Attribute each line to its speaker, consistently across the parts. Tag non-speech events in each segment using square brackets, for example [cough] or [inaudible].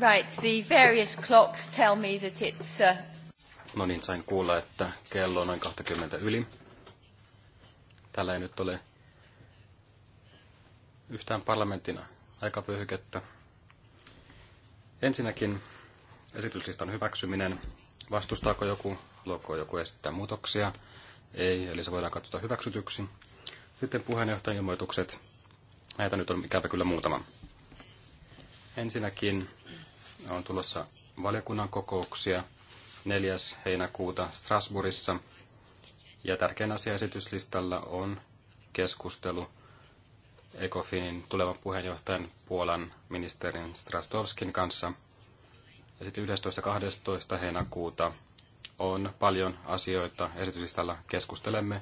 Speaker 1: Right, the various clocks tell me that it's... Uh...
Speaker 2: No niin, sain kuulla, että kello on noin 20 yli. Täällä ei nyt ole yhtään parlamentin aikavyöhykettä. Ensinnäkin esityslistan hyväksyminen. Vastustaako joku? Luokko joku esittää muutoksia? Ei, eli se voidaan katsoa hyväksytyksi. Sitten puheenjohtajan ilmoitukset. Näitä nyt on ikävä kyllä muutama. Ensinnäkin on tulossa valiokunnan kokouksia 4. heinäkuuta Strasbourgissa. Ja tärkein asia esityslistalla on keskustelu Ecofinin tulevan puheenjohtajan Puolan ministerin Strastovskin kanssa. Ja sitten 11.12. heinäkuuta on paljon asioita esityslistalla. Keskustelemme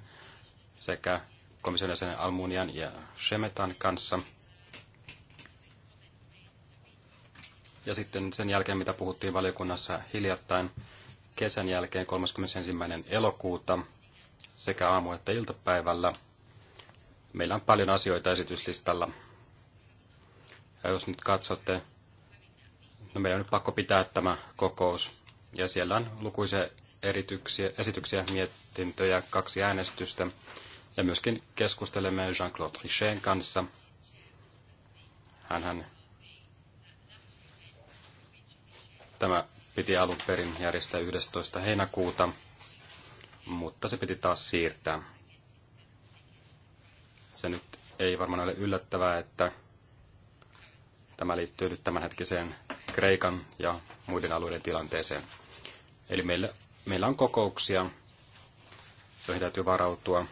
Speaker 2: sekä komission jäsenen Almunian ja Shemetan kanssa – Ja sitten sen jälkeen, mitä puhuttiin valiokunnassa hiljattain kesän jälkeen 31. elokuuta sekä aamu- että iltapäivällä, meillä on paljon asioita esityslistalla. Ja jos nyt katsotte, no meidän on nyt pakko pitää tämä kokous. Ja siellä on lukuisia erityksiä, esityksiä, mietintöjä, kaksi äänestystä. Ja myöskin keskustelemme Jean-Claude Trichetin kanssa. Hänhän Tämä piti alun perin järjestää 11. heinäkuuta, mutta se piti taas siirtää. Se nyt ei varmaan ole yllättävää, että tämä liittyy nyt tämänhetkiseen Kreikan ja muiden alueiden tilanteeseen. Eli meillä, meillä on kokouksia, joihin täytyy varautua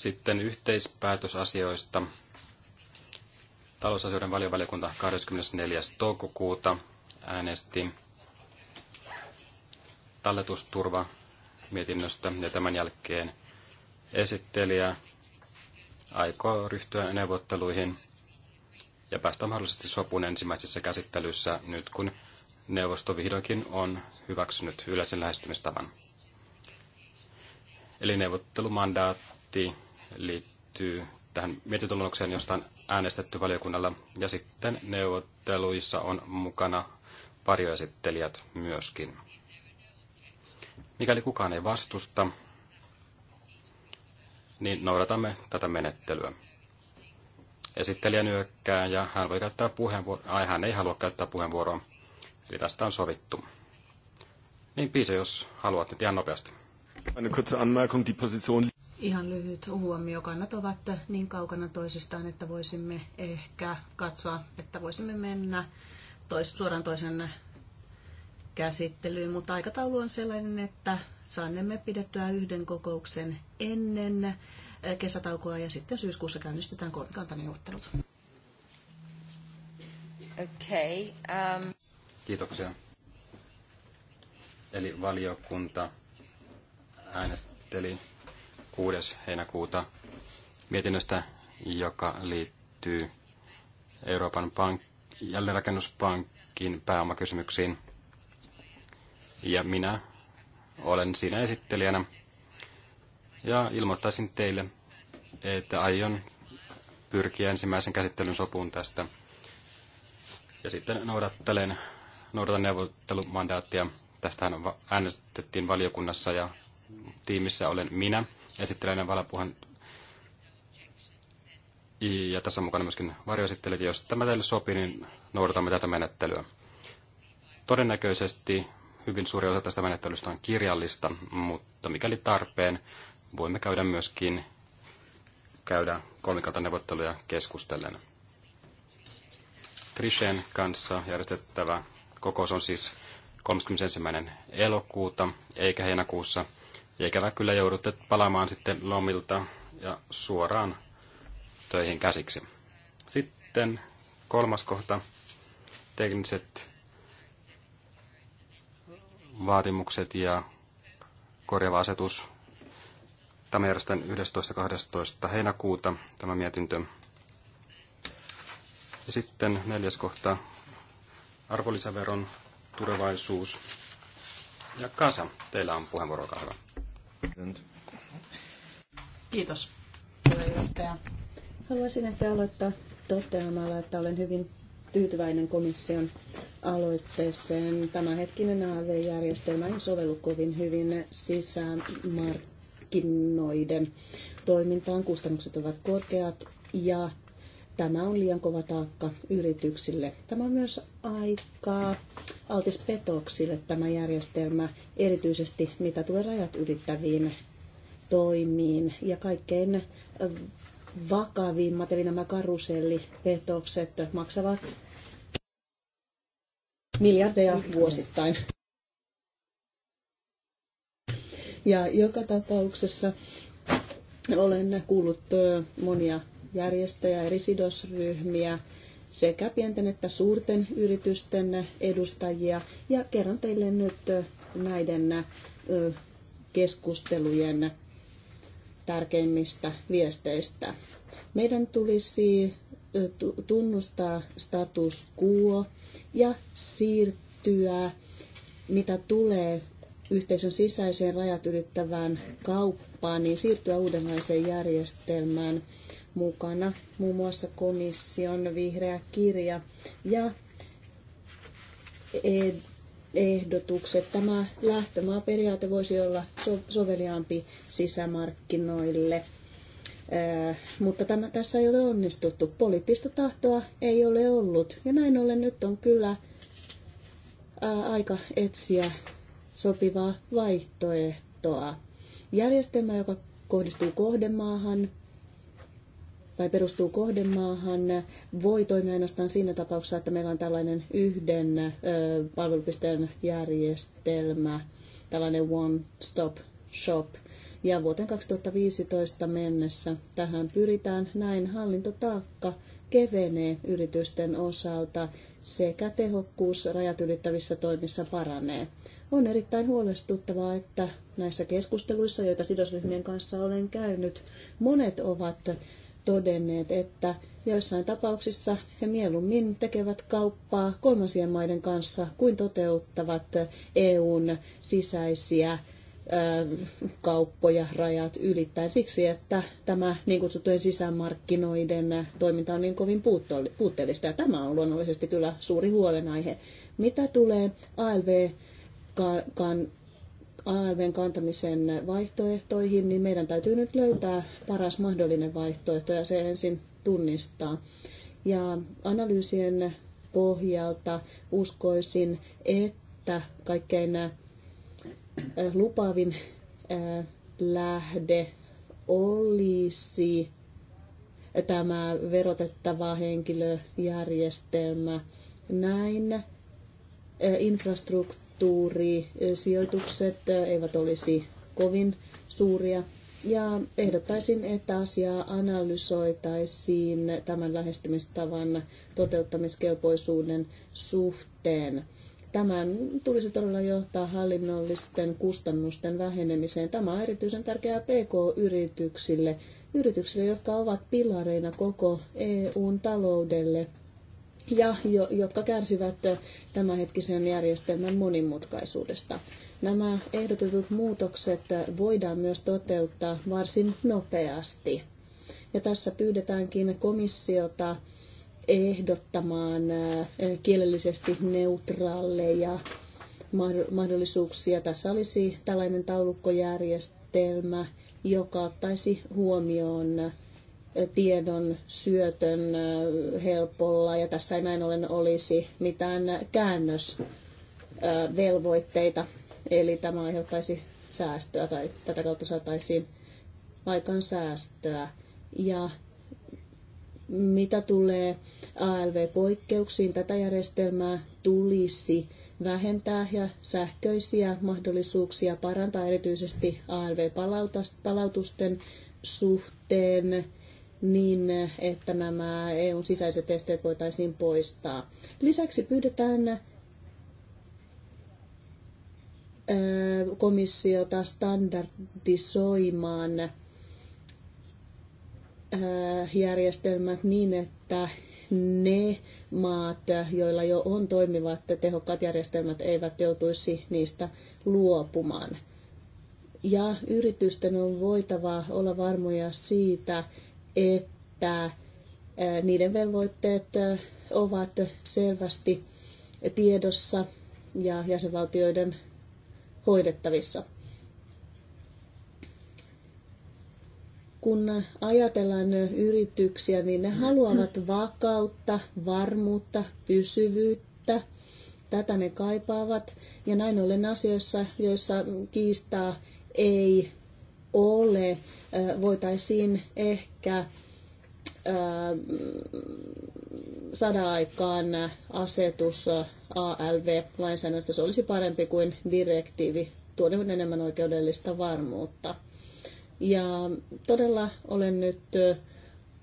Speaker 2: Sitten yhteispäätösasioista. Talousasioiden valiovaliokunta 24. toukokuuta äänesti talletusturva mietinnöstä ja tämän jälkeen esittelijä aikoo ryhtyä neuvotteluihin ja päästä mahdollisesti sopun ensimmäisessä käsittelyssä nyt kun neuvosto vihdoinkin on hyväksynyt yleisen lähestymistavan. Eli neuvottelumandaatti liittyy tähän mietintöluonnokseen, josta on äänestetty valiokunnalla. Ja sitten neuvotteluissa on mukana varjoesittelijät myöskin. Mikäli kukaan ei vastusta, niin noudatamme tätä menettelyä. Esittelijä nyökkää ja hän voi käyttää puheenvuoroa, ai hän ei halua käyttää puheenvuoroa, eli tästä on sovittu. Niin Piisa, jos haluat nyt ihan nopeasti. Eine kurze Anmerkung, die Position...
Speaker 3: Ihan lyhyt huomio. Kannat ovat niin kaukana toisistaan, että voisimme ehkä katsoa, että voisimme mennä tois, suoraan toisen käsittelyyn, mutta aikataulu on sellainen, että saanemme pidettyä yhden kokouksen ennen eh, kesätaukoa ja sitten syyskuussa käynnistetään kolmikantaneuvottelut.
Speaker 2: Okay, um... Kiitoksia. Eli valiokunta äänesteli 6. heinäkuuta mietinnöstä, joka liittyy Euroopan pank- jälleenrakennuspankin pääomakysymyksiin. Ja minä olen siinä esittelijänä ja ilmoittaisin teille, että aion pyrkiä ensimmäisen käsittelyn sopuun tästä. Ja sitten noudattelen, noudatan neuvottelumandaattia. Tästähän äänestettiin valiokunnassa ja tiimissä olen minä, esittelijän valapuhan ja tässä on mukana myöskin varjoesittelijät. Jos tämä teille sopii, niin noudatamme tätä menettelyä. Todennäköisesti hyvin suuri osa tästä menettelystä on kirjallista, mutta mikäli tarpeen, voimme käydä myöskin käydä kolmikantaneuvotteluja keskustellen. Trishen kanssa järjestettävä kokous on siis 31. elokuuta eikä heinäkuussa – ja ikävä kyllä joudutte palaamaan sitten lomilta ja suoraan töihin käsiksi. Sitten kolmas kohta, tekniset vaatimukset ja korjava asetus. Tämä järjestetään 11.12. heinäkuuta tämä mietintö. Ja sitten neljäs kohta, arvonlisäveron tulevaisuus. Ja Kasa, teillä on puheenvuoro,
Speaker 3: Kiitos puheenjohtaja. Haluaisin ehkä aloittaa toteamalla, että olen hyvin tyytyväinen komission aloitteeseen. Tämänhetkinen AV-järjestelmä ei sovellu kovin hyvin sisämarkkinoiden toimintaan. Kustannukset ovat korkeat ja Tämä on liian kova taakka yrityksille. Tämä on myös aikaa altis petoksille tämä järjestelmä, erityisesti mitä tulee rajat ylittäviin toimiin ja kaikkein vakavimmat, eli nämä karusellipetokset maksavat miljardeja vuosittain. Ja joka tapauksessa olen kuullut monia järjestöjä, eri sidosryhmiä, sekä pienten että suurten yritysten edustajia. Ja kerron teille nyt näiden keskustelujen tärkeimmistä viesteistä. Meidän tulisi tunnustaa status quo ja siirtyä, mitä tulee yhteisön sisäiseen rajat ylittävään kauppaan, niin siirtyä uudenlaiseen järjestelmään, mukana muun muassa komission vihreä kirja ja e- ehdotukset. Tämä lähtömaaperiaate voisi olla so- soveliaampi sisämarkkinoille. Ää, äh, mutta tämä, tässä ei ole onnistuttu. Poliittista tahtoa ei ole ollut. Ja näin ollen nyt on kyllä ää, äh, aika etsiä sopivaa vaihtoehtoa. Järjestelmä, joka kohdistuu kohdemaahan, tai perustuu kohdemaahan, voi toimia ainoastaan siinä tapauksessa, että meillä on tällainen yhden palvelupisteen järjestelmä, tällainen one-stop shop. Ja vuoteen 2015 mennessä tähän pyritään. Näin hallintotaakka kevenee yritysten osalta sekä tehokkuus rajat ylittävissä toimissa paranee. On erittäin huolestuttavaa, että näissä keskusteluissa, joita sidosryhmien kanssa olen käynyt, monet ovat todenneet, että joissain tapauksissa he mieluummin tekevät kauppaa kolmansien maiden kanssa kuin toteuttavat EUn sisäisiä kauppoja rajat ylittäen siksi, että tämä niin kutsuttujen sisämarkkinoiden toiminta on niin kovin puutteellista. Ja tämä on luonnollisesti kyllä suuri huolenaihe. Mitä tulee ALV kan ALVn kantamisen vaihtoehtoihin, niin meidän täytyy nyt löytää paras mahdollinen vaihtoehto ja se ensin tunnistaa. Ja analyysien pohjalta uskoisin, että kaikkein lupaavin lähde olisi tämä verotettava henkilöjärjestelmä. Näin infrastruktuuri kulttuurisijoitukset eivät olisi kovin suuria. Ja ehdottaisin, että asiaa analysoitaisiin tämän lähestymistavan toteuttamiskelpoisuuden suhteen. Tämän tulisi todella johtaa hallinnollisten kustannusten vähenemiseen. Tämä on erityisen tärkeää PK-yrityksille, yrityksille, jotka ovat pilareina koko EUn taloudelle – ja jo, jotka kärsivät tämänhetkisen järjestelmän monimutkaisuudesta. Nämä ehdotetut muutokset voidaan myös toteuttaa varsin nopeasti. Ja tässä pyydetäänkin komissiota ehdottamaan kielellisesti neutraaleja mahdollisuuksia. Tässä olisi tällainen taulukkojärjestelmä, joka ottaisi huomioon tiedon syötön helpolla ja tässä ei näin ollen olisi mitään käännösvelvoitteita. Eli tämä aiheuttaisi säästöä tai tätä kautta saataisiin aikaan säästöä. Ja mitä tulee ALV-poikkeuksiin, tätä järjestelmää tulisi vähentää ja sähköisiä mahdollisuuksia parantaa erityisesti ALV-palautusten suhteen niin että nämä EUn sisäiset esteet voitaisiin poistaa. Lisäksi pyydetään komissiota standardisoimaan järjestelmät niin, että ne maat, joilla jo on toimivat tehokkaat järjestelmät, eivät joutuisi niistä luopumaan. Ja yritysten on voitava olla varmoja siitä, että niiden velvoitteet ovat selvästi tiedossa ja jäsenvaltioiden hoidettavissa. kun ajatellaan yrityksiä, niin ne haluavat vakautta, varmuutta, pysyvyyttä. Tätä ne kaipaavat. Ja näin ollen asioissa, joissa kiistaa ei ole, voitaisiin ehkä saada aikaan asetus ALV-lainsäädännöstä. Se olisi parempi kuin direktiivi, tuoden enemmän oikeudellista varmuutta. Ja todella olen nyt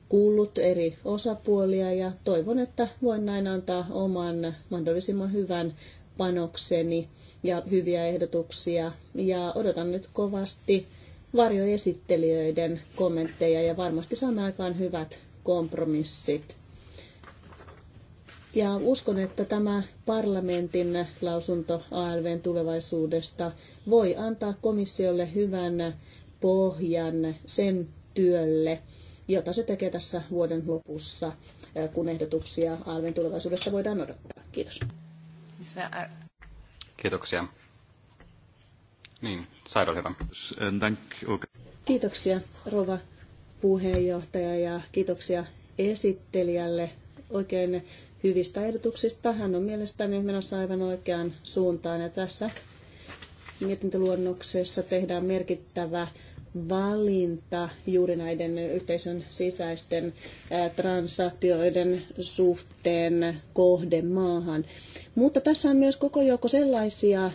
Speaker 3: kuullut eri osapuolia ja toivon, että voin näin antaa oman mahdollisimman hyvän panokseni ja hyviä ehdotuksia. Ja odotan nyt kovasti varjoesittelijöiden kommentteja ja varmasti saamme aikaan hyvät kompromissit. Ja uskon, että tämä parlamentin lausunto ALVn tulevaisuudesta voi antaa komissiolle hyvän pohjan sen työlle, jota se tekee tässä vuoden lopussa, kun ehdotuksia ALVn tulevaisuudesta voidaan odottaa. Kiitos.
Speaker 2: Kiitoksia. Niin, Sairo, hyvä.
Speaker 3: Kiitoksia, rouva puheenjohtaja, ja kiitoksia esittelijälle oikein hyvistä ehdotuksista. Hän on mielestäni menossa aivan oikeaan suuntaan, ja tässä mietintöluonnoksessa tehdään merkittävä valinta juuri näiden yhteisön sisäisten transaktioiden suhteen kohdemaahan. Mutta tässä on myös koko joukko sellaisia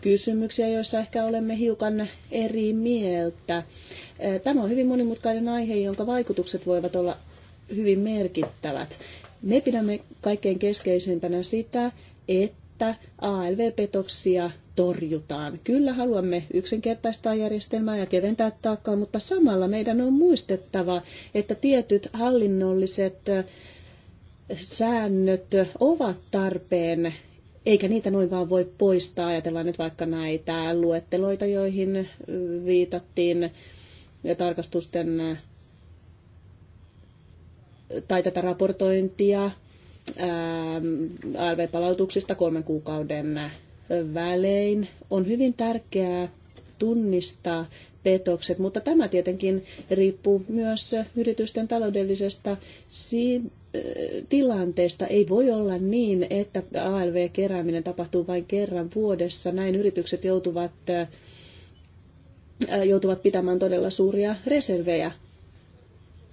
Speaker 3: kysymyksiä, joissa ehkä olemme hiukan eri mieltä. Tämä on hyvin monimutkainen aihe, jonka vaikutukset voivat olla hyvin merkittävät. Me pidämme kaikkein keskeisimpänä sitä, että ALV-petoksia torjutaan. Kyllä haluamme yksinkertaistaa järjestelmää ja keventää taakkaa, mutta samalla meidän on muistettava, että tietyt hallinnolliset säännöt ovat tarpeen eikä niitä noin vaan voi poistaa. Ajatellaan nyt vaikka näitä luetteloita, joihin viitattiin ja tarkastusten tai tätä raportointia ALV-palautuksista kolmen kuukauden välein. On hyvin tärkeää tunnistaa petokset, mutta tämä tietenkin riippuu myös yritysten taloudellisesta tilanteesta ei voi olla niin, että ALV-kerääminen tapahtuu vain kerran vuodessa. Näin yritykset joutuvat, äh, joutuvat pitämään todella suuria reservejä,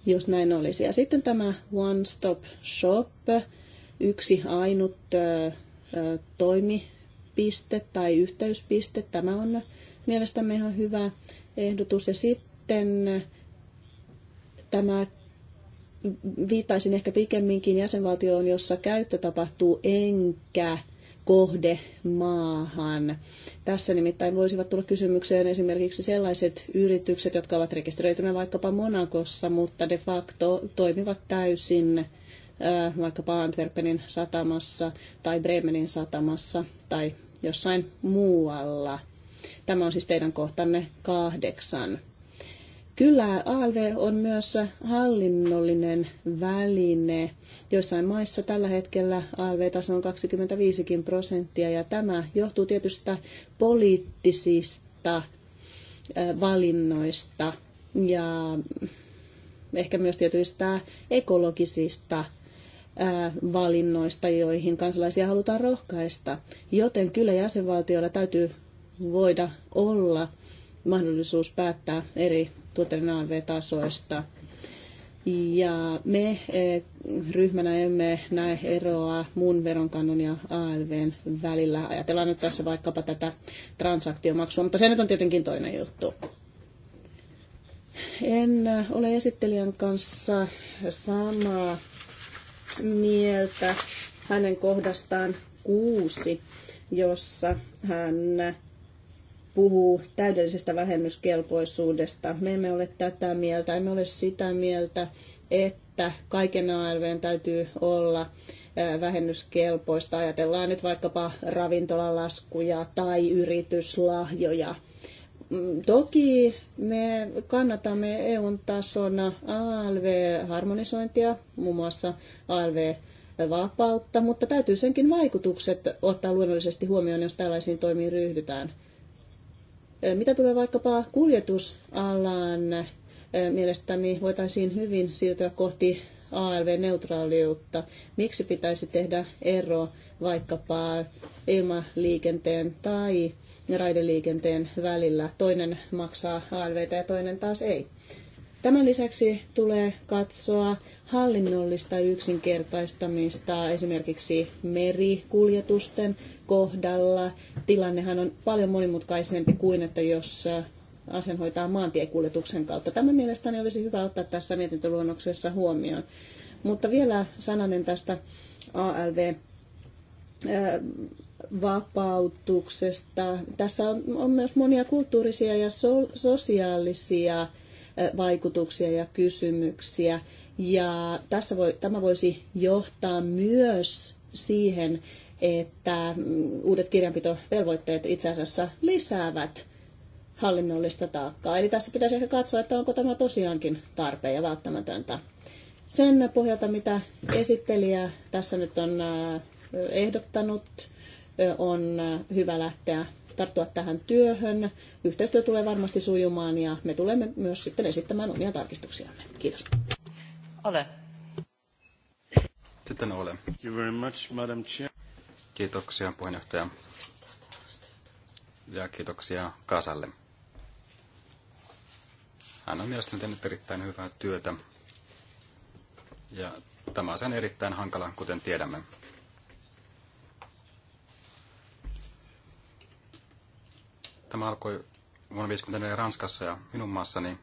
Speaker 3: jos näin olisi. Ja sitten tämä One Stop Shop, yksi ainut äh, toimipiste tai yhteyspiste. Tämä on mielestämme ihan hyvä ehdotus. Ja sitten äh, tämä viittaisin ehkä pikemminkin jäsenvaltioon, jossa käyttö tapahtuu enkä kohde maahan. Tässä nimittäin voisivat tulla kysymykseen esimerkiksi sellaiset yritykset, jotka ovat rekisteröityneet vaikkapa Monakossa, mutta de facto toimivat täysin vaikkapa Antwerpenin satamassa tai Bremenin satamassa tai jossain muualla. Tämä on siis teidän kohtanne kahdeksan. Kyllä ALV on myös hallinnollinen väline. Joissain maissa tällä hetkellä ALV-taso on 25 prosenttia ja tämä johtuu tietystä poliittisista valinnoista ja ehkä myös tietyistä ekologisista valinnoista, joihin kansalaisia halutaan rohkaista. Joten kyllä jäsenvaltioilla täytyy voida olla mahdollisuus päättää eri tuotteiden ALV-tasoista. Ja me e, ryhmänä emme näe eroa muun veronkannon ja ALVn välillä. Ajatellaan nyt tässä vaikkapa tätä transaktiomaksua, mutta se nyt on tietenkin toinen juttu. En ole esittelijän kanssa samaa mieltä hänen kohdastaan kuusi, jossa hän puhuu täydellisestä vähennyskelpoisuudesta. Me emme ole tätä mieltä, emme ole sitä mieltä, että kaiken alveen täytyy olla vähennyskelpoista. Ajatellaan nyt vaikkapa ravintolalaskuja tai yrityslahjoja. Mm, toki me kannatamme EUn tasona ALV-harmonisointia, muun muassa ALV vapautta, mutta täytyy senkin vaikutukset ottaa luonnollisesti huomioon, jos tällaisiin toimiin ryhdytään. Mitä tulee vaikkapa kuljetusalan, mielestäni voitaisiin hyvin siirtyä kohti ALV-neutraaliutta. Miksi pitäisi tehdä ero vaikkapa ilmaliikenteen tai raideliikenteen välillä? Toinen maksaa ALVtä ja toinen taas ei. Tämän lisäksi tulee katsoa hallinnollista yksinkertaistamista esimerkiksi merikuljetusten kohdalla. Tilannehan on paljon monimutkaisempi kuin, että jos äh, asian hoitaa maantiekuljetuksen kautta. Tämä mielestäni olisi hyvä ottaa tässä mietintöluonnoksessa huomioon. Mutta vielä sananen tästä ALV äh, vapautuksesta. Tässä on, on myös monia kulttuurisia ja so, sosiaalisia vaikutuksia ja kysymyksiä. Ja tässä voi, tämä voisi johtaa myös siihen, että mm, uudet kirjanpitovelvoitteet itse asiassa lisäävät hallinnollista taakkaa. Eli tässä pitäisi ehkä katsoa, että onko tämä tosiaankin tarpeen ja välttämätöntä. Sen pohjalta, mitä esittelijä tässä nyt on ehdottanut, on hyvä lähteä tarttua tähän työhön. Yhteistyö tulee varmasti sujumaan ja me tulemme myös sitten esittämään omia
Speaker 2: tarkistuksiamme.
Speaker 3: Kiitos. Ole.
Speaker 2: Sitten ole. Thank you very much, Madam Chair. Kiitoksia puheenjohtaja. Ja kiitoksia Kasalle. Hän on mielestäni tehnyt erittäin hyvää työtä. Ja tämä on sen erittäin hankala, kuten tiedämme. Tämä alkoi vuonna 1954 Ranskassa ja minun maassani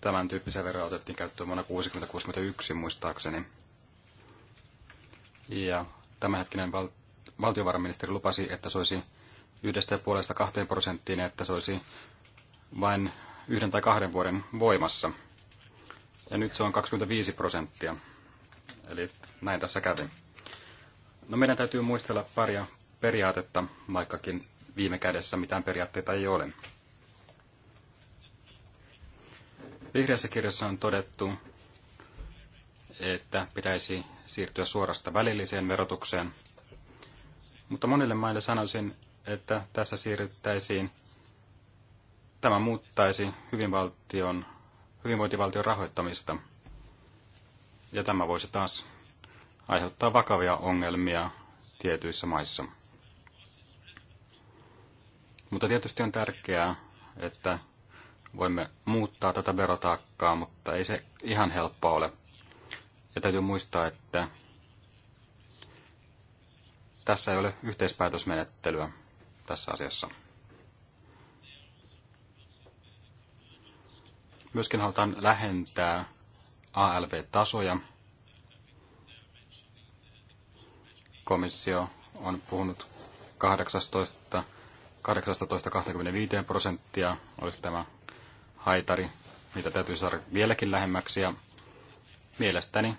Speaker 2: tämän tyyppisiä veroja otettiin käyttöön vuonna 1961 muistaakseni. Ja tämänhetkinen val- valtiovarainministeri lupasi, että se olisi yhdestä ja puolesta kahteen prosenttiin, että se olisi vain yhden tai kahden vuoden voimassa. Ja nyt se on 25 prosenttia. Eli näin tässä kävi. No meidän täytyy muistella paria periaatetta, vaikkakin viime kädessä mitään periaatteita ei ole. Vihreässä kirjassa on todettu, että pitäisi siirtyä suorasta välilliseen verotukseen, mutta monille maille sanoisin, että tässä siirryttäisiin, tämä muuttaisi hyvinvaltion, hyvinvointivaltion rahoittamista, ja tämä voisi taas aiheuttaa vakavia ongelmia tietyissä maissa. Mutta tietysti on tärkeää, että voimme muuttaa tätä verotaakkaa, mutta ei se ihan helppoa ole. Ja täytyy muistaa, että tässä ei ole yhteispäätösmenettelyä tässä asiassa. Myöskin halutaan lähentää ALV-tasoja. Komissio on puhunut 18 18-25 prosenttia olisi tämä haitari, mitä täytyy saada vieläkin lähemmäksi. Ja mielestäni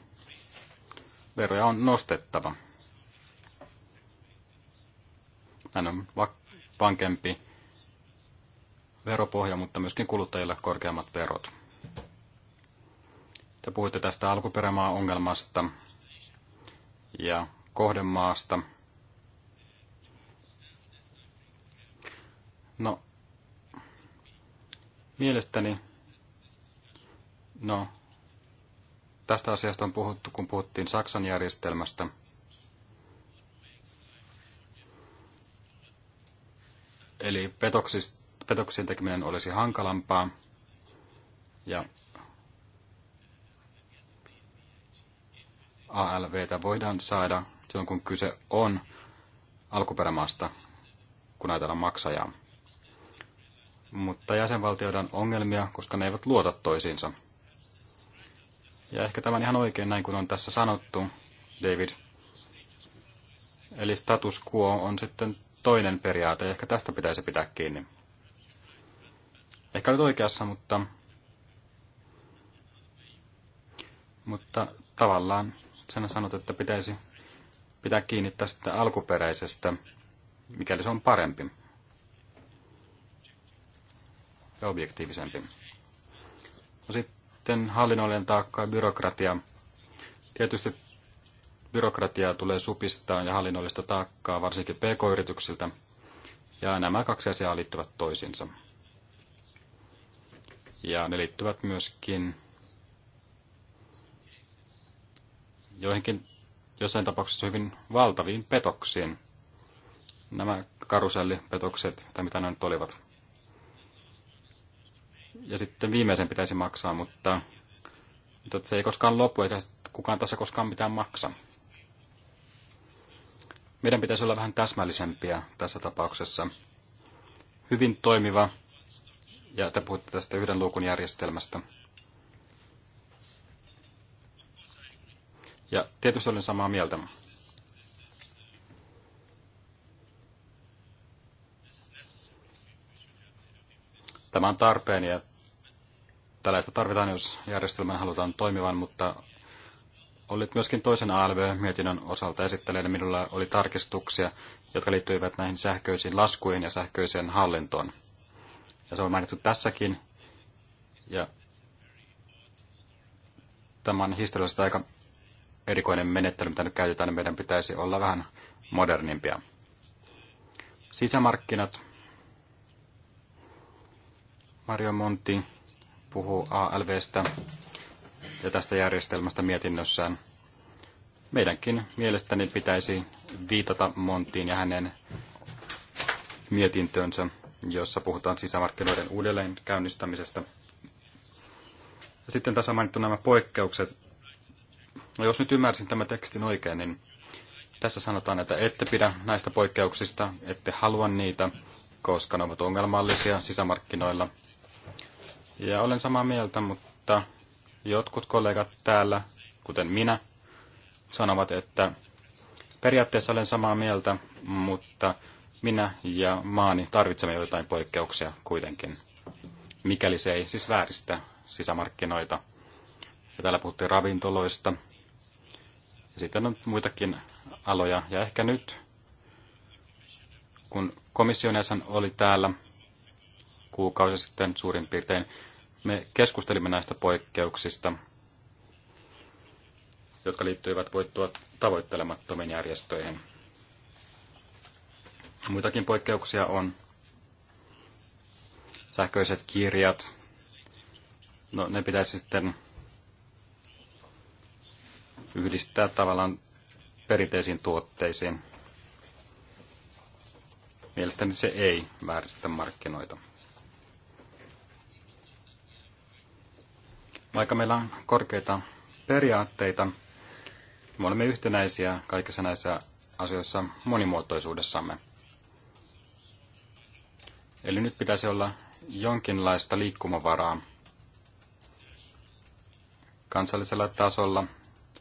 Speaker 2: veroja on nostettava. Näin on vankempi veropohja, mutta myöskin kuluttajilla korkeammat verot. Te puhuitte tästä alkuperämaa-ongelmasta ja kohdemaasta – No, mielestäni, no, tästä asiasta on puhuttu, kun puhuttiin Saksan järjestelmästä. Eli petoksien tekeminen olisi hankalampaa. Ja ALVtä voidaan saada silloin, kun kyse on alkuperämaasta, kun ajatellaan maksajaa mutta jäsenvaltioiden ongelmia, koska ne eivät luota toisiinsa. Ja ehkä tämän ihan oikein näin kuin on tässä sanottu, David. Eli status quo on sitten toinen periaate, ja ehkä tästä pitäisi pitää kiinni. Ehkä nyt oikeassa, mutta, mutta tavallaan sinä sanot, että pitäisi pitää kiinni tästä alkuperäisestä, mikäli se on parempi ja objektiivisempi. No sitten hallinnollinen taakka ja byrokratia. Tietysti byrokratiaa tulee supistaa ja hallinnollista taakkaa varsinkin pk-yrityksiltä, ja nämä kaksi asiaa liittyvät toisiinsa. Ja ne liittyvät myöskin joihinkin jossain tapauksessa hyvin valtaviin petoksiin. Nämä karusellipetokset, tai mitä ne nyt olivat ja sitten viimeisen pitäisi maksaa, mutta, mutta se ei koskaan lopu, eikä kukaan tässä koskaan mitään maksa. Meidän pitäisi olla vähän täsmällisempiä tässä tapauksessa. Hyvin toimiva, ja te puhutte tästä yhden luukun järjestelmästä. Ja tietysti olen samaa mieltä. Tämä on tarpeen ja tällaista tarvitaan, jos järjestelmän halutaan toimivan, mutta olit myöskin toisen ALV-mietinnön osalta esittelijänä. Minulla oli tarkistuksia, jotka liittyivät näihin sähköisiin laskuihin ja sähköiseen hallintoon. Ja se on mainittu tässäkin. Ja tämä on historiallisesti aika erikoinen menettely, mitä nyt käytetään, niin meidän pitäisi olla vähän modernimpia. Sisämarkkinat Mario Monti puhuu ALVstä ja tästä järjestelmästä mietinnössään. Meidänkin mielestäni pitäisi viitata Montiin ja hänen mietintönsä, jossa puhutaan sisämarkkinoiden uudelleen käynnistämisestä. Ja sitten tässä on mainittu nämä poikkeukset. No jos nyt ymmärsin tämän tekstin oikein, niin tässä sanotaan, että ette pidä näistä poikkeuksista, ette halua niitä, koska ne ovat ongelmallisia sisämarkkinoilla ja olen samaa mieltä, mutta jotkut kollegat täällä, kuten minä, sanovat, että periaatteessa olen samaa mieltä, mutta minä ja maani tarvitsemme jotain poikkeuksia kuitenkin, mikäli se ei siis vääristä sisämarkkinoita. Ja täällä puhuttiin ravintoloista. Ja sitten on muitakin aloja. Ja ehkä nyt, kun komission jäsen oli täällä kuukausi sitten suurin piirtein, me keskustelimme näistä poikkeuksista, jotka liittyivät voittua tavoittelemattomiin järjestöihin. Muitakin poikkeuksia on sähköiset kirjat. No, ne pitäisi sitten yhdistää tavallaan perinteisiin tuotteisiin. Mielestäni se ei vääristä markkinoita. Vaikka meillä on korkeita periaatteita, me olemme yhtenäisiä kaikissa näissä asioissa monimuotoisuudessamme. Eli nyt pitäisi olla jonkinlaista liikkumavaraa kansallisella tasolla.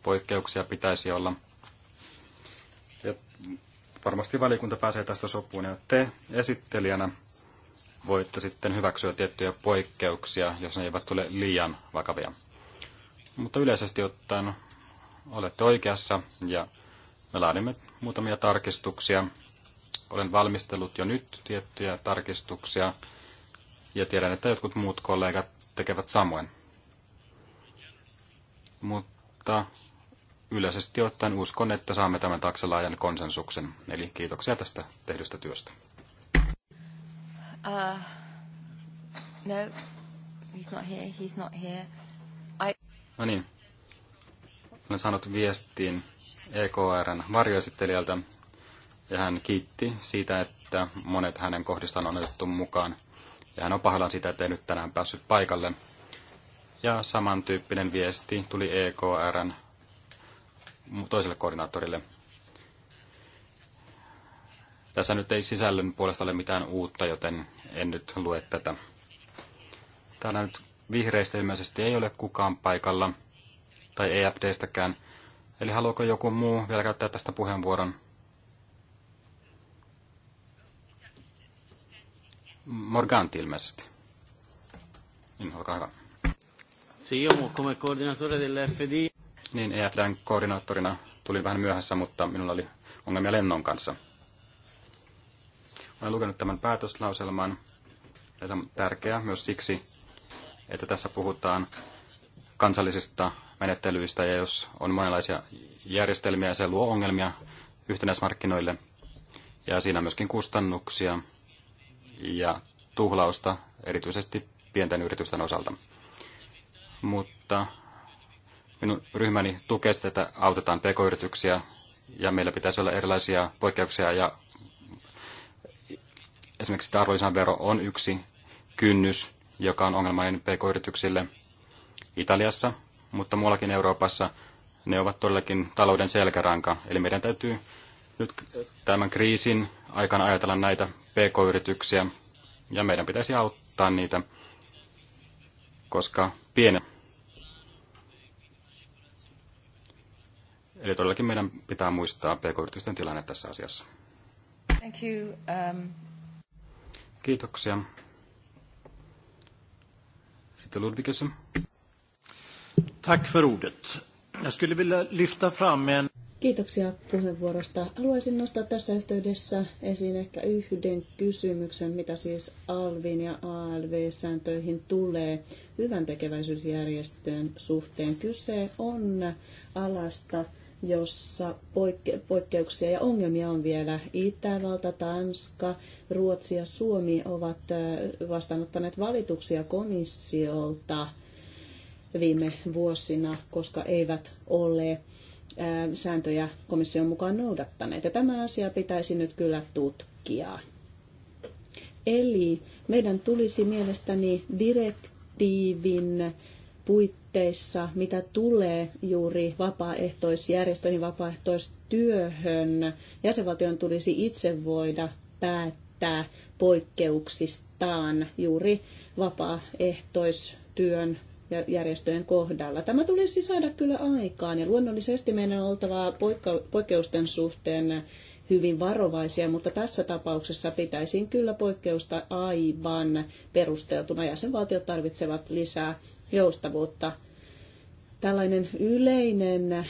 Speaker 2: Poikkeuksia pitäisi olla. Ja varmasti valiokunta pääsee tästä sopuun. Ja te esittelijänä voitte sitten hyväksyä tiettyjä poikkeuksia, jos ne eivät tule liian vakavia. Mutta yleisesti ottaen olette oikeassa ja me laadimme muutamia tarkistuksia. Olen valmistellut jo nyt tiettyjä tarkistuksia ja tiedän, että jotkut muut kollegat tekevät samoin. Mutta yleisesti ottaen uskon, että saamme tämän taksalaajan konsensuksen. Eli kiitoksia tästä tehdystä työstä. Uh, no, he's not here, he's not here. I... No niin. Olen saanut viestin EKRn varjoesittelijältä, ja hän kiitti siitä, että monet hänen kohdistaan on otettu mukaan. Ja hän on pahoillaan sitä, että ei nyt tänään päässyt paikalle. Ja samantyyppinen viesti tuli EKRn toiselle koordinaattorille. Tässä nyt ei sisällön puolesta ole mitään uutta, joten en nyt lue tätä. Täällä nyt vihreistä ilmeisesti ei ole kukaan paikalla, tai EFDstäkään. Eli haluaako joku muu vielä käyttää tästä puheenvuoron? Morganti ilmeisesti. Niin, olkaa hyvä. Niin, EFDn koordinaattorina tulin vähän myöhässä, mutta minulla oli ongelmia lennon kanssa. Olen lukenut tämän päätöslauselman. tämä on tärkeää myös siksi, että tässä puhutaan kansallisista menettelyistä ja jos on monenlaisia järjestelmiä, se luo ongelmia yhtenäismarkkinoille ja siinä myöskin kustannuksia ja tuhlausta erityisesti pienten yritysten osalta. Mutta minun ryhmäni tukee sitä, että autetaan pk-yrityksiä ja meillä pitäisi olla erilaisia poikkeuksia ja Esimerkiksi tämä arvonlisävero on yksi kynnys, joka on ongelmainen pk-yrityksille Italiassa, mutta muuallakin Euroopassa ne ovat todellakin talouden selkäranka. Eli meidän täytyy nyt tämän kriisin aikana ajatella näitä pk-yrityksiä ja meidän pitäisi auttaa niitä, koska pienet. Eli todellakin meidän pitää muistaa pk-yritysten tilanne tässä asiassa. Thank you. Um... Kiitoksia. Sitten Ludvigsson. Tack för ordet. Jag skulle vilja lyfta fram en...
Speaker 3: Kiitoksia puheenvuorosta. Haluaisin nostaa tässä yhteydessä esiin ehkä yhden kysymyksen, mitä siis ALVin ja ALV-sääntöihin tulee hyvän tekeväisyysjärjestöön suhteen. Kyse on alasta, jossa poikke- poikkeuksia ja ongelmia on vielä. Itävalta, Tanska, Ruotsi ja Suomi ovat vastaanottaneet valituksia komissiolta viime vuosina, koska eivät ole sääntöjä komission mukaan noudattaneet. Ja tämä asia pitäisi nyt kyllä tutkia. Eli meidän tulisi mielestäni direktiivin puitteissa puitteissa, mitä tulee juuri vapaaehtoisjärjestöihin, vapaaehtoistyöhön, jäsenvaltion tulisi itse voida päättää poikkeuksistaan juuri vapaaehtoistyön ja järjestöjen kohdalla. Tämä tulisi saada kyllä aikaan ja luonnollisesti meidän on oltava poikkeusten suhteen hyvin varovaisia, mutta tässä tapauksessa pitäisin kyllä poikkeusta aivan perusteltuna. Jäsenvaltiot tarvitsevat lisää joustavuutta. Tällainen yleinen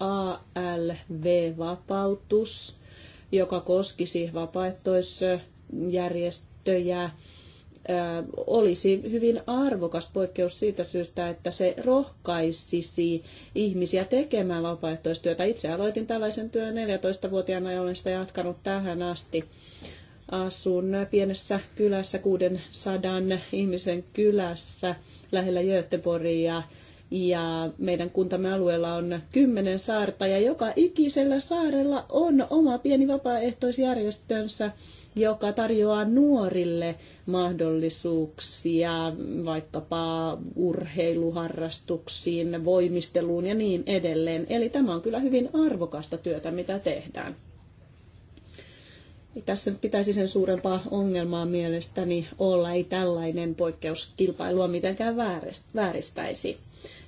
Speaker 3: ALV-vapautus, joka koskisi vapaaehtoisjärjestöjä, olisi hyvin arvokas poikkeus siitä syystä, että se rohkaisisi ihmisiä tekemään vapaaehtoistyötä. Itse aloitin tällaisen työn 14-vuotiaana ja olen sitä jatkanut tähän asti. Asun pienessä kylässä, 600 ihmisen kylässä lähellä Göteborgia. Ja meidän kuntamme alueella on kymmenen saarta ja joka ikisellä saarella on oma pieni vapaaehtoisjärjestönsä, joka tarjoaa nuorille mahdollisuuksia vaikkapa urheiluharrastuksiin, voimisteluun ja niin edelleen. Eli tämä on kyllä hyvin arvokasta työtä, mitä tehdään tässä nyt pitäisi sen suurempaa ongelmaa mielestäni olla. Ei tällainen poikkeuskilpailua mitenkään vääristäisi.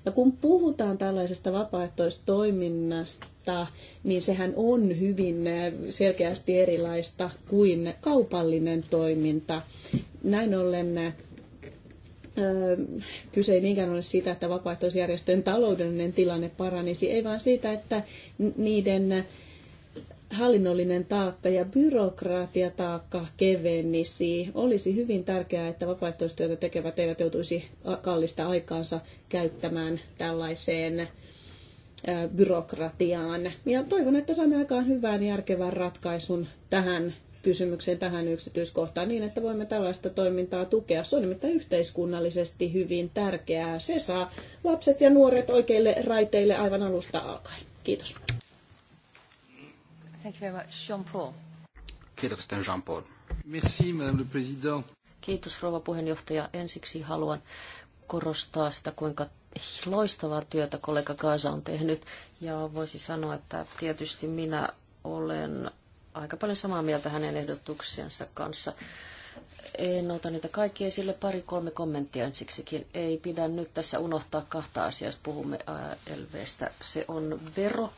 Speaker 3: Ja kun puhutaan tällaisesta vapaaehtoistoiminnasta, niin sehän on hyvin selkeästi erilaista kuin kaupallinen toiminta. Näin ollen kyse ei niinkään ole siitä, että vapaaehtoisjärjestöjen taloudellinen tilanne paranisi, ei vaan siitä, että niiden hallinnollinen taakka ja byrokraatiataakka kevennisi. Olisi hyvin tärkeää, että vapaaehtoistyötä tekevät eivät joutuisi kallista aikaansa käyttämään tällaiseen byrokratiaan. Ja toivon, että saamme aikaan hyvän järkevän ratkaisun tähän kysymykseen, tähän yksityiskohtaan, niin että voimme tällaista toimintaa tukea. Se on nimittäin yhteiskunnallisesti hyvin tärkeää. Se saa lapset ja nuoret oikeille raiteille aivan alusta alkaen. Kiitos.
Speaker 1: Thank you very much. Jean-Paul.
Speaker 2: Kiitoksia, Jean-Paul. Merci, Madame
Speaker 1: Kiitos, rouva puheenjohtaja. Ensiksi haluan korostaa sitä, kuinka loistavaa työtä kollega Gaza on tehnyt. Ja voisi sanoa, että tietysti minä olen aika paljon samaa mieltä hänen ehdotuksiensa kanssa. En ota niitä kaikki esille, pari-kolme kommenttia ensiksikin. Ei pidä nyt tässä unohtaa kahta asiaa, jos puhumme ALVstä. Se on vero,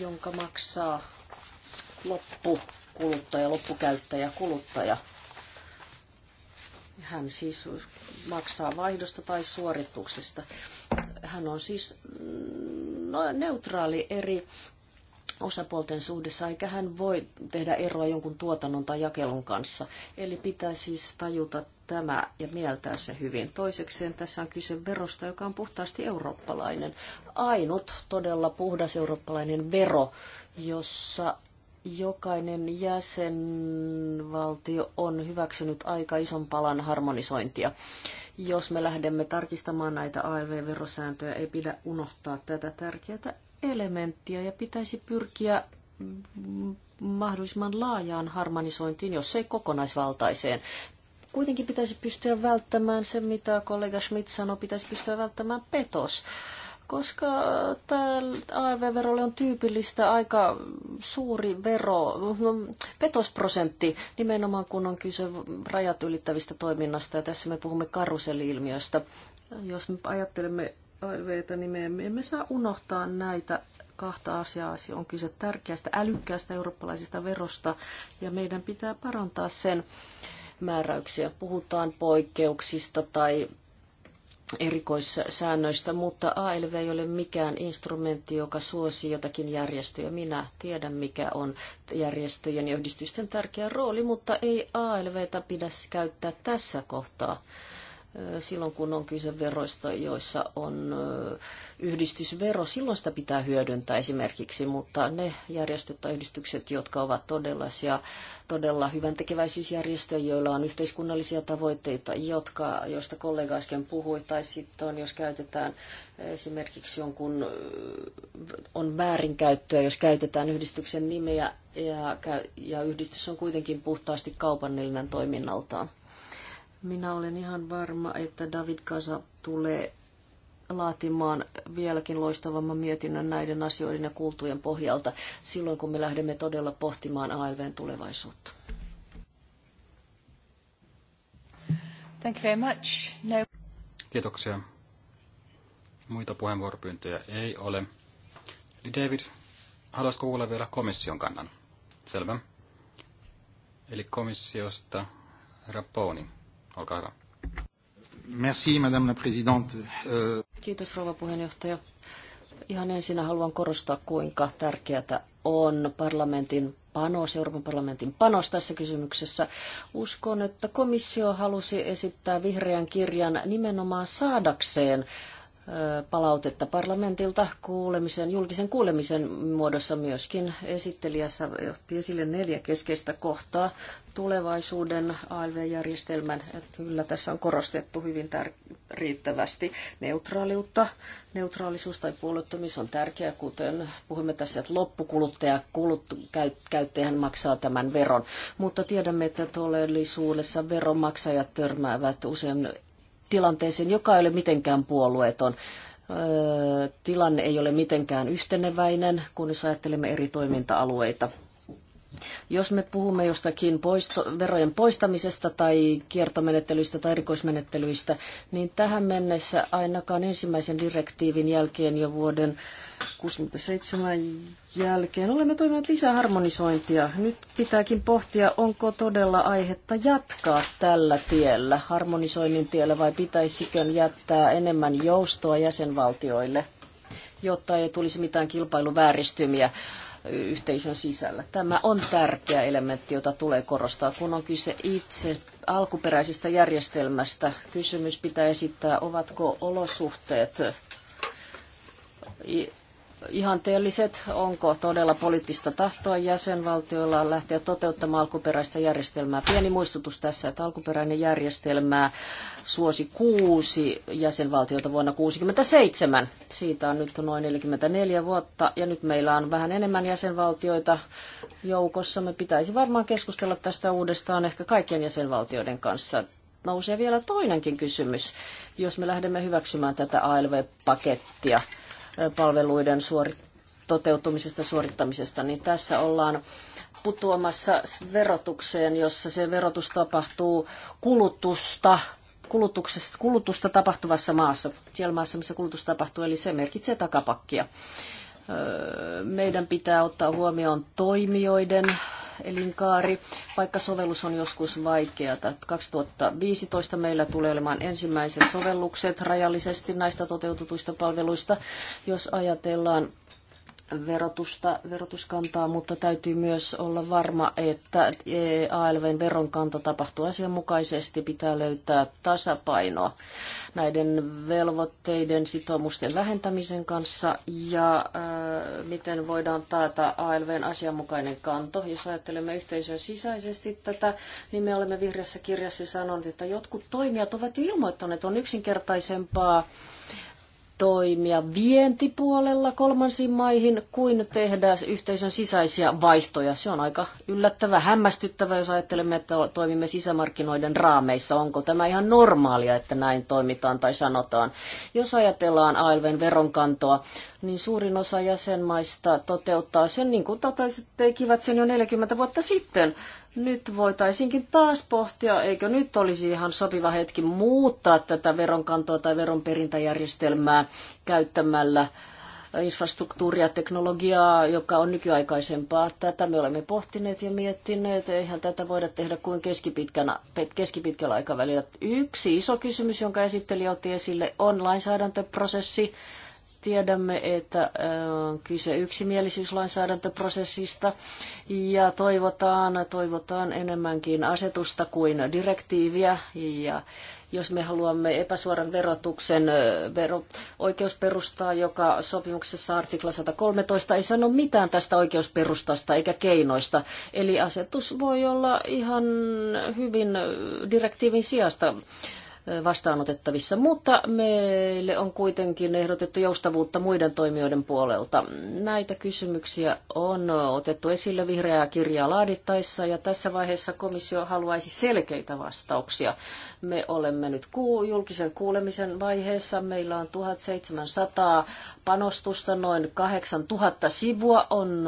Speaker 1: jonka maksaa loppukuluttaja, loppukäyttäjä, kuluttaja. Hän siis maksaa vaihdosta tai suorituksesta. Hän on siis mm, no, neutraali eri osapuolten suhdessa, eikä hän voi tehdä eroa jonkun tuotannon tai jakelun kanssa. Eli pitää siis tajuta tämä ja mieltää se hyvin. Toisekseen tässä on kyse verosta, joka on puhtaasti eurooppalainen. Ainut todella puhdas eurooppalainen vero, jossa jokainen jäsenvaltio on hyväksynyt aika ison palan harmonisointia. Jos me lähdemme tarkistamaan näitä ALV-verosääntöjä, ei pidä unohtaa tätä tärkeää elementtiä ja pitäisi pyrkiä mahdollisimman laajaan harmonisointiin, jos ei kokonaisvaltaiseen. Kuitenkin pitäisi pystyä välttämään se, mitä kollega Schmidt sanoi, pitäisi pystyä välttämään petos koska arv verolle on tyypillistä aika suuri vero, no, petosprosentti, nimenomaan kun on kyse rajat ylittävistä toiminnasta, ja tässä me puhumme karuseli-ilmiöstä. Jos me ajattelemme ALVtä, niin me emme saa unohtaa näitä kahta asiaa. Se on kyse tärkeästä, älykkäästä eurooppalaisesta verosta, ja meidän pitää parantaa sen määräyksiä. Puhutaan poikkeuksista tai erikoissäännöistä, mutta ALV ei ole mikään instrumentti, joka suosii jotakin järjestöjä. Minä tiedän, mikä on järjestöjen ja yhdistysten tärkeä rooli, mutta ei ALVtä pidä käyttää tässä kohtaa silloin kun on kyse veroista, joissa on yhdistysvero, silloin sitä pitää hyödyntää esimerkiksi, mutta ne järjestöt tai yhdistykset, jotka ovat todellisia, todella hyvän tekeväisyysjärjestöjä, joilla on yhteiskunnallisia tavoitteita, jotka, joista kollega äsken puhui, tai sitten on, jos käytetään esimerkiksi jonkun, on väärinkäyttöä, jos käytetään yhdistyksen nimeä ja, ja yhdistys on kuitenkin puhtaasti kaupannillinen toiminnaltaan minä olen ihan varma, että David Kasa tulee laatimaan vieläkin loistavamman mietinnön näiden asioiden ja kulttuurien pohjalta silloin, kun me lähdemme todella pohtimaan ALVn
Speaker 2: tulevaisuutta. Thank you very much. No. Kiitoksia. Muita puheenvuoropyyntöjä ei ole. Eli David, haluaisitko kuulla vielä komission kannan? Selvä. Eli komissiosta Rapponi. Olkaa hyvä. Merci, madame la présidente. Euh,
Speaker 1: Kiitos, rouva puheenjohtaja. Ihan ensin haluan korostaa, kuinka tärkeää on parlamentin panos, Euroopan parlamentin panos tässä kysymyksessä. Uskon, että komissio halusi esittää vihreän kirjan nimenomaan saadakseen palautetta parlamentilta kuulemisen, julkisen kuulemisen muodossa myöskin. Esittelijässä otti esille neljä keskeistä kohtaa tulevaisuuden ALV-järjestelmän. Kyllä tässä on korostettu hyvin riittävästi neutraaliutta. Neutraalisuus tai puolueettomuus on tärkeää, kuten puhumme tässä, että loppukuluttaja kulut, käyttäjähän maksaa tämän veron. Mutta tiedämme, että todellisuudessa veronmaksajat törmäävät usein tilanteeseen, joka ei ole mitenkään puolueeton. Tilanne ei ole mitenkään yhteneväinen, kun ajattelemme eri toiminta-alueita. Jos me puhumme jostakin poisto, verojen poistamisesta tai kiertomenettelyistä tai erikoismenettelyistä, niin tähän mennessä ainakaan ensimmäisen direktiivin jälkeen jo vuoden 1967 jälkeen. Olemme toimineet lisää harmonisointia. Nyt pitääkin pohtia, onko todella aihetta jatkaa tällä tiellä, harmonisoinnin tiellä, vai pitäisikö jättää enemmän joustoa jäsenvaltioille, jotta ei tulisi mitään kilpailuvääristymiä yhteisön sisällä. Tämä on tärkeä elementti, jota tulee korostaa, kun on kyse itse alkuperäisestä järjestelmästä. Kysymys pitää esittää, ovatko olosuhteet ihanteelliset? Onko todella poliittista tahtoa jäsenvaltioilla lähteä toteuttamaan alkuperäistä järjestelmää? Pieni muistutus tässä, että alkuperäinen järjestelmä suosi kuusi jäsenvaltiota vuonna 1967. Siitä on nyt noin 44 vuotta ja nyt meillä on vähän enemmän jäsenvaltioita joukossa. Me pitäisi varmaan keskustella tästä uudestaan ehkä kaikkien jäsenvaltioiden kanssa nousee vielä toinenkin kysymys, jos me lähdemme hyväksymään tätä ALV-pakettia palveluiden suorit, toteutumisesta suorittamisesta, niin tässä ollaan putoamassa verotukseen, jossa se verotus tapahtuu kulutusta, kulutuksesta, kulutusta tapahtuvassa maassa, siellä maassa, missä kulutus tapahtuu, eli se merkitsee takapakkia. Öö, meidän pitää ottaa huomioon toimijoiden elinkaari, vaikka sovellus on joskus vaikeata. 2015 meillä tulee olemaan ensimmäiset sovellukset rajallisesti näistä toteutetuista palveluista. Jos ajatellaan verotusta, verotuskantaa, mutta täytyy myös olla varma, että ALVn veronkanto tapahtuu asianmukaisesti. Pitää löytää tasapainoa näiden velvoitteiden sitoumusten vähentämisen kanssa ja ää, äh, miten voidaan taata ALVn asianmukainen kanto. Jos ajattelemme yhteisön sisäisesti tätä, niin me olemme vihreässä kirjassa sanoneet, että jotkut toimijat ovat jo ilmoittaneet, että on yksinkertaisempaa toimia vientipuolella kolmansiin maihin kuin tehdä yhteisön sisäisiä vaihtoja. Se on aika yllättävä, hämmästyttävä, jos ajattelemme, että toimimme sisämarkkinoiden raameissa. Onko tämä ihan normaalia, että näin toimitaan tai sanotaan? Jos ajatellaan ALVn veronkantoa, niin suurin osa jäsenmaista toteuttaa sen niin kuin tekivät sen jo 40 vuotta sitten. Nyt voitaisinkin taas pohtia, eikö nyt olisi ihan sopiva hetki muuttaa tätä veronkantoa tai veronperintäjärjestelmää käyttämällä infrastruktuuria, teknologiaa, joka on nykyaikaisempaa. Tätä me olemme pohtineet ja miettineet. Eihän tätä voida tehdä kuin keskipitkänä, keskipitkällä aikavälillä. Yksi iso kysymys, jonka esittelijä otti esille, on lainsäädäntöprosessi. Tiedämme, että on äh, kyse yksimielisyyslainsäädäntöprosessista ja toivotaan, toivotaan enemmänkin asetusta kuin direktiiviä ja jos me haluamme epäsuoran verotuksen äh, vero, oikeusperustaa, joka sopimuksessa artikla 113 ei sano mitään tästä oikeusperustasta eikä keinoista. Eli asetus voi olla ihan hyvin äh, direktiivin sijasta vastaanotettavissa, mutta meille on kuitenkin ehdotettu joustavuutta muiden toimijoiden puolelta. Näitä kysymyksiä on otettu esille vihreää kirjaa laadittaessa ja tässä vaiheessa komissio haluaisi selkeitä vastauksia. Me olemme nyt julkisen kuulemisen vaiheessa. Meillä on 1700 panostusta, noin 8000 sivua on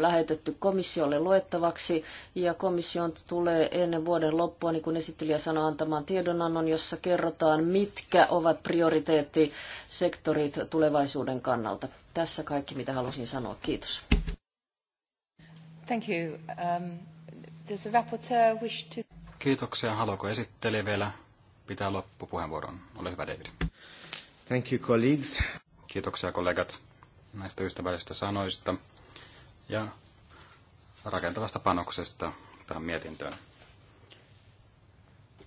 Speaker 1: lähetetty komissiolle luettavaksi ja komission tulee ennen vuoden loppua, niin kuin esittelijä sanoi, antamaan tiedonannon, jossa jossa kerrotaan, mitkä ovat prioriteettisektorit tulevaisuuden kannalta.
Speaker 2: Tässä kaikki, mitä halusin sanoa. Kiitos.
Speaker 1: Thank you. Um, does the rapporteur wish to...
Speaker 2: Kiitoksia. Haluaako esittelijä vielä pitää loppupuheenvuoron? Ole hyvä, David. Thank you, colleagues. Kiitoksia, kollegat, näistä ystävällisistä sanoista ja rakentavasta panoksesta tähän mietintöön.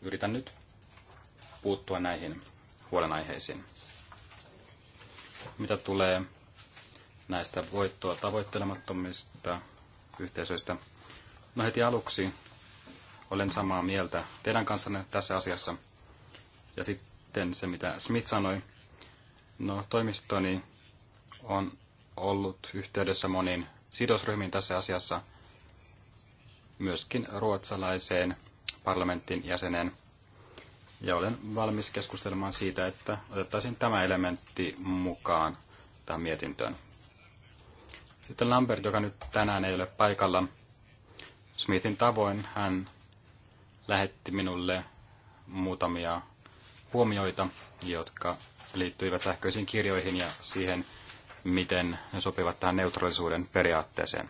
Speaker 2: Yritän nyt puuttua näihin huolenaiheisiin. Mitä tulee näistä voittoa tavoittelemattomista yhteisöistä, no heti aluksi olen samaa mieltä teidän kanssanne tässä asiassa. Ja sitten se, mitä Smith sanoi, no toimistoni on ollut yhteydessä moniin sidosryhmiin tässä asiassa, myöskin ruotsalaiseen parlamentin jäseneen. Ja olen valmis keskustelemaan siitä, että otettaisiin tämä elementti mukaan tähän mietintöön. Sitten Lambert, joka nyt tänään ei ole paikalla, Smithin tavoin hän lähetti minulle muutamia huomioita, jotka liittyivät sähköisiin kirjoihin ja siihen, miten ne sopivat tähän neutraalisuuden periaatteeseen.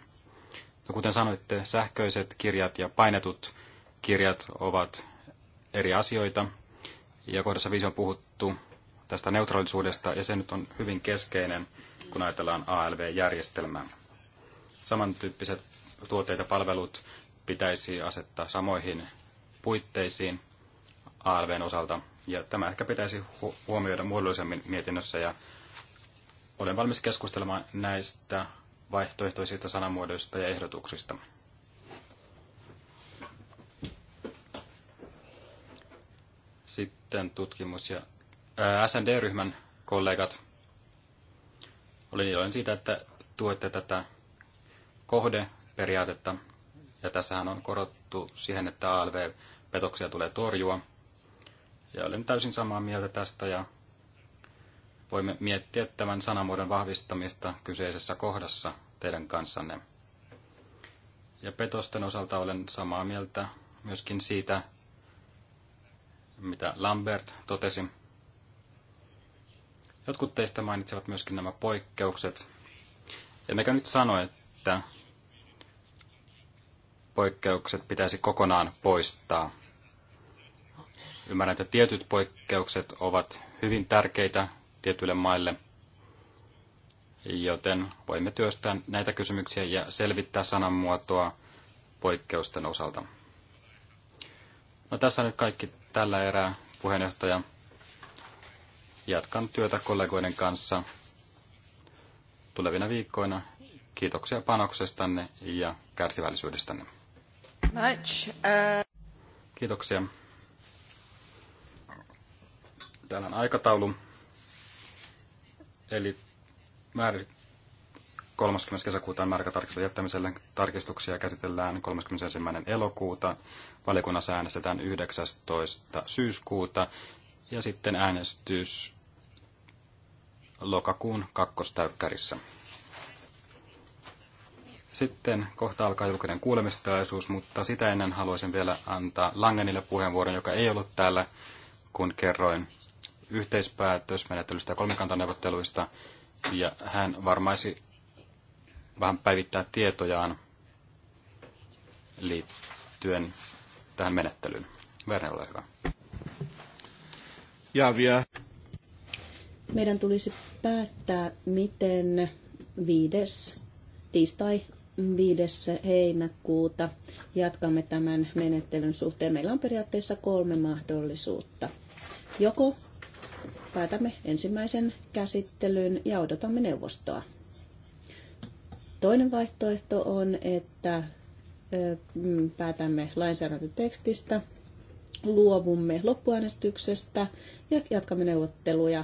Speaker 2: No, kuten sanoitte, sähköiset kirjat ja painetut kirjat ovat eri asioita, ja kohdassa viisi on puhuttu tästä neutraalisuudesta, ja se nyt on hyvin keskeinen, kun ajatellaan ALV-järjestelmää. Samantyyppiset tuotteet ja palvelut pitäisi asettaa samoihin puitteisiin ALVn osalta, ja tämä ehkä pitäisi huomioida muodollisemmin mietinnössä, ja olen valmis keskustelemaan näistä vaihtoehtoisista sanamuodoista ja ehdotuksista. Sitten tutkimus ja SND-ryhmän kollegat. Olin iloinen siitä, että tuette tätä kohdeperiaatetta. Ja tässähän on korottu siihen, että ALV-petoksia tulee torjua. Ja olen täysin samaa mieltä tästä ja voimme miettiä tämän sanamuodon vahvistamista kyseisessä kohdassa teidän kanssanne. Ja petosten osalta olen samaa mieltä myöskin siitä, mitä Lambert totesi. Jotkut teistä mainitsevat myöskin nämä poikkeukset. Emmekä nyt sano, että poikkeukset pitäisi kokonaan poistaa. Ymmärrän, että tietyt poikkeukset ovat hyvin tärkeitä tietyille maille, joten voimme työstää näitä kysymyksiä ja selvittää sananmuotoa poikkeusten osalta. No tässä on nyt kaikki tällä erää, puheenjohtaja. Jatkan työtä kollegoiden kanssa tulevina viikkoina. Kiitoksia panoksestanne ja kärsivällisyydestänne.
Speaker 1: Much, uh
Speaker 2: Kiitoksia. Täällä on aikataulu. Eli määrä 30. kesäkuuta on määräkä tarkistuksen jättämiselle. Tarkistuksia käsitellään 31. elokuuta. Valiokunnassa äänestetään 19. syyskuuta. Ja sitten äänestys lokakuun kakkostäykkärissä. Sitten kohta alkaa julkinen kuulemistilaisuus, mutta sitä ennen haluaisin vielä antaa Langenille puheenvuoron, joka ei ollut täällä, kun kerroin yhteispäätösmenettelystä ja kolmikantaneuvotteluista. Ja hän varmaisi vähän päivittää tietojaan liittyen tähän menettelyyn. Verne, ole hyvä. Ja vielä.
Speaker 3: Meidän tulisi päättää, miten viides tiistai 5. heinäkuuta jatkamme tämän menettelyn suhteen. Meillä on periaatteessa kolme mahdollisuutta. Joko päätämme ensimmäisen käsittelyn ja odotamme neuvostoa. Toinen vaihtoehto on, että mm, päätämme lainsäädäntötekstistä, luovumme loppuäänestyksestä ja jatkamme neuvotteluja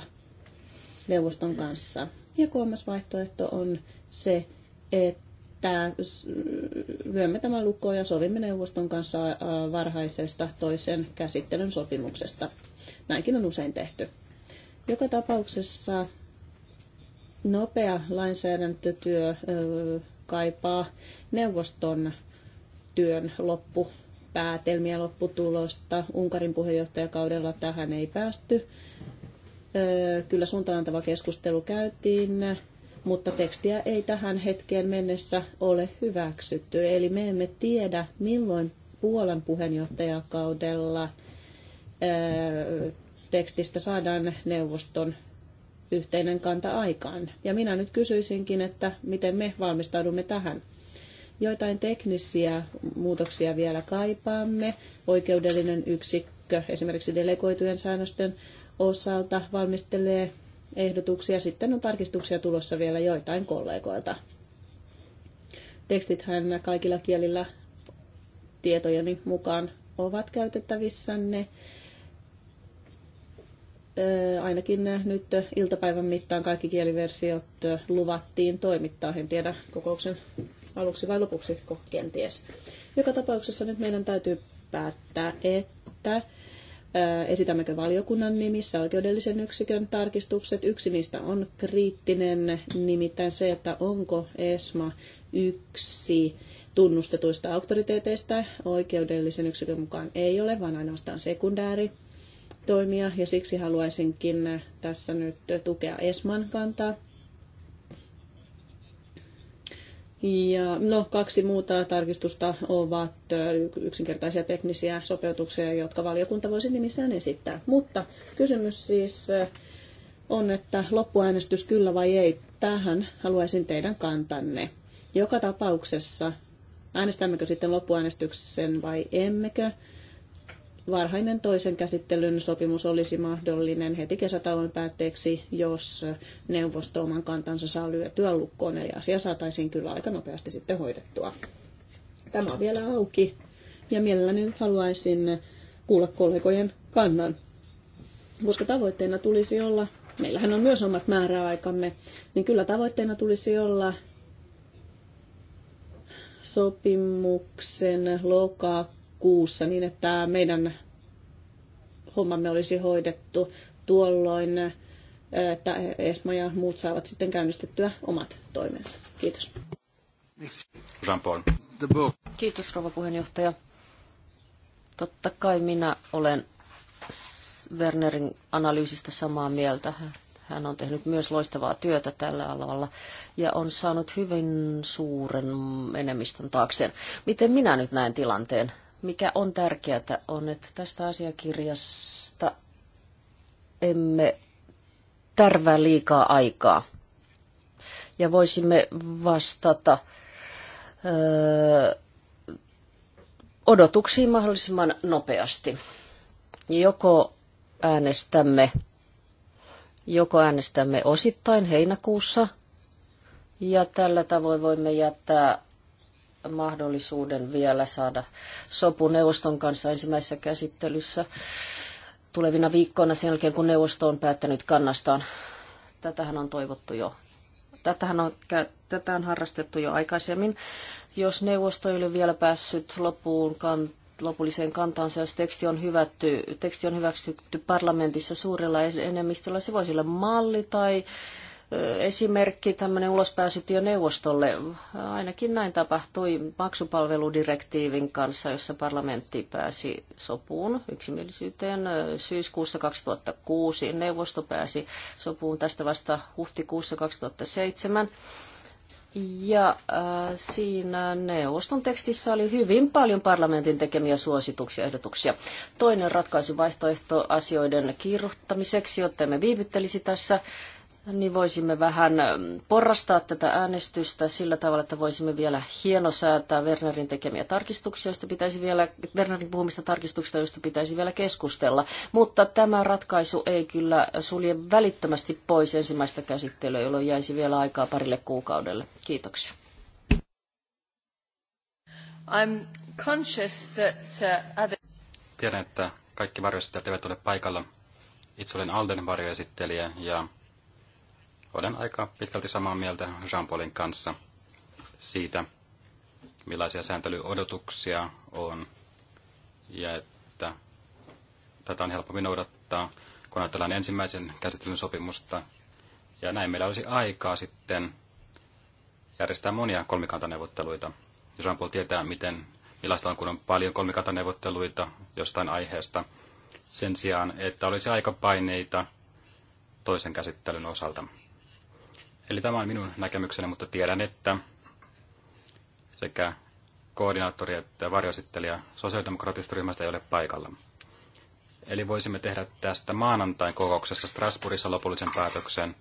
Speaker 3: neuvoston kanssa. Ja kolmas vaihtoehto on se, että lyömme tämän lukkoon ja sovimme neuvoston kanssa varhaisesta toisen käsittelyn sopimuksesta. Näinkin on usein tehty. Joka tapauksessa Nopea lainsäädäntötyö kaipaa neuvoston työn loppu päätelmiä lopputulosta. Unkarin puheenjohtajakaudella tähän ei päästy. Kyllä suuntaantava keskustelu käytiin, mutta tekstiä ei tähän hetkeen mennessä ole hyväksytty. Eli me emme tiedä, milloin Puolan puheenjohtajakaudella tekstistä saadaan neuvoston yhteinen kanta aikaan. Ja minä nyt kysyisinkin, että miten me valmistaudumme tähän. Joitain teknisiä muutoksia vielä kaipaamme. Oikeudellinen yksikkö esimerkiksi delegoitujen säännösten osalta valmistelee ehdotuksia. Sitten on tarkistuksia tulossa vielä joitain kollegoilta. Tekstithän kaikilla kielillä tietojeni mukaan ovat käytettävissänne. Äh, ainakin nyt iltapäivän mittaan kaikki kieliversiot äh, luvattiin toimittaa. En tiedä kokouksen aluksi vai lopuksi kenties. Joka tapauksessa nyt meidän täytyy päättää, että äh, esitämmekö valiokunnan nimissä oikeudellisen yksikön tarkistukset. Yksi niistä on kriittinen, nimittäin se, että onko ESMA yksi tunnustetuista auktoriteeteista. Oikeudellisen yksikön mukaan ei ole, vaan ainoastaan sekundääri toimia ja siksi haluaisinkin tässä nyt tukea Esman kantaa. Ja, no, kaksi muuta tarkistusta ovat yksinkertaisia teknisiä sopeutuksia, jotka valiokunta voisi nimissään esittää. Mutta kysymys siis on, että loppuäänestys kyllä vai ei. Tähän haluaisin teidän kantanne. Joka tapauksessa, äänestämmekö sitten loppuäänestyksen vai emmekö, varhainen toisen käsittelyn sopimus olisi mahdollinen heti kesätauon päätteeksi, jos neuvosto oman kantansa saa lyötyä lukkoon, eli asia saataisiin kyllä aika nopeasti sitten hoidettua. Tämä on vielä auki, ja mielelläni nyt haluaisin kuulla kollegojen kannan, koska tavoitteena tulisi olla, meillähän on myös omat määräaikamme, niin kyllä tavoitteena tulisi olla sopimuksen lokakuun kuussa niin, että meidän hommamme olisi hoidettu tuolloin, että ESMA ja muut saavat sitten käynnistettyä omat toimensa. Kiitos. Kiitos rouva puheenjohtaja.
Speaker 1: Totta kai minä olen Wernerin analyysistä samaa mieltä. Hän on tehnyt myös loistavaa työtä tällä alalla ja on saanut hyvin suuren enemmistön taakseen. Miten minä nyt näen tilanteen? Mikä on tärkeää on, että tästä asiakirjasta emme tarvää liikaa aikaa ja voisimme vastata öö, odotuksiin mahdollisimman nopeasti. Joko äänestämme, joko äänestämme osittain heinäkuussa ja tällä tavoin voimme jättää mahdollisuuden vielä saada sopu neuvoston kanssa ensimmäisessä käsittelyssä tulevina viikkoina sen jälkeen, kun neuvosto on päättänyt kannastaan. Tätähän on toivottu jo. Tätähän on, tätä on harrastettu jo aikaisemmin. Jos neuvosto ei ole vielä päässyt lopuun kantaa, lopulliseen kantaansa, jos teksti on, hyvätty, teksti on hyväksytty parlamentissa suurella enemmistöllä. Se voisi olla malli tai esimerkki, tämmöinen ulospääsytie neuvostolle. Ainakin näin tapahtui maksupalveludirektiivin kanssa, jossa parlamentti pääsi sopuun yksimielisyyteen syyskuussa 2006. Neuvosto pääsi sopuun tästä vasta huhtikuussa 2007. Ja äh, siinä neuvoston tekstissä oli hyvin paljon parlamentin tekemiä suosituksia ja ehdotuksia. Toinen ratkaisuvaihtoehto asioiden kiiruhtamiseksi, jotta me viivyttelisi tässä, niin voisimme vähän ähm, porrastaa tätä äänestystä sillä tavalla, että voisimme vielä hienosäätää Wernerin tekemiä tarkistuksia, joista pitäisi vielä, Wernerin puhumista tarkistuksista, joista pitäisi vielä keskustella. Mutta tämä ratkaisu ei kyllä sulje välittömästi pois ensimmäistä käsittelyä, jolloin jäisi vielä aikaa parille
Speaker 2: kuukaudelle. Kiitoksia. I'm conscious
Speaker 1: that, uh, other...
Speaker 2: Tiedän, että kaikki varjoesittelijät eivät ole paikalla. Itse olen Alden varjoesittelijä ja olen aika pitkälti samaa mieltä Jean-Paulin kanssa siitä, millaisia sääntelyodotuksia on ja että tätä on helpompi noudattaa, kun ajatellaan ensimmäisen käsittelyn sopimusta. Ja näin meillä olisi aikaa sitten järjestää monia kolmikantaneuvotteluita. Jean-Paul tietää, miten, millaista on, kun on paljon kolmikantaneuvotteluita jostain aiheesta, sen sijaan, että olisi aika paineita toisen käsittelyn osalta. Eli tämä on minun näkemykseni, mutta tiedän, että sekä koordinaattori että varjosittelija sosiaalidemokraattisesta ryhmästä ei ole paikalla. Eli voisimme tehdä tästä maanantain kokouksessa Strasbourgissa lopullisen päätöksen,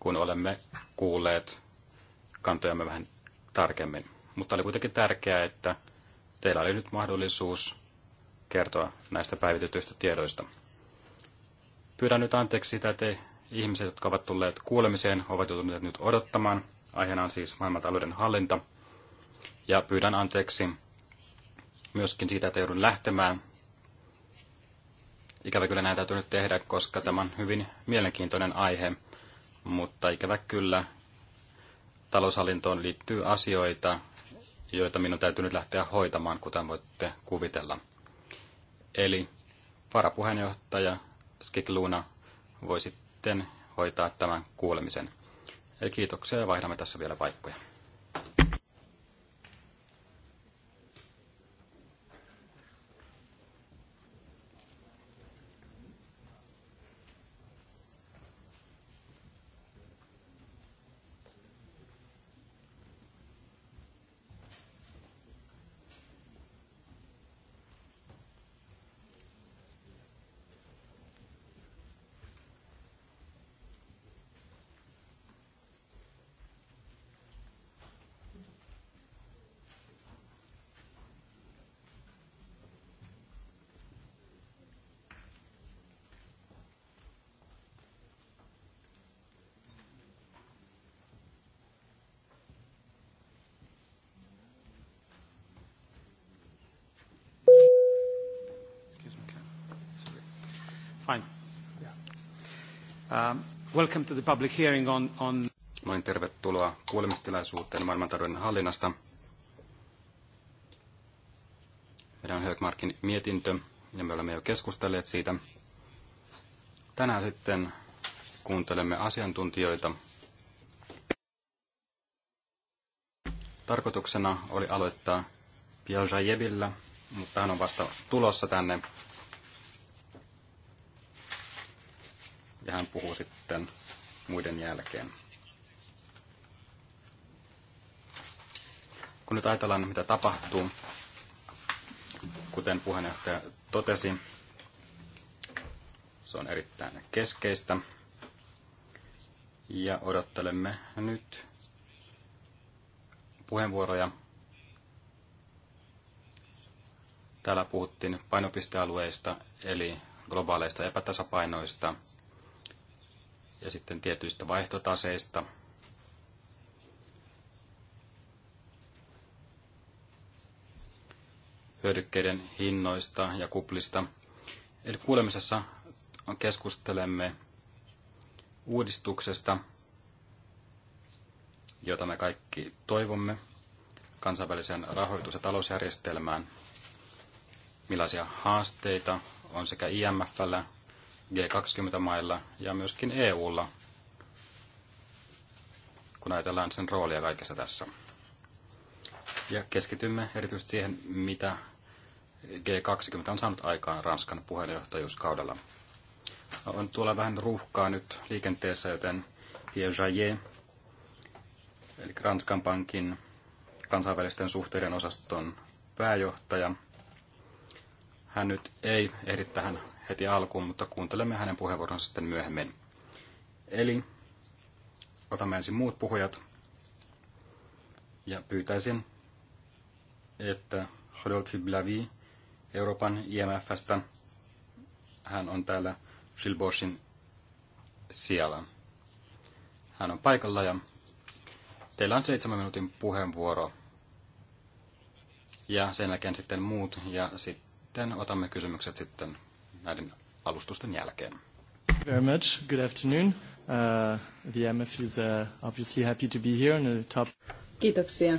Speaker 2: kun olemme kuulleet kantojamme vähän tarkemmin. Mutta oli kuitenkin tärkeää, että teillä oli nyt mahdollisuus kertoa näistä päivitetyistä tiedoista. Pyydän nyt anteeksi sitä, että ei ihmiset, jotka ovat tulleet kuulemiseen, ovat joutuneet nyt odottamaan. Aiheena on siis maailmantalouden hallinta. Ja pyydän anteeksi myöskin siitä, että joudun lähtemään. Ikävä kyllä näin täytyy nyt tehdä, koska tämä on hyvin mielenkiintoinen aihe, mutta ikävä kyllä taloushallintoon liittyy asioita, joita minun täytyy nyt lähteä hoitamaan, kuten voitte kuvitella. Eli varapuheenjohtaja Skikluna voi sitten sitten hoitaa tämän kuulemisen. kiitoksia ja vaihdamme tässä vielä paikkoja. Welcome to the public hearing on, Moin tervetuloa kuulemistilaisuuteen maailmantalouden hallinnasta. Meidän on Högmarkin mietintö, ja me olemme jo keskustelleet siitä. Tänään sitten kuuntelemme asiantuntijoita. Tarkoituksena oli aloittaa Piagetillä, mutta hän on vasta tulossa tänne ja hän puhuu sitten muiden jälkeen. Kun nyt ajatellaan, mitä tapahtuu, kuten puheenjohtaja totesi, se on erittäin keskeistä. Ja odottelemme nyt puheenvuoroja. Täällä puhuttiin painopistealueista, eli globaaleista epätasapainoista – ja sitten tietyistä vaihtotaseista. hyödykkeiden hinnoista ja kuplista. Eli kuulemisessa keskustelemme uudistuksesta, jota me kaikki toivomme kansainväliseen rahoitus- ja talousjärjestelmään. Millaisia haasteita on sekä IMFllä G20-mailla ja myöskin EUlla, kun ajatellaan sen roolia kaikessa tässä. Ja keskitymme erityisesti siihen, mitä G20 on saanut aikaan Ranskan puheenjohtajuuskaudella. On tuolla vähän ruuhkaa nyt liikenteessä, joten Pierre Jaillet, eli Ranskan pankin kansainvälisten suhteiden osaston pääjohtaja, hän nyt ei ehdi tähän heti alkuun, mutta kuuntelemme hänen puheenvuoronsa sitten myöhemmin. Eli otamme ensin muut puhujat ja pyytäisin, että Rodolphe Blavi Euroopan IMFstä, hän on täällä Silbosin siellä. Hän on paikalla ja teillä on seitsemän minuutin puheenvuoro ja sen jälkeen sitten muut ja sitten otamme kysymykset sitten näiden alustusten jälkeen.
Speaker 1: Very much. Good afternoon. Uh, the MF is uh, obviously happy to be
Speaker 2: here on the top.
Speaker 3: Kiitoksia.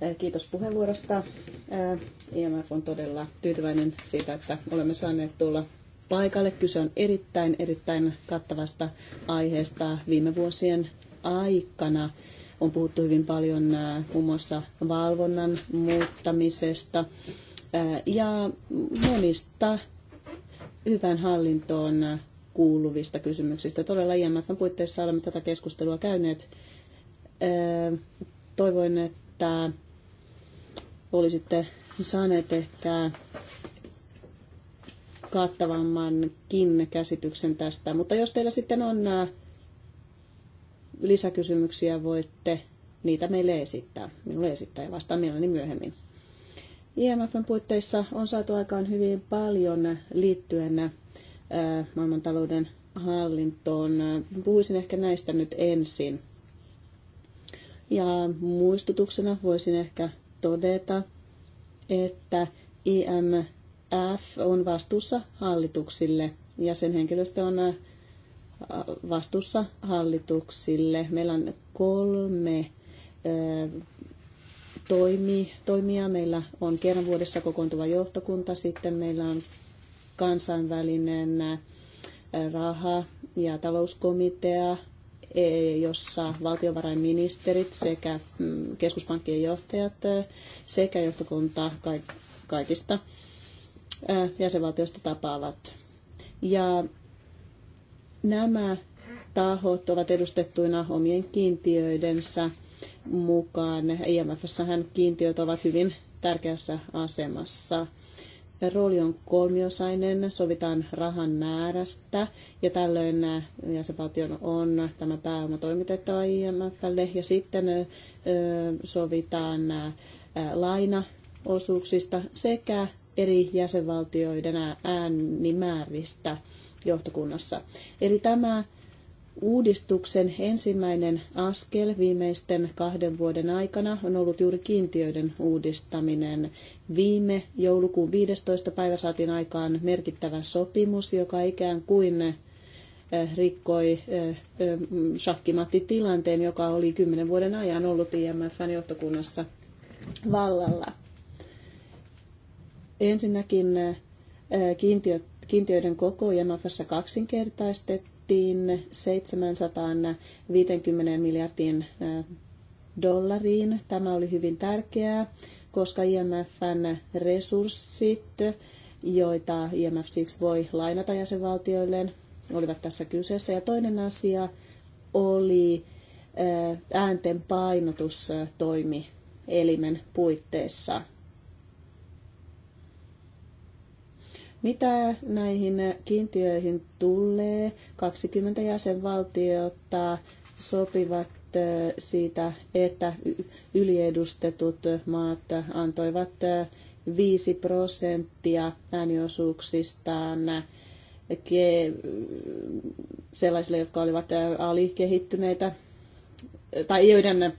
Speaker 3: Uh, kiitos puheenvuorosta. IMF uh, e on todella tyytyväinen siitä, että olemme saaneet tulla paikalle. Kyse on erittäin, erittäin kattavasta aiheesta viime vuosien aikana. On puhuttu hyvin paljon uh, muun muassa valvonnan muuttamisesta ja monista Hyvän hallintoon kuuluvista kysymyksistä. Todella IMFn puitteissa olemme tätä keskustelua käyneet. Toivoin, että olisitte saaneet ehkä kattavammankin käsityksen tästä. Mutta jos teillä sitten on lisäkysymyksiä, voitte niitä meille esittää. Minulle esittää ja vastaan mielelläni myöhemmin. IMFn puitteissa on saatu aikaan hyvin paljon liittyen äh, maailmantalouden hallintoon. Puhuisin ehkä näistä nyt ensin. Ja muistutuksena voisin ehkä todeta, että IMF on vastuussa hallituksille ja sen henkilöstö on äh, vastuussa hallituksille. Meillä on kolme äh, toimii, toimia. Meillä on kerran vuodessa kokoontuva johtokunta, sitten meillä on kansainvälinen äh, raha- ja talouskomitea, e, jossa valtiovarainministerit sekä mm, keskuspankkien johtajat äh, sekä johtokunta kaikista äh, jäsenvaltioista tapaavat. Ja nämä tahot ovat edustettuina omien kiintiöidensä mukaan. IMFssähän e kiintiöt ovat hyvin tärkeässä asemassa. Rooli on kolmiosainen, sovitaan rahan määrästä ja tällöin äh, jäsenvaltion on tämä pääoma toimitettava IMFlle e ja sitten äh, sovitaan äh, lainaosuuksista sekä eri jäsenvaltioiden äänimääristä johtokunnassa. Eli tämä Uudistuksen ensimmäinen askel viimeisten kahden vuoden aikana on ollut juuri kiintiöiden uudistaminen. Viime joulukuun 15. päivä saatiin aikaan merkittävä sopimus, joka ikään kuin eh, rikkoi eh, eh, shakkimattitilanteen, joka oli kymmenen vuoden ajan ollut IMFn johtokunnassa vallalla. Ensinnäkin kiintiöiden koko IMFssä kaksinkertaistettiin päädyttiin 750 miljardin dollariin. Tämä oli hyvin tärkeää, koska IMFn resurssit, joita IMF siis voi lainata jäsenvaltioilleen, olivat tässä kyseessä. Ja toinen asia oli äänten painotus toimi elimen puitteissa. Mitä näihin kiintiöihin tulee? 20 jäsenvaltiota sopivat siitä, että yliedustetut maat antoivat 5 prosenttia ääniosuuksistaan sellaisille, jotka olivat alikehittyneitä tai joiden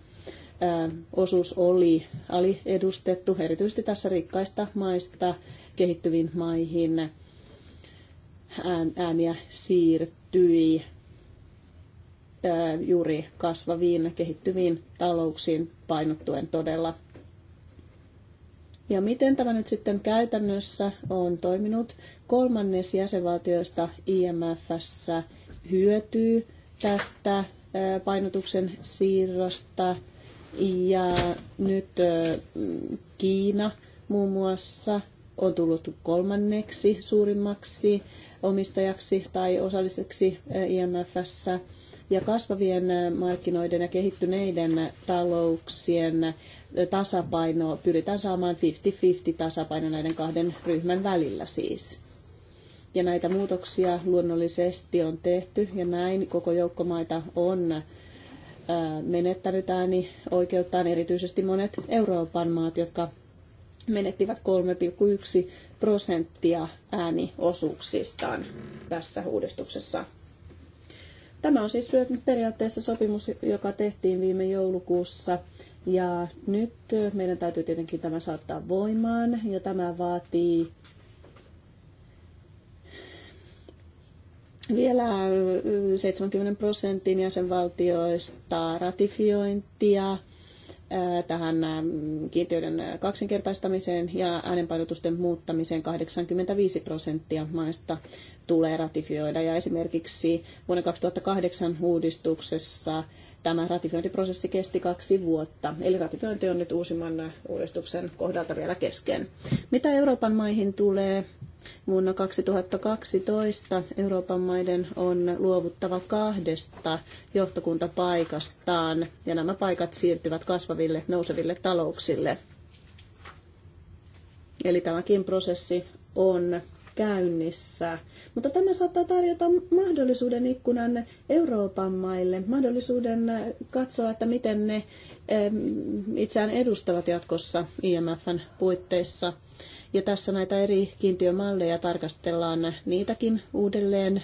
Speaker 3: osuus oli aliedustettu, erityisesti tässä rikkaista maista, kehittyviin maihin ääniä siirtyi juuri kasvaviin kehittyviin talouksiin painottuen todella. Ja miten tämä nyt sitten käytännössä on toiminut? Kolmannes jäsenvaltioista IMFssä hyötyy tästä painotuksen siirrosta. Ja nyt Kiina muun muassa on tullut kolmanneksi suurimmaksi omistajaksi tai osalliseksi IMFssä ja kasvavien markkinoiden ja kehittyneiden talouksien tasapaino pyritään saamaan 50-50 tasapaino näiden kahden ryhmän välillä siis. Ja näitä muutoksia luonnollisesti on tehty ja näin koko joukkomaita on menettänyt ääni oikeuttaan erityisesti monet Euroopan maat, jotka menettivät 3,1 prosenttia ääniosuuksistaan tässä uudistuksessa. Tämä on siis periaatteessa sopimus, joka tehtiin viime joulukuussa. Ja nyt meidän täytyy tietenkin tämä saattaa voimaan ja tämä vaatii vielä 70 prosentin jäsenvaltioista ratifiointia tähän mm, kiintiöiden kaksinkertaistamiseen ja äänenpainotusten muuttamiseen 85 prosenttia maista tulee ratifioida. Ja esimerkiksi vuonna 2008 uudistuksessa Tämä ratifiointiprosessi kesti kaksi vuotta, eli ratifiointi on nyt uusimman uudistuksen kohdalta vielä kesken. Mitä Euroopan maihin tulee? Vuonna 2012 Euroopan maiden on luovuttava kahdesta johtokuntapaikastaan, ja nämä paikat siirtyvät kasvaville nouseville talouksille. Eli tämäkin prosessi on käynnissä. Mutta tämä saattaa tarjota mahdollisuuden ikkunan Euroopan maille, mahdollisuuden katsoa, että miten ne itseään edustavat jatkossa IMFn puitteissa. Ja tässä näitä eri kiintiömalleja tarkastellaan niitäkin uudelleen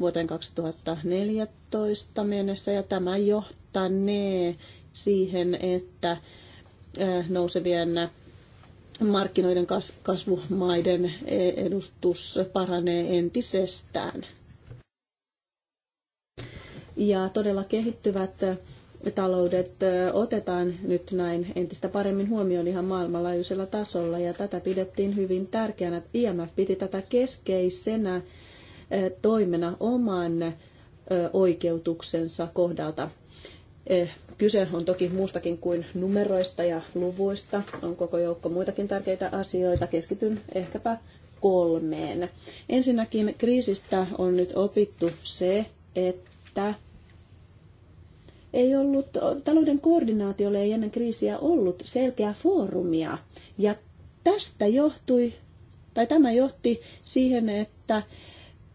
Speaker 3: vuoteen 2014 mennessä, ja tämä johtanee siihen, että eh, nousevien markkinoiden kasvumaiden edustus paranee entisestään. Ja todella kehittyvät taloudet otetaan nyt näin entistä paremmin huomioon ihan maailmanlaajuisella tasolla ja tätä pidettiin hyvin tärkeänä. IMF piti tätä keskeisenä eh, toimena oman eh, oikeutuksensa kohdalta eh, Kyse on toki muustakin kuin numeroista ja luvuista. On koko joukko muitakin tärkeitä asioita. Keskityn ehkäpä kolmeen. Ensinnäkin kriisistä on nyt opittu se, että ei ollut, talouden koordinaatiolle ei ennen kriisiä ollut selkeää foorumia. Ja tästä johtui, tai tämä johti siihen, että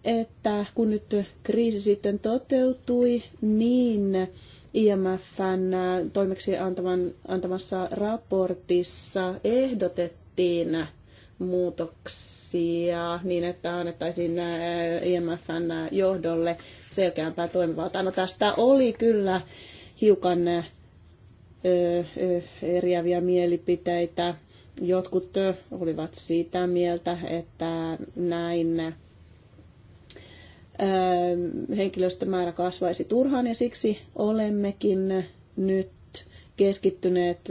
Speaker 3: että kun nyt kriisi sitten toteutui, niin IMFn äh, toimeksi antavan antamassa raportissa ehdotettiin muutoksia niin, että annettaisiin äh, IMFn äh, johdolle selkeämpää toimivaltaa. No tästä oli kyllä hiukan eriäviä mielipiteitä. Jotkut olivat siitä mieltä, että näin Öö, henkilöstömäärä kasvaisi turhaan ja siksi olemmekin nyt keskittyneet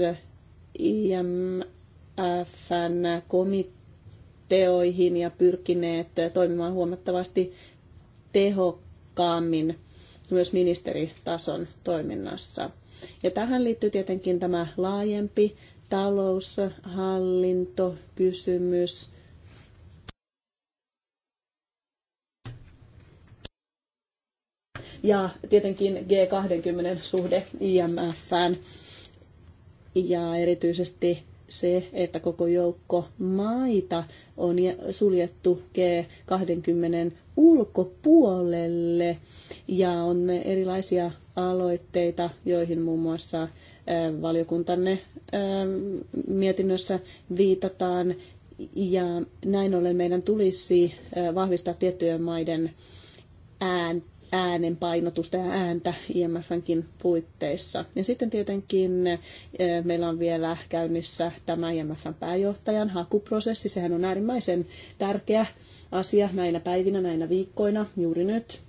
Speaker 3: IMFn komiteoihin ja pyrkineet toimimaan huomattavasti tehokkaammin myös ministeritason toiminnassa. Ja tähän liittyy tietenkin tämä laajempi taloushallintokysymys ja tietenkin G20 suhde IMFään ja erityisesti se, että koko joukko maita on suljettu G20 ulkopuolelle ja on erilaisia aloitteita, joihin muun muassa valiokuntanne mietinnössä viitataan. Ja näin ollen meidän tulisi vahvistaa tiettyjen maiden ääntä äänen painotusta ja ääntä IMFnkin puitteissa. Ja sitten tietenkin eh, meillä on vielä käynnissä tämä IMFn pääjohtajan hakuprosessi. Sehän on äärimmäisen tärkeä asia näinä päivinä, näinä viikkoina, juuri nyt.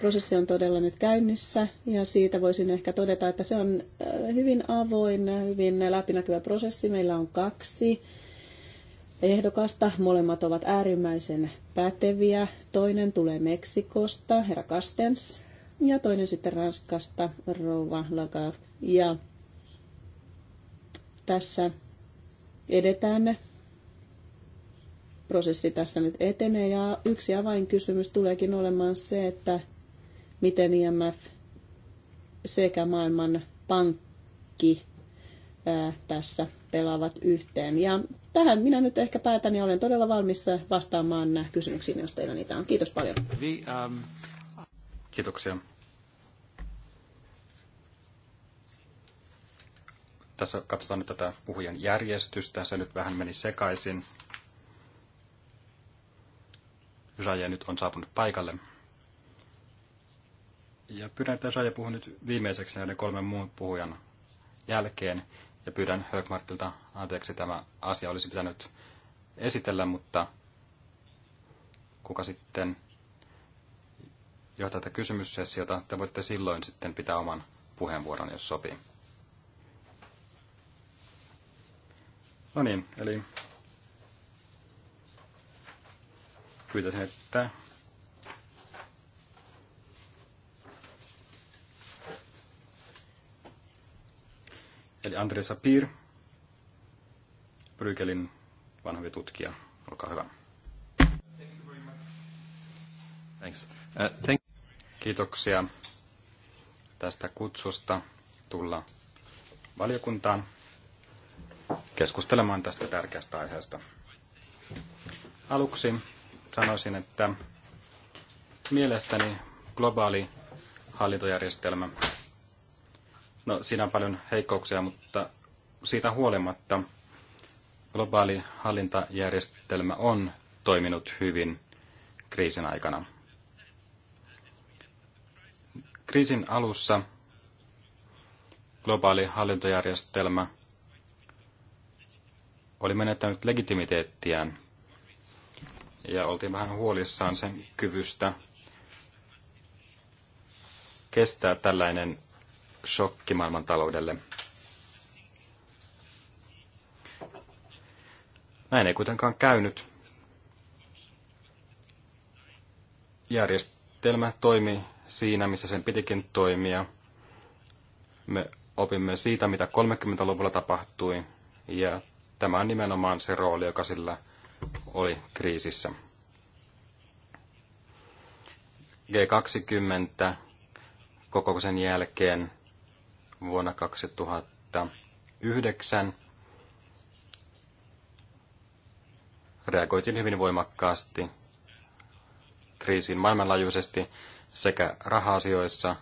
Speaker 3: Prosessi on todella nyt käynnissä ja siitä voisin ehkä todeta, että se on eh, hyvin avoin, hyvin läpinäkyvä prosessi. Meillä on kaksi ehdokasta. Molemmat ovat äärimmäisen päteviä. Toinen tulee Meksikosta, herra Kastens, ja toinen sitten Ranskasta, rouva Lagarde. Ja tässä edetään prosessi tässä nyt etenee ja yksi avainkysymys tuleekin olemaan se, että miten IMF sekä maailman pankki ää, tässä pelaavat yhteen. Ja tähän minä nyt ehkä päätän ja olen todella valmis vastaamaan kysymyksiin, jos teillä niitä on. Kiitos paljon.
Speaker 2: Ähm, Kiitoksia. Tässä katsotaan nyt tätä puhujan järjestystä. Se nyt vähän meni sekaisin. Jaja nyt on saapunut paikalle. Ja pyydän, että Jaja puhuu nyt viimeiseksi näiden kolmen muun puhujan jälkeen. Ja pyydän Högmartilta anteeksi, tämä asia olisi pitänyt esitellä, mutta kuka sitten johtaa tätä kysymyssessiota, te voitte silloin sitten pitää oman puheenvuoron, jos sopii. No niin, eli pyytäisin, että Eli Andre Sapir, Brygelin vanhempi tutkija, olkaa hyvä. Thanks. Uh, thank- Kiitoksia tästä kutsusta tulla valiokuntaan keskustelemaan tästä tärkeästä aiheesta. Aluksi sanoisin, että mielestäni globaali hallintojärjestelmä No, siinä on paljon heikkouksia, mutta siitä huolimatta globaali hallintajärjestelmä on toiminut hyvin kriisin aikana. Kriisin alussa globaali hallintojärjestelmä oli menettänyt legitimiteettiään ja oltiin vähän huolissaan sen kyvystä kestää tällainen shokki maailman taloudelle. Näin ei kuitenkaan käynyt. Järjestelmä toimi siinä, missä sen pitikin toimia. Me opimme siitä, mitä 30-luvulla tapahtui, ja tämä on nimenomaan se rooli, joka sillä oli kriisissä. G20 kokouksen jälkeen vuonna 2009 reagoitiin hyvin voimakkaasti kriisin maailmanlaajuisesti sekä raha-asioissa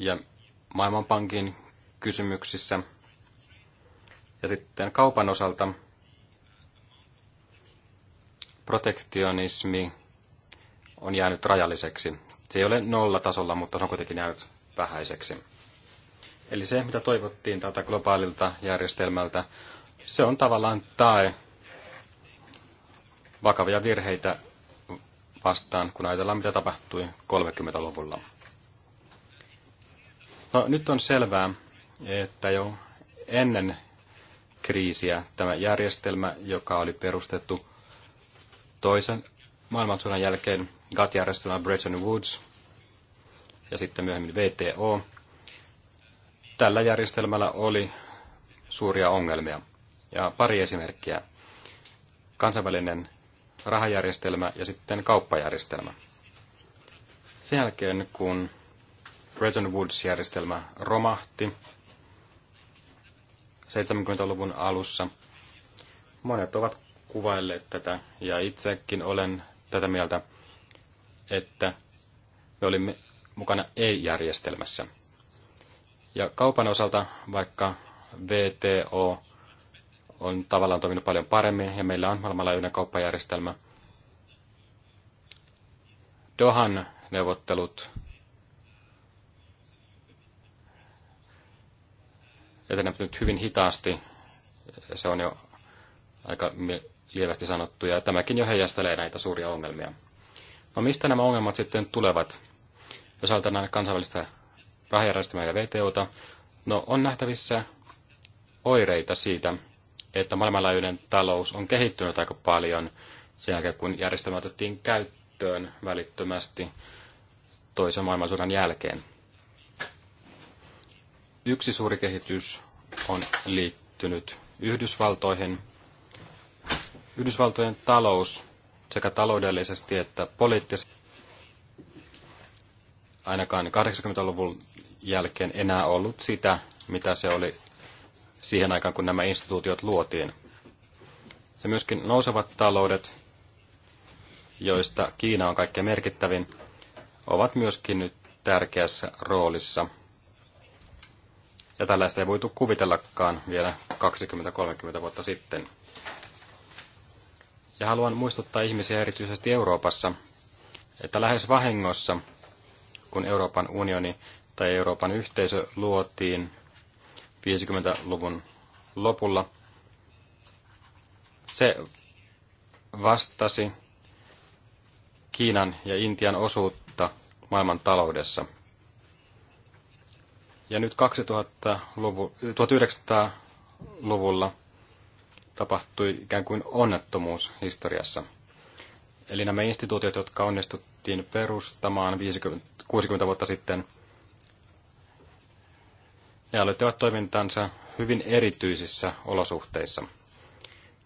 Speaker 2: ja Maailmanpankin kysymyksissä. Ja sitten kaupan osalta protektionismi on jäänyt rajalliseksi. Se ei ole nolla tasolla, mutta se on kuitenkin jäänyt vähäiseksi. Eli se, mitä toivottiin tältä globaalilta järjestelmältä, se on tavallaan tai vakavia virheitä vastaan, kun ajatellaan, mitä tapahtui 30-luvulla. No, nyt on selvää, että jo ennen kriisiä tämä järjestelmä, joka oli perustettu toisen maailmansodan jälkeen GATT-järjestelmä Bretton Woods ja sitten myöhemmin VTO. Tällä järjestelmällä oli suuria ongelmia. Ja pari esimerkkiä. Kansainvälinen rahajärjestelmä ja sitten kauppajärjestelmä. Sen jälkeen, kun Bretton Woods-järjestelmä romahti 70-luvun alussa, monet ovat kuvailleet tätä, ja itsekin olen tätä mieltä, että me olimme mukana ei-järjestelmässä. Ja kaupan osalta, vaikka VTO on tavallaan toiminut paljon paremmin ja meillä on maailmanlaajuinen kauppajärjestelmä, Dohan neuvottelut etenevät nyt hyvin hitaasti. Se on jo aika lievästi sanottu, ja tämäkin jo heijastelee näitä suuria ongelmia. No mistä nämä ongelmat sitten tulevat? Jos ajatellaan kansainvälistä rahajärjestelmää ja VTOta, no on nähtävissä oireita siitä, että maailmanlaajuinen talous on kehittynyt aika paljon sen jälkeen, kun järjestelmä otettiin käyttöön välittömästi toisen maailmansodan jälkeen. Yksi suuri kehitys on liittynyt Yhdysvaltoihin. Yhdysvaltojen talous sekä taloudellisesti että poliittisesti ainakaan 80-luvun jälkeen enää ollut sitä, mitä se oli siihen aikaan, kun nämä instituutiot luotiin. Ja myöskin nousevat taloudet, joista Kiina on kaikkein merkittävin, ovat myöskin nyt tärkeässä roolissa. Ja tällaista ei voitu kuvitellakaan vielä 20-30 vuotta sitten. Ja haluan muistuttaa ihmisiä erityisesti Euroopassa, että lähes vahingossa – kun Euroopan unioni tai Euroopan yhteisö luotiin 50-luvun lopulla. Se vastasi Kiinan ja Intian osuutta maailman taloudessa. Ja nyt 1900-luvulla tapahtui ikään kuin onnettomuus historiassa – Eli nämä instituutiot, jotka onnistuttiin perustamaan 50, 60 vuotta sitten, ne aloittivat toimintansa hyvin erityisissä olosuhteissa.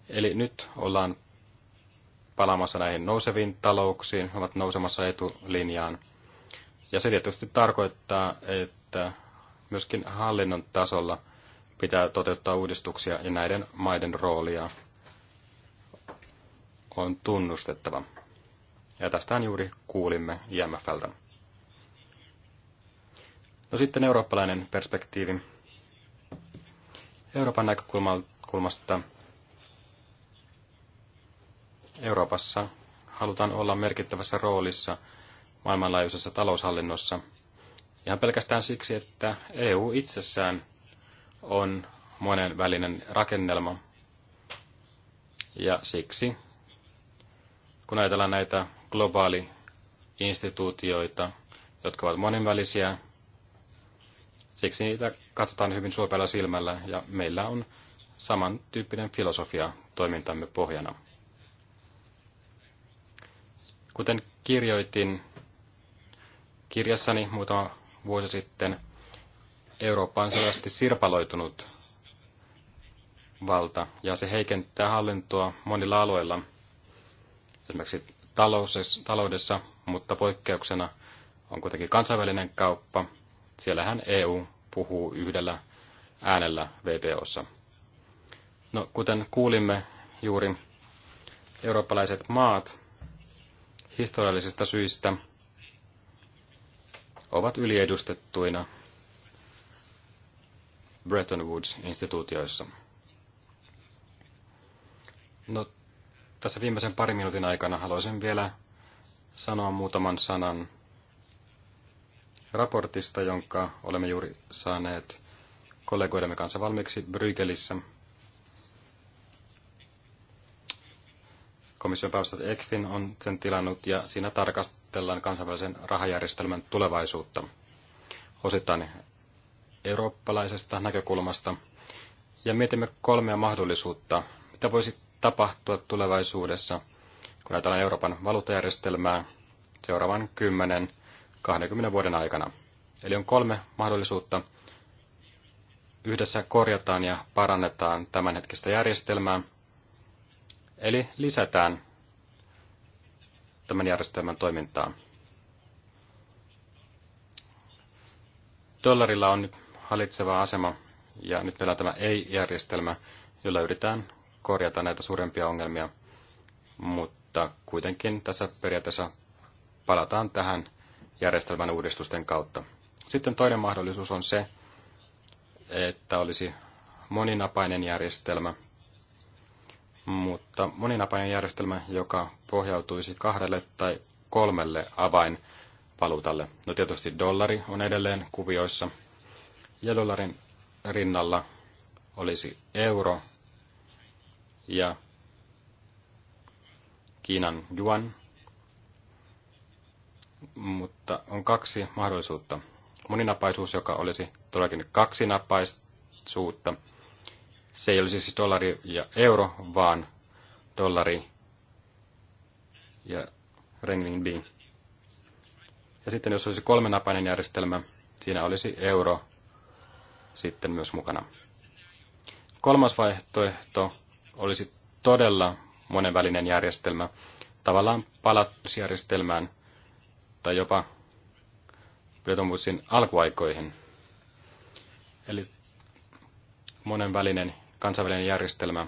Speaker 2: Eli nyt ollaan palaamassa näihin nouseviin talouksiin, ovat nousemassa etulinjaan. Ja se tietysti tarkoittaa, että myöskin hallinnon tasolla pitää toteuttaa uudistuksia ja näiden maiden roolia on tunnustettava. Ja tästähän juuri kuulimme IMFltä. No sitten eurooppalainen perspektiivi. Euroopan näkökulmasta Euroopassa halutaan olla merkittävässä roolissa maailmanlaajuisessa taloushallinnossa. Ihan pelkästään siksi, että EU itsessään on monen välinen rakennelma. Ja siksi kun ajatellaan näitä globaali-instituutioita, jotka ovat monenvälisiä, siksi niitä katsotaan hyvin suopealla silmällä ja meillä on samantyyppinen filosofia toimintamme pohjana. Kuten kirjoitin kirjassani muutama vuosi sitten, Eurooppa on selvästi sirpaloitunut valta ja se heikentää hallintoa monilla alueilla – esimerkiksi taloudessa, mutta poikkeuksena on kuitenkin kansainvälinen kauppa. Siellähän EU puhuu yhdellä äänellä VTOssa. No, kuten kuulimme juuri, eurooppalaiset maat historiallisista syistä ovat yliedustettuina Bretton Woods-instituutioissa. No, tässä viimeisen parin minuutin aikana haluaisin vielä sanoa muutaman sanan raportista, jonka olemme juuri saaneet kollegoidemme kanssa valmiiksi Brygelissä. Komission päästöt ECFIN on sen tilannut ja siinä tarkastellaan kansainvälisen rahajärjestelmän tulevaisuutta osittain eurooppalaisesta näkökulmasta. Ja mietimme kolmea mahdollisuutta, mitä voisi tapahtua tulevaisuudessa, kun ajatellaan Euroopan valuuttajärjestelmää seuraavan 10-20 vuoden aikana. Eli on kolme mahdollisuutta. Yhdessä korjataan ja parannetaan tämänhetkistä järjestelmää, eli lisätään tämän järjestelmän toimintaa. Dollarilla on nyt hallitseva asema ja nyt meillä on tämä ei-järjestelmä, jolla yritetään korjata näitä suurempia ongelmia, mutta kuitenkin tässä periaatteessa palataan tähän järjestelmän uudistusten kautta. Sitten toinen mahdollisuus on se, että olisi moninapainen järjestelmä, mutta moninapainen järjestelmä, joka pohjautuisi kahdelle tai kolmelle avainvaluutalle. No tietysti dollari on edelleen kuvioissa, ja dollarin rinnalla olisi euro ja Kiinan yuan. Mutta on kaksi mahdollisuutta. Moninapaisuus, joka olisi todellakin kaksinapaisuutta. Se ei olisi siis dollari ja euro, vaan dollari ja renminbi. Ja sitten jos olisi kolmenapainen järjestelmä, siinä olisi euro sitten myös mukana. Kolmas vaihtoehto olisi todella monenvälinen järjestelmä, tavallaan palatusjärjestelmään tai jopa Bretton alkuaikoihin. Eli monenvälinen kansainvälinen järjestelmä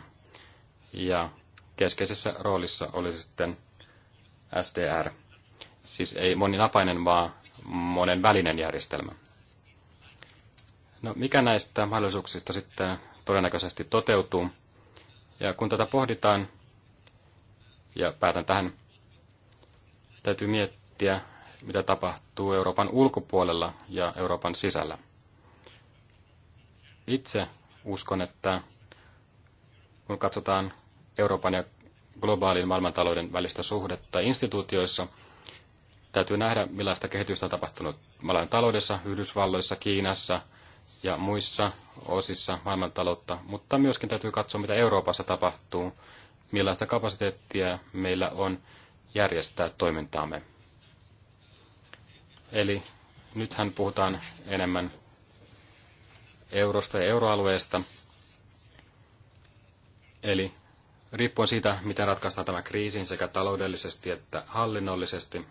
Speaker 2: ja keskeisessä roolissa olisi sitten SDR. Siis ei moninapainen, vaan monenvälinen järjestelmä. No mikä näistä mahdollisuuksista sitten todennäköisesti toteutuu? Ja kun tätä pohditaan, ja päätän tähän, täytyy miettiä, mitä tapahtuu Euroopan ulkopuolella ja Euroopan sisällä. Itse uskon, että kun katsotaan Euroopan ja globaalin maailmantalouden välistä suhdetta instituutioissa, täytyy nähdä, millaista kehitystä on tapahtunut maailman taloudessa, Yhdysvalloissa, Kiinassa – ja muissa osissa maailmantaloutta, mutta myöskin täytyy katsoa, mitä Euroopassa tapahtuu, millaista kapasiteettia meillä on järjestää toimintaamme. Eli nythän puhutaan enemmän eurosta ja euroalueesta. Eli riippuen siitä, miten ratkaistaan tämä kriisin niin sekä taloudellisesti että hallinnollisesti,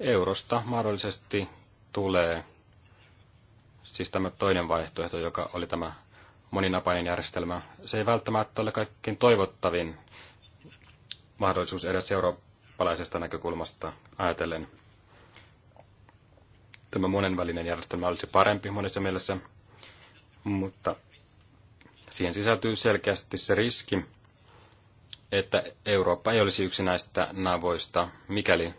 Speaker 2: eurosta mahdollisesti tulee siis tämä toinen vaihtoehto, joka oli tämä moninapainen järjestelmä, se ei välttämättä ole kaikkein toivottavin mahdollisuus edes eurooppalaisesta näkökulmasta ajatellen. Tämä monenvälinen järjestelmä olisi parempi monessa mielessä, mutta siihen sisältyy selkeästi se riski, että Eurooppa ei olisi yksi näistä navoista, mikäli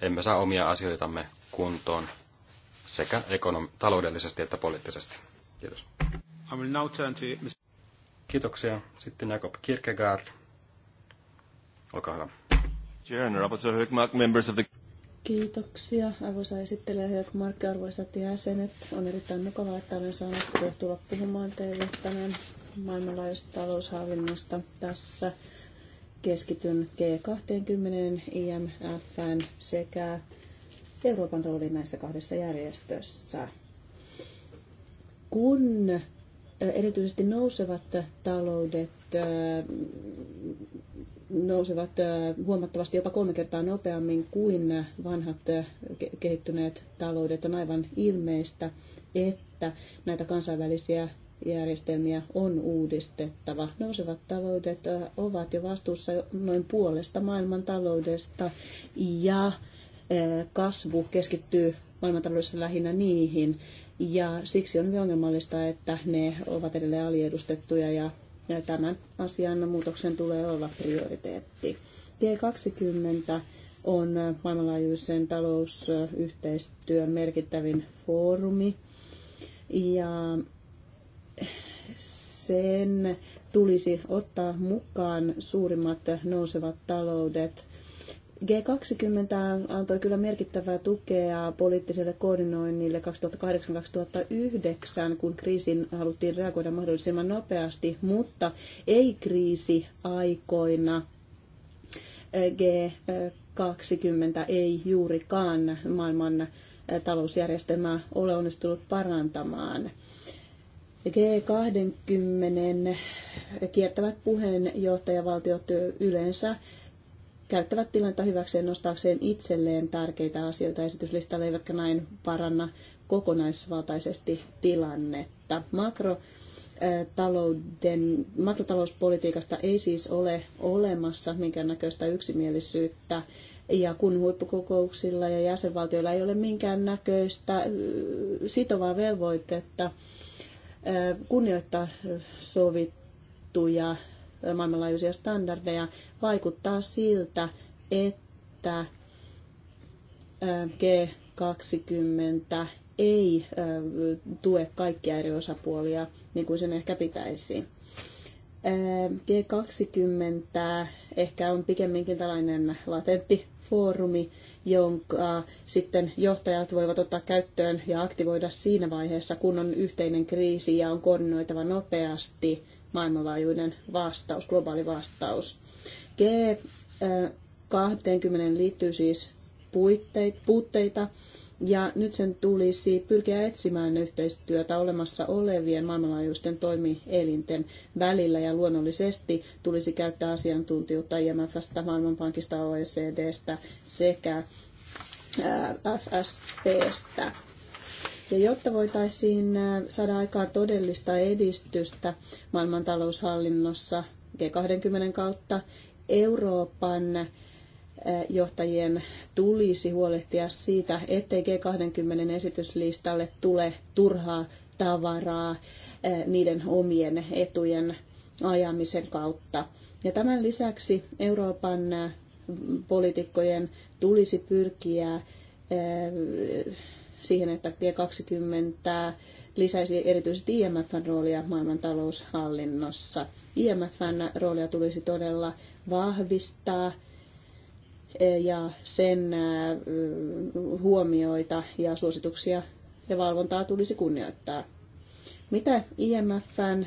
Speaker 2: emme saa omia asioitamme kuntoon sekä ekonom- taloudellisesti että poliittisesti. Kiitos. I will now turn to... Kiitoksia. Sitten Jakob Kierkegaard. Olkaa hyvä.
Speaker 3: Kiitoksia, arvoisa esittelijä Höökmark, arvoisat jäsenet. On erittäin mukavaa, että olen saanut tulla puhumaan teille tänään maailmanlaajuisesta taloushallinnosta tässä keskityn G20 IMF sekä Euroopan rooliin näissä kahdessa järjestössä. Kun erityisesti nousevat taloudet nousevat huomattavasti jopa kolme kertaa nopeammin kuin vanhat kehittyneet taloudet, on aivan ilmeistä, että näitä kansainvälisiä järjestelmiä on uudistettava. Nousevat taloudet ovat jo vastuussa noin puolesta maailman taloudesta ja kasvu keskittyy maailmantaloudessa lähinnä niihin. Ja siksi on hyvin ongelmallista, että ne ovat edelleen aliedustettuja ja tämän asian muutoksen tulee olla prioriteetti. G20 on maailmanlaajuisen talousyhteistyön merkittävin foorumi. Ja sen tulisi ottaa mukaan suurimmat nousevat taloudet. G20 antoi kyllä merkittävää tukea poliittiselle koordinoinnille 2008-2009, kun kriisin haluttiin reagoida mahdollisimman nopeasti, mutta ei kriisi aikoina G20 ei juurikaan maailman talousjärjestelmää ole onnistunut parantamaan. G20 kiertävät puheenjohtajavaltiot yleensä käyttävät tilannetta hyväkseen nostaakseen itselleen tärkeitä asioita esityslistalle, eivätkä näin paranna kokonaisvaltaisesti tilannetta. Makro Talouden, makrotalouspolitiikasta ei siis ole olemassa minkäännäköistä yksimielisyyttä. Ja kun huippukokouksilla ja jäsenvaltioilla ei ole minkäännäköistä sitovaa velvoitetta kunnioittaa sovittuja maailmanlaajuisia standardeja, vaikuttaa siltä, että G20 ei tue kaikkia eri osapuolia niin kuin sen ehkä pitäisi. G20 ehkä on pikemminkin tällainen latentti foorumi, jonka sitten johtajat voivat ottaa käyttöön ja aktivoida siinä vaiheessa, kun on yhteinen kriisi ja on koordinoitava nopeasti maailmanlaajuinen vastaus, globaali vastaus. G20 eh, liittyy siis puitteita, ja nyt sen tulisi pyrkiä etsimään yhteistyötä olemassa olevien maailmanlaajuisten toimielinten välillä ja luonnollisesti tulisi käyttää asiantuntijuutta IMFstä, Maailmanpankista, OECDstä sekä FSPstä. Ja jotta voitaisiin saada aikaan todellista edistystä maailmantaloushallinnossa G20 kautta, Euroopan johtajien tulisi huolehtia siitä, ettei G20 esityslistalle tule turhaa tavaraa eh, niiden omien etujen ajamisen kautta. Ja tämän lisäksi Euroopan eh, poliitikkojen tulisi pyrkiä eh, siihen, että G20 lisäisi erityisesti IMFn roolia maailman taloushallinnossa. IMFn roolia tulisi todella vahvistaa Eh, ja sen eh, huomioita ja suosituksia ja valvontaa tulisi kunnioittaa. Mitä IMFn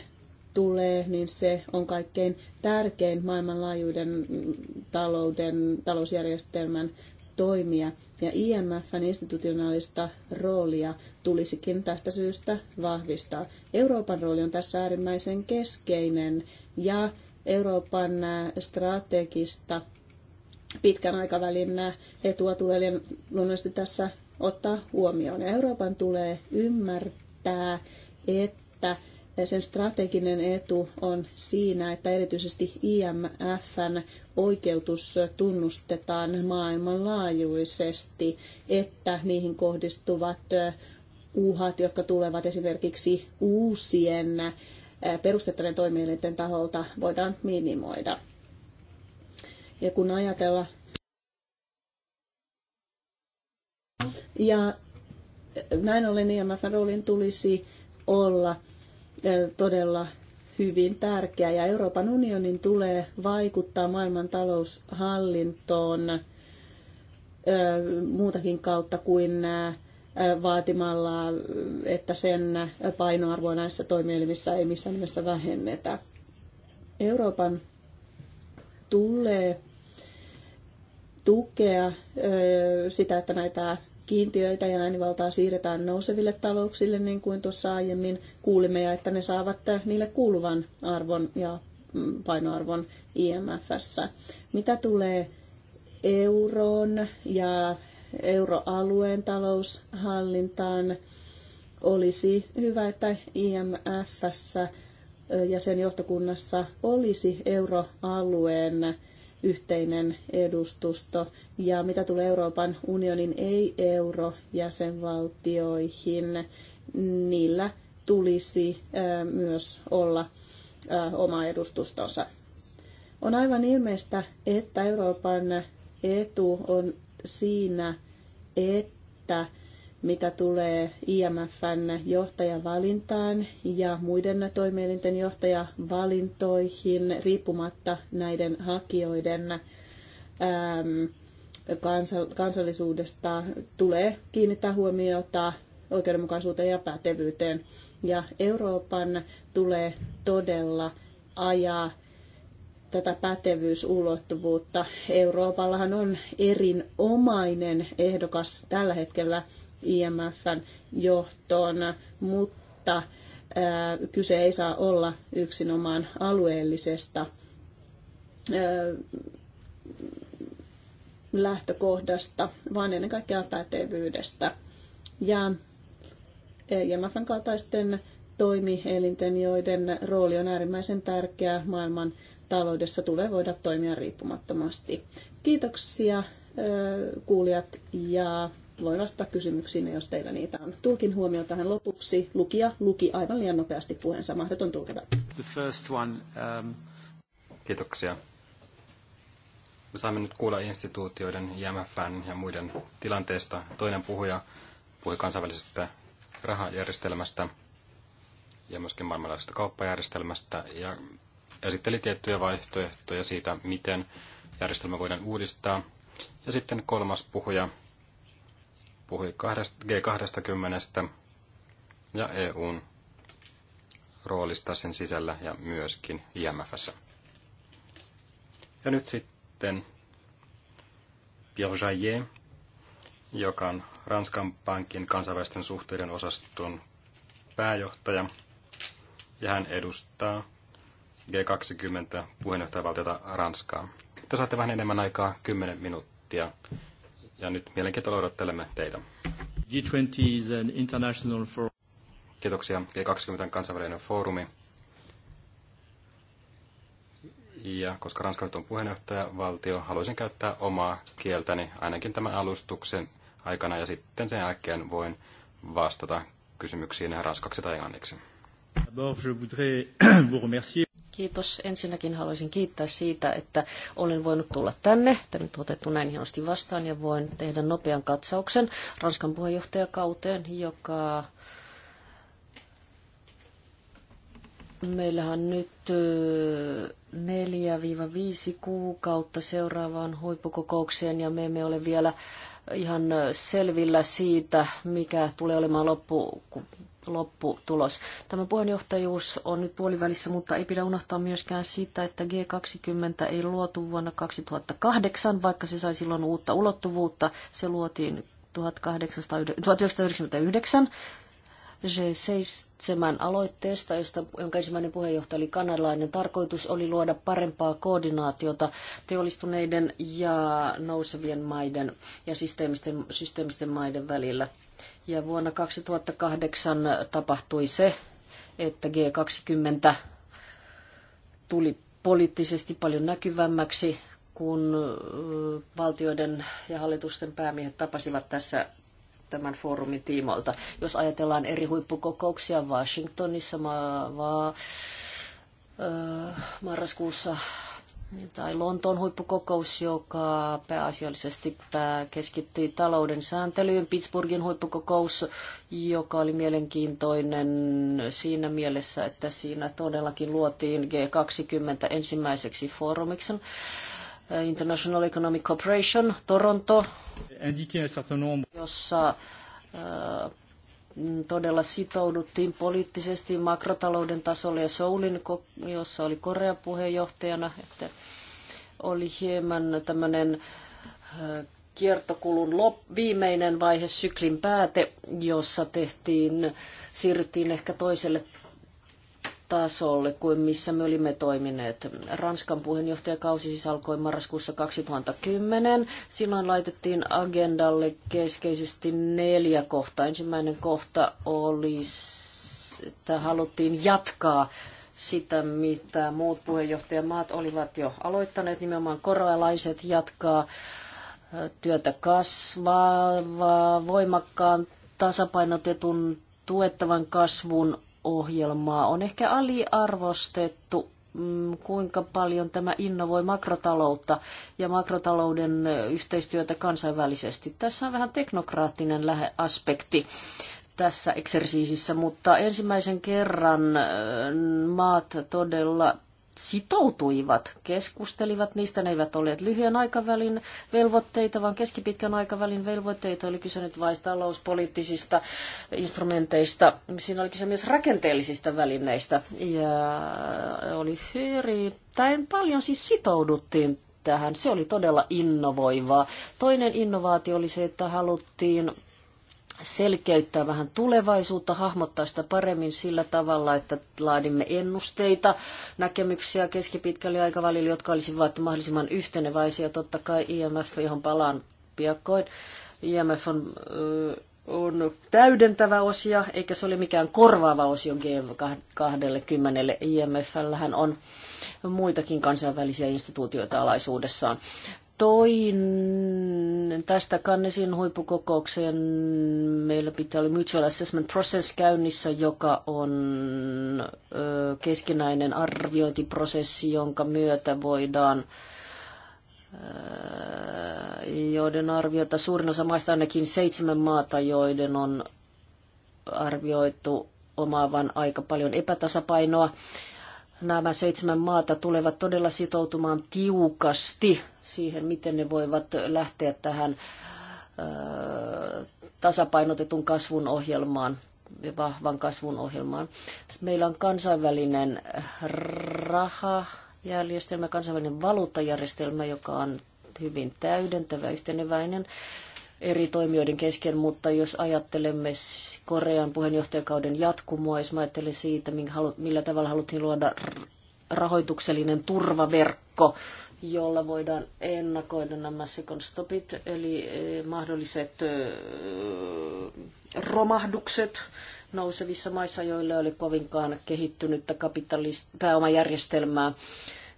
Speaker 3: tulee, niin se on kaikkein tärkein maailmanlaajuuden mm, talouden, talousjärjestelmän toimia ja IMFn institutionaalista roolia tulisikin tästä syystä vahvistaa. Euroopan rooli on tässä äärimmäisen keskeinen ja Euroopan eh, strategista pitkän aikavälin etua tulee luonnollisesti tässä ottaa huomioon. Ja Euroopan tulee ymmärtää, että sen strateginen etu on siinä, että erityisesti IMFn oikeutus tunnustetaan maailmanlaajuisesti, että niihin kohdistuvat uhat, jotka tulevat esimerkiksi uusien eh, perustettavien toimielinten taholta, voidaan minimoida. Ja kun ajatellaan, ja näin ollen IMF-roolin e tulisi olla todella hyvin tärkeä ja Euroopan unionin tulee vaikuttaa maailman taloushallintoon muutakin kautta kuin vaatimalla, että sen painoarvoa näissä toimielimissä ei missään nimessä vähennetä. Euroopan tulee tukea sitä, että näitä kiintiöitä ja äänivaltaa siirretään nouseville talouksille, niin kuin tuossa aiemmin kuulimme, ja että ne saavat niille kuuluvan arvon ja mm, painoarvon IMFssä. Mitä tulee euroon ja euroalueen taloushallintaan, olisi hyvä, että IMFssä ja sen johtokunnassa olisi euroalueen yhteinen edustusto. Ja mitä tulee Euroopan unionin ei-eurojäsenvaltioihin, niillä tulisi myös olla oma edustustonsa. On aivan ilmeistä, että Euroopan etu on siinä, että mitä tulee IMFn johtajavalintaan ja muiden toimielinten johtajavalintoihin riippumatta näiden hakijoiden äm, kansallisuudesta tulee kiinnittää huomiota oikeudenmukaisuuteen ja pätevyyteen. Ja Euroopan tulee todella ajaa tätä pätevyysulottuvuutta. Euroopallahan on erinomainen ehdokas tällä hetkellä IMFn johtoon, mutta kyse ei saa olla yksinomaan alueellisesta lähtökohdasta, vaan ennen kaikkea pätevyydestä. Ja IMFn kaltaisten toimielinten, joiden rooli on äärimmäisen tärkeä maailman taloudessa, tulee voida toimia riippumattomasti. Kiitoksia kuulijat ja voin vastata kysymyksiin, jos teillä niitä on. Tulkin huomio tähän lopuksi. Lukija luki aivan liian nopeasti puheensa. Mahdoton tulkita.
Speaker 2: The first one, um... Kiitoksia. Me saamme nyt kuulla instituutioiden, IMFn ja muiden tilanteesta. Toinen puhuja puhui kansainvälisestä rahajärjestelmästä ja myöskin maailmanlaajuisesta kauppajärjestelmästä ja esitteli tiettyjä vaihtoehtoja siitä, miten järjestelmä voidaan uudistaa. Ja sitten kolmas puhuja puhui G20 ja EUn roolista sen sisällä ja myöskin IMFssä. Ja nyt sitten Pierre Jaillet, joka on Ranskan pankin kansainvälisten suhteiden osaston pääjohtaja, ja hän edustaa G20 puheenjohtajavaltiota Ranskaa. Te saatte vähän enemmän aikaa, 10 minuuttia ja nyt mielenkiintoilla odottelemme teitä. G20 is an international forum. Kiitoksia. G20 on kansainvälinen foorumi. Ja koska Ranska on puheenjohtaja valtio, haluaisin käyttää omaa kieltäni ainakin tämän alustuksen aikana ja sitten sen jälkeen voin vastata kysymyksiin ranskaksi tai englanniksi. D'abord, je voudrais [coughs] vous remercier.
Speaker 1: Kiitos. Ensinnäkin haluaisin kiittää siitä, että olen voinut tulla tänne. Tämä nyt otettu näin hienosti vastaan ja voin tehdä nopean katsauksen Ranskan puheenjohtajakauteen, joka meillähän nyt 4-5 kuukautta seuraavaan huippukokoukseen ja me emme ole vielä ihan selvillä siitä, mikä tulee olemaan loppu lopputulos. Tämä puheenjohtajuus on nyt puolivälissä, mutta ei pidä unohtaa myöskään sitä, että G20 ei luotu vuonna 2008, vaikka se sai silloin uutta ulottuvuutta. Se luotiin 1999 G7 aloitteesta, josta, jonka ensimmäinen puheenjohtaja oli kanadalainen. Tarkoitus oli luoda parempaa koordinaatiota teollistuneiden ja nousevien maiden ja systeemisten, systeemisten maiden välillä. Ja vuonna 2008 tapahtui se, että G20 tuli poliittisesti paljon näkyvämmäksi, kun valtioiden ja hallitusten päämiehet tapasivat tässä tämän foorumin tiimoilta. Jos ajatellaan eri huippukokouksia Washingtonissa, vaan marraskuussa tai Lontoon huippukokous, joka pääasiallisesti keskittyi talouden sääntelyyn, Pittsburghin huippukokous, joka oli mielenkiintoinen siinä mielessä, että siinä todellakin luotiin G20 ensimmäiseksi foorumiksi. Äh, International Economic Cooperation, Toronto, jossa äh, Mm, todella sitouduttiin poliittisesti makrotalouden tasolle ja Soulin, jossa oli Korea puheenjohtajana, että oli hieman tämmöinen äh, kiertokulun lop, viimeinen vaihe syklin pääte, jossa tehtiin, siirryttiin ehkä toiselle tasolle kuin missä me olimme toimineet. Ranskan puheenjohtajakausi siis alkoi marraskuussa 2010. Silloin laitettiin agendalle keskeisesti neljä kohtaa. Ensimmäinen kohta oli, että haluttiin jatkaa sitä, mitä muut puheenjohtajamaat olivat jo aloittaneet, nimenomaan korealaiset jatkaa työtä kasvaa voimakkaan tasapainotetun tuettavan kasvun ohjelmaa on ehkä aliarvostettu, mm, kuinka paljon tämä innovoi makrotaloutta ja makrotalouden yhteistyötä kansainvälisesti. Tässä on vähän teknokraattinen aspekti tässä eksersiisissä, mutta ensimmäisen kerran mm, maat todella sitoutuivat, keskustelivat, niistä ne eivät olleet lyhyen aikavälin velvoitteita, vaan keskipitkän aikavälin velvoitteita. Oli kyse nyt vain talouspoliittisista instrumenteista. Siinä oli kyse myös rakenteellisista välineistä. Ja oli erittäin paljon siis sitouduttiin tähän. Se oli todella innovoivaa. Toinen innovaatio oli se, että haluttiin selkeyttää vähän tulevaisuutta, hahmottaa sitä paremmin sillä tavalla, että laadimme ennusteita, näkemyksiä keskipitkällä aikavälillä, jotka olisivat mahdollisimman yhteneväisiä. Totta kai IMF, johon palaan piakkoin. IMF on, on täydentävä osia, eikä se ole mikään korvaava osio G20. IMFllähän on muitakin kansainvälisiä instituutioita alaisuudessaan toinen tästä Kannesin huippukokoukseen meillä pitää olla Mutual Assessment Process käynnissä, joka on keskinäinen arviointiprosessi, jonka myötä voidaan joiden arviota suurin osa maista ainakin seitsemän maata, joiden on arvioitu omaavan aika paljon epätasapainoa nämä seitsemän maata tulevat todella sitoutumaan tiukasti siihen, miten ne voivat lähteä tähän tasapainotetun kasvun ohjelmaan ja vahvan kasvun ohjelmaan. Meillä on kansainvälinen rahajärjestelmä, kansainvälinen valuuttajärjestelmä, joka on hyvin täydentävä, yhteneväinen eri toimijoiden kesken, mutta jos ajattelemme Korean puheenjohtajakauden jatkumoa, jos ajattelen siitä, millä tavalla haluttiin luoda rahoituksellinen turvaverkko, jolla voidaan ennakoida nämä second stopit, eli eh, mahdolliset eh, romahdukset nousevissa maissa, joilla oli kovinkaan kehittynyttä kapitalist- pääomajärjestelmää.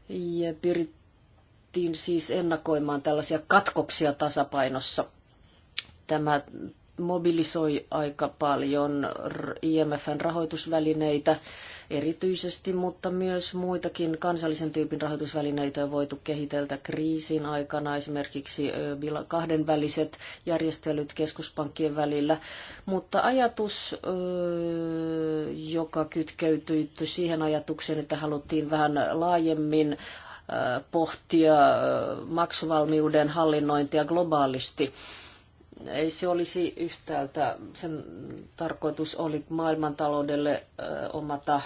Speaker 1: Ja pyrittiin siis ennakoimaan tällaisia katkoksia tasapainossa – Tämä mobilisoi aika paljon IMFn rahoitusvälineitä erityisesti, mutta myös muitakin kansallisen tyypin rahoitusvälineitä on voitu kehiteltä kriisin aikana, esimerkiksi kahdenväliset järjestelyt keskuspankkien välillä. Mutta ajatus, joka kytkeytyi siihen ajatukseen, että haluttiin vähän laajemmin pohtia maksuvalmiuden hallinnointia globaalisti, ei se olisi yhtäältä, sen tarkoitus oli maailmantaloudelle omata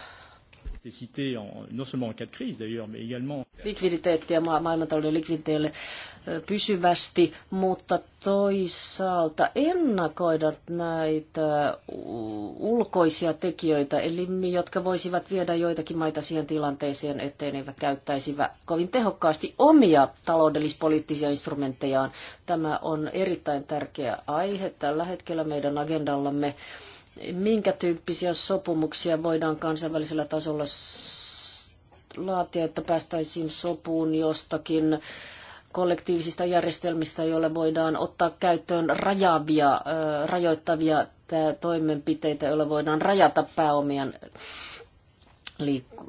Speaker 2: nécessité, en, non seulement en cas de crise d'ailleurs, mais également...
Speaker 1: Likviditeettiä ma- maailmantalouden likviditeelle pysyvästi, mutta toisaalta ennakoida näitä ulkoisia tekijöitä, eli jotka voisivat viedä joitakin maita siihen tilanteeseen, ettei ne käyttäisi kovin tehokkaasti omia taloudellispoliittisia instrumenttejaan. Tämä on erittäin tärkeä aihe tällä hetkellä meidän agendallamme minkä tyyppisiä sopimuksia voidaan kansainvälisellä tasolla laatia, että päästäisiin sopuun jostakin kollektiivisista järjestelmistä, joilla voidaan ottaa käyttöön rajaavia, rajoittavia toimenpiteitä, joilla voidaan rajata pääomien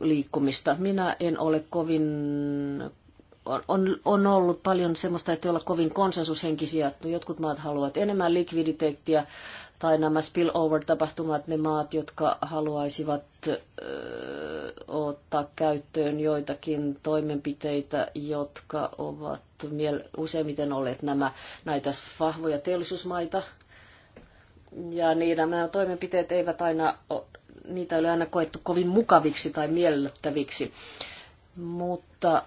Speaker 1: liikkumista. Minä en ole kovin on, on ollut paljon semmoista, että ei olla kovin konsensushenkisiä. Jotkut maat haluavat enemmän likviditeettiä, tai nämä spillover-tapahtumat, ne maat, jotka haluaisivat ö, ottaa käyttöön joitakin toimenpiteitä, jotka ovat miel- useimmiten olleet nämä, näitä vahvoja teollisuusmaita. Ja niin nämä toimenpiteet eivät aina, niitä ei ole aina koettu kovin mukaviksi tai miellyttäviksi. Mutta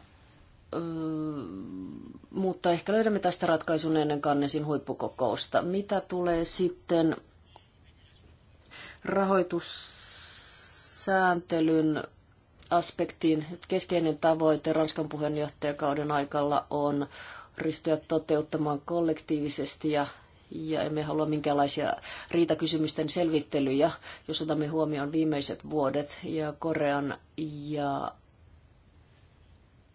Speaker 1: mutta ehkä löydämme tästä ratkaisun ennen Kannesin huippukokousta. Mitä tulee sitten rahoitussääntelyn aspektiin? Keskeinen tavoite Ranskan puheenjohtajakauden aikalla on ryhtyä toteuttamaan kollektiivisesti ja ja emme halua minkäänlaisia riitakysymysten selvittelyjä, jos otamme huomioon viimeiset vuodet ja Korean ja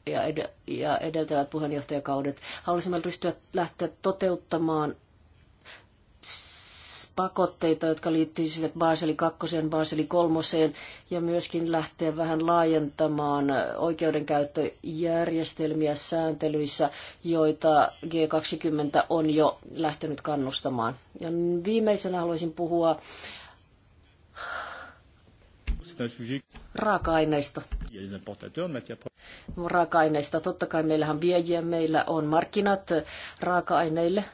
Speaker 1: ja, ed- ja edeltävät puheenjohtajakaudet. Haluaisimme ryhtyä lähteä toteuttamaan pakotteita, jotka liittyisivät Baseli 2, Baseli 3 ja myöskin lähteä vähän laajentamaan oikeudenkäyttöjärjestelmiä sääntelyissä, joita G20 on jo lähtenyt kannustamaan. Ja viimeisenä haluaisin puhua Raaka-aineista. Raaka-aineista. Totta kai meillähän viejiä, meillä on markkinat raaka-aineille.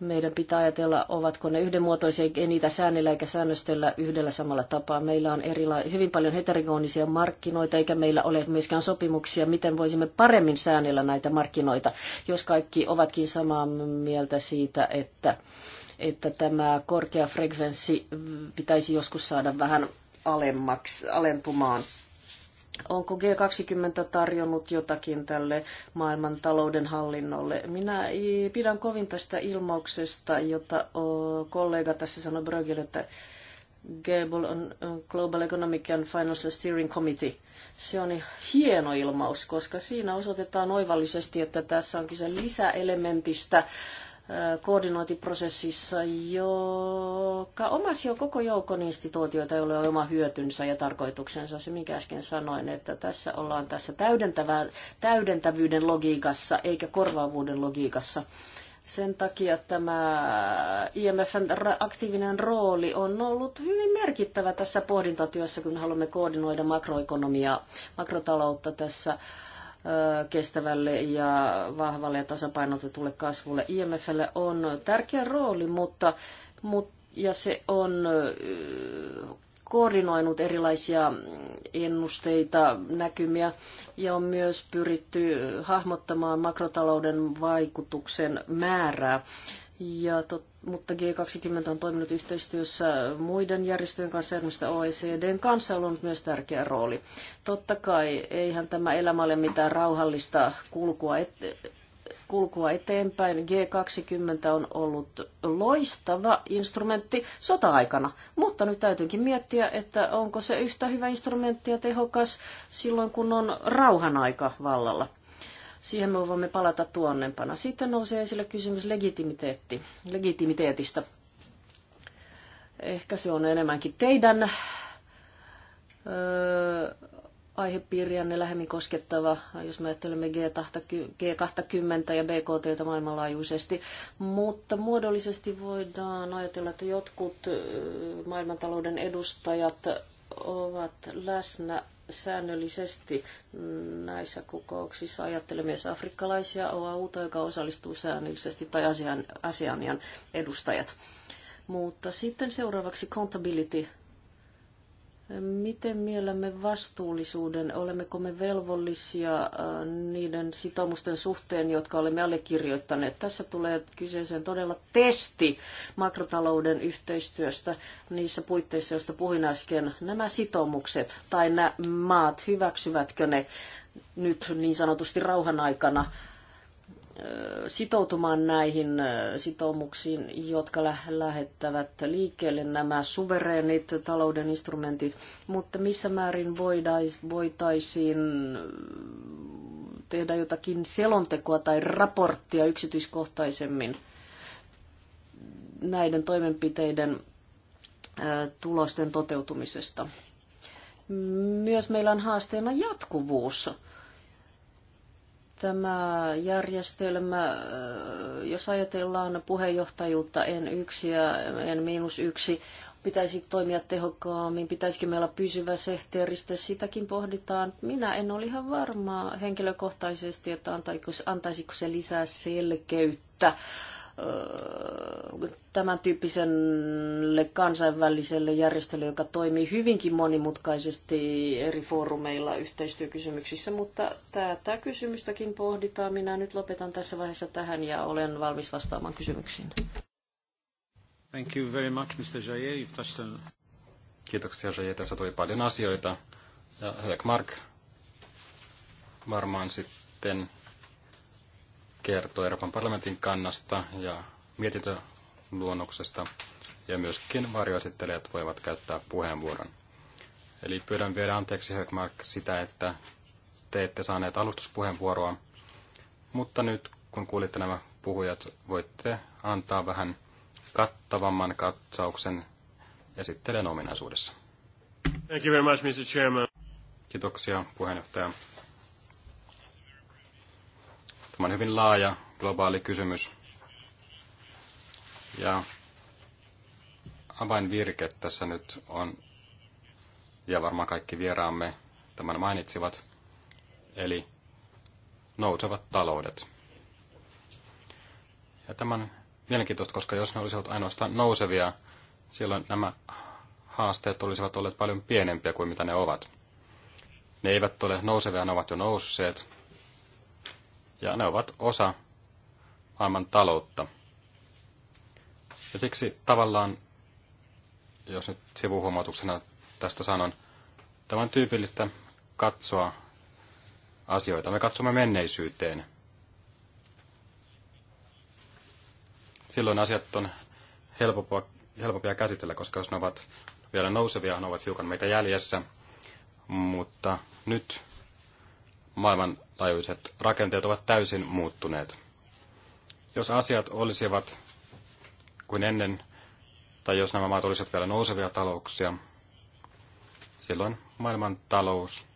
Speaker 1: Meidän pitää ajatella, ovatko ne yhdenmuotoisia, ei niitä säännellä eikä säännöstellä yhdellä samalla tapaa. Meillä on erila- hyvin paljon heterogeonisia markkinoita, eikä meillä ole myöskään sopimuksia, miten voisimme paremmin säännellä näitä markkinoita, jos kaikki ovatkin samaa mieltä siitä, että, että tämä korkea frekvenssi pitäisi joskus saada vähän alemmaksi, alentumaan. Onko G20 tarjonnut jotakin tälle maailman talouden hallinnolle? Minä pidän kovin tästä ilmauksesta, jota kollega tässä sanoi Brögel, että Gable on Global Economic and Financial Steering Committee. Se on hieno ilmaus, koska siinä osoitetaan oivallisesti, että tässä on kyse lisäelementistä koordinointiprosessissa, joka omasi jo koko joukon instituutioita, joilla on oma hyötynsä ja tarkoituksensa. Se, minkä äsken sanoin, että tässä ollaan tässä täydentävyyden logiikassa eikä korvaavuuden logiikassa. Sen takia tämä IMFn aktiivinen rooli on ollut hyvin merkittävä tässä pohdintatyössä, kun haluamme koordinoida makroekonomiaa, makrotaloutta tässä kestävälle ja vahvalle ja tasapainotetulle kasvulle. IMFlle on tärkeä rooli, mutta, mutta ja se on koordinoinut erilaisia ennusteita, näkymiä ja on myös pyritty hahmottamaan makrotalouden vaikutuksen määrää. Ja totta mutta G20 on toiminut yhteistyössä muiden järjestöjen kanssa, esimerkiksi OECDn kanssa, on ollut myös tärkeä rooli. Totta kai eihän tämä elämä ole mitään rauhallista kulkua, et, kulkua eteenpäin. G20 on ollut loistava instrumentti sota-aikana, mutta nyt täytyykin miettiä, että onko se yhtä hyvä instrumentti ja tehokas silloin, kun on rauhan aika vallalla. Siihen me voimme palata tuonnempana. Sitten nousee esille kysymys legitimiteetti, legitimiteetistä. Ehkä se on enemmänkin teidän öö, aihepiiriänne lähemmin koskettava, jos me ajattelemme G20 ja BKT maailmanlaajuisesti. Mutta muodollisesti voidaan ajatella, että jotkut maailmantalouden edustajat ovat läsnä säännöllisesti näissä kokouksissa. Ajattelemme myös afrikkalaisia OAUta, joka osallistuu säännöllisesti, tai asian, asianian edustajat. Mutta sitten seuraavaksi Contability Miten mielämme vastuullisuuden? Olemmeko me velvollisia äh, niiden sitoumusten suhteen, jotka olemme allekirjoittaneet? Tässä tulee kyseeseen todella testi makrotalouden yhteistyöstä niissä puitteissa, joista puhuin äsken. Nämä sitoumukset tai nämä maat, hyväksyvätkö ne nyt niin sanotusti rauhan aikana sitoutumaan näihin sitoumuksiin, jotka lähettävät liikkeelle nämä suvereenit talouden instrumentit, mutta missä määrin voitaisiin tehdä jotakin selontekoa tai raporttia yksityiskohtaisemmin näiden toimenpiteiden tulosten toteutumisesta. Myös meillä on haasteena jatkuvuus tämä järjestelmä, jos ajatellaan puheenjohtajuutta N1 ja N-1, pitäisi toimia tehokkaammin, pitäisikö meillä pysyvä sehteeristö, sitäkin pohditaan. Minä en ole ihan varma henkilökohtaisesti, että antaisiko, antaisiko se lisää selkeyttä tämän tyyppiselle kansainväliselle järjestölle, joka toimii hyvinkin monimutkaisesti eri foorumeilla yhteistyökysymyksissä, mutta tätä kysymystäkin pohditaan. Minä nyt lopetan tässä vaiheessa tähän ja olen valmis vastaamaan kysymyksiin.
Speaker 2: Thank you very much, Mr. Jair. on... Kiitoksia, Jair. Tässä tuli paljon asioita. Ja Mark varmaan sitten kertoo Euroopan parlamentin kannasta ja mietintöluonnoksesta, ja myöskin varjoesittelijät voivat käyttää puheenvuoron. Eli pyydän vielä anteeksi Högmark sitä, että te ette saaneet alustuspuheenvuoroa, mutta nyt kun kuulitte nämä puhujat, voitte antaa vähän kattavamman katsauksen esittelen ominaisuudessa. Thank you very much, Mr. Chairman. Kiitoksia puheenjohtaja. Tämä on hyvin laaja globaali kysymys. Ja avainvirke tässä nyt on, ja varmaan kaikki vieraamme tämän mainitsivat, eli nousevat taloudet. Ja tämän mielenkiintoista, koska jos ne olisivat ainoastaan nousevia, silloin nämä haasteet olisivat olleet paljon pienempiä kuin mitä ne ovat. Ne eivät ole nousevia, ne ovat jo nousseet, ja ne ovat osa maailman taloutta. Ja siksi tavallaan, jos nyt sivuhuomautuksena tästä sanon, tämä on tyypillistä katsoa asioita. Me katsomme menneisyyteen. Silloin asiat on helpompia, helpompia käsitellä, koska jos ne ovat vielä nousevia, ne ovat hiukan meitä jäljessä. Mutta nyt maailmanlaajuiset rakenteet ovat täysin muuttuneet. Jos asiat olisivat kuin ennen, tai jos nämä maat olisivat vielä nousevia talouksia, silloin maailman talous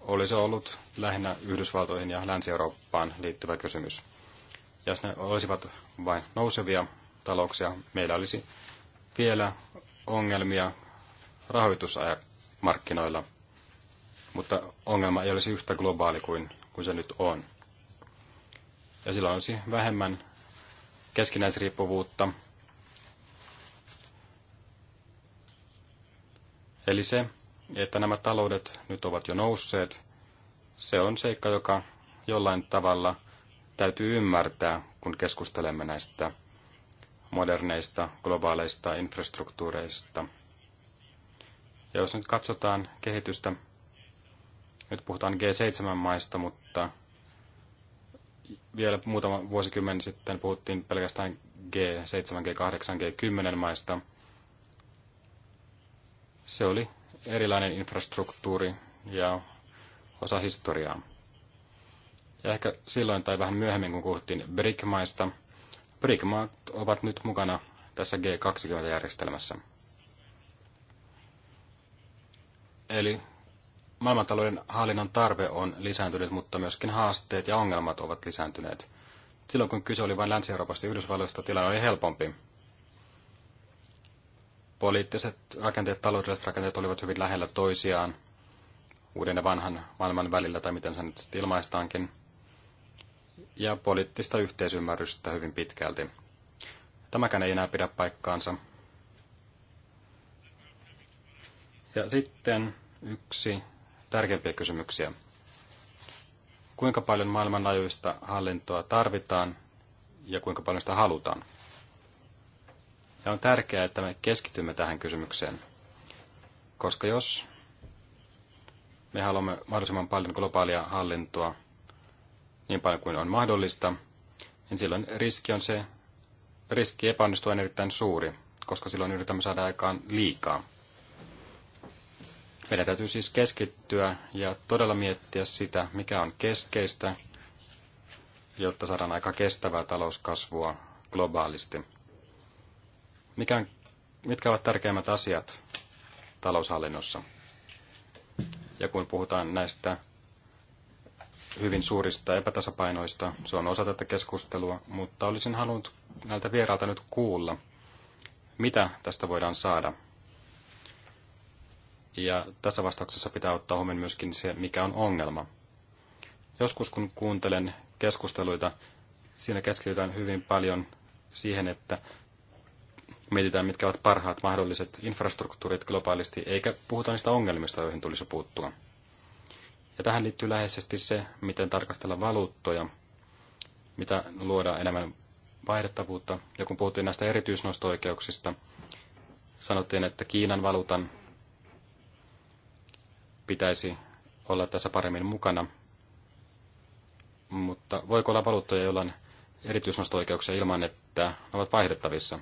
Speaker 2: olisi ollut lähinnä Yhdysvaltoihin ja Länsi-Eurooppaan liittyvä kysymys. Ja jos ne olisivat vain nousevia talouksia, meillä olisi vielä ongelmia rahoitusmarkkinoilla – mutta ongelma ei olisi yhtä globaali kuin, kuin se nyt on. Ja sillä olisi vähemmän keskinäisriippuvuutta. Eli se, että nämä taloudet nyt ovat jo nousseet, se on seikka, joka jollain tavalla täytyy ymmärtää, kun keskustelemme näistä moderneista globaaleista infrastruktuureista. Ja jos nyt katsotaan kehitystä nyt puhutaan G7-maista, mutta vielä muutama vuosikymmen sitten puhuttiin pelkästään G7, G8, G10 maista. Se oli erilainen infrastruktuuri ja osa historiaa. Ja ehkä silloin tai vähän myöhemmin, kun puhuttiin BRIC-maista, BRIC-maat ovat nyt mukana tässä G20-järjestelmässä. Eli Maailmantalouden hallinnan tarve on lisääntynyt, mutta myöskin haasteet ja ongelmat ovat lisääntyneet. Silloin kun kyse oli vain Länsi-Euroopasta ja Yhdysvalloista, tilanne oli helpompi. Poliittiset rakenteet, taloudelliset rakenteet olivat hyvin lähellä toisiaan, uuden ja vanhan maailman välillä, tai miten se nyt sitten ilmaistaankin, ja poliittista yhteisymmärrystä hyvin pitkälti. Tämäkään ei enää pidä paikkaansa. Ja sitten yksi tärkeimpiä kysymyksiä. Kuinka paljon maailmanlaajuista hallintoa tarvitaan ja kuinka paljon sitä halutaan? Ja on tärkeää, että me keskitymme tähän kysymykseen, koska jos me haluamme mahdollisimman paljon globaalia hallintoa niin paljon kuin on mahdollista, niin silloin riski on se, riski epäonnistua on erittäin suuri, koska silloin yritämme saada aikaan liikaa. Meidän täytyy siis keskittyä ja todella miettiä sitä, mikä on keskeistä, jotta saadaan aika kestävää talouskasvua globaalisti. Mikä on, mitkä ovat tärkeimmät asiat taloushallinnossa? Ja kun puhutaan näistä hyvin suurista epätasapainoista, se on osa tätä keskustelua, mutta olisin halunnut näiltä vierailta nyt kuulla, mitä tästä voidaan saada – ja tässä vastauksessa pitää ottaa huomioon myöskin se, mikä on ongelma. Joskus kun kuuntelen keskusteluita, siinä keskitytään hyvin paljon siihen, että mietitään, mitkä ovat parhaat mahdolliset infrastruktuurit globaalisti, eikä puhuta niistä ongelmista, joihin tulisi puuttua. Ja tähän liittyy läheisesti se, miten tarkastella valuuttoja, mitä luoda enemmän vaihdettavuutta. Ja kun puhuttiin näistä erityisnosto-oikeuksista, sanottiin, että Kiinan valuutan pitäisi olla tässä paremmin mukana. Mutta voiko olla valuuttoja, joilla on erityisnosto-oikeuksia ilman, että ne ovat vaihdettavissa?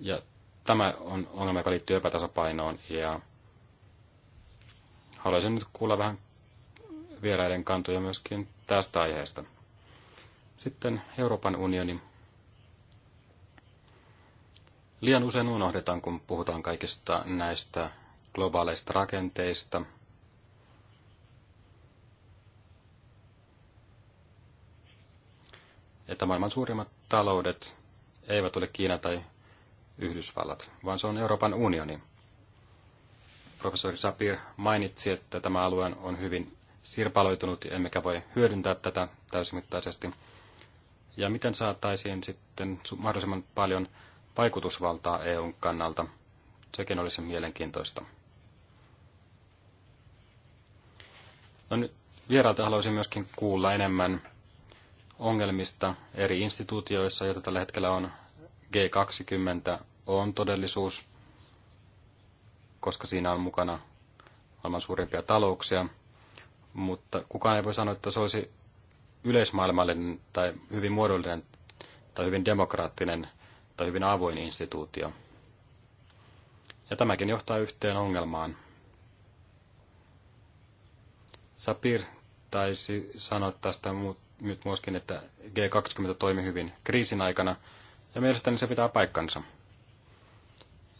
Speaker 2: Ja tämä on ongelma, joka liittyy epätasapainoon. Ja haluaisin nyt kuulla vähän vieraiden kantoja myöskin tästä aiheesta. Sitten Euroopan unioni. Liian usein unohdetaan, kun puhutaan kaikista näistä globaaleista rakenteista. Että maailman suurimmat taloudet eivät ole Kiina tai Yhdysvallat, vaan se on Euroopan unioni. Professori Sapir mainitsi, että tämä alue on hyvin sirpaloitunut, ja emmekä voi hyödyntää tätä täysimittaisesti. Ja miten saataisiin sitten mahdollisimman paljon vaikutusvaltaa EUn kannalta? Sekin olisi mielenkiintoista. No nyt vierailta haluaisin myöskin kuulla enemmän ongelmista eri instituutioissa, joita tällä hetkellä on. G20 on todellisuus, koska siinä on mukana maailman suurimpia talouksia, mutta kukaan ei voi sanoa, että se olisi yleismaailmallinen tai hyvin muodollinen tai hyvin demokraattinen tai hyvin avoin instituutio. Ja tämäkin johtaa yhteen ongelmaan. Sapir taisi sanoa tästä nyt myöskin, että G20 toimi hyvin kriisin aikana, ja mielestäni se pitää paikkansa.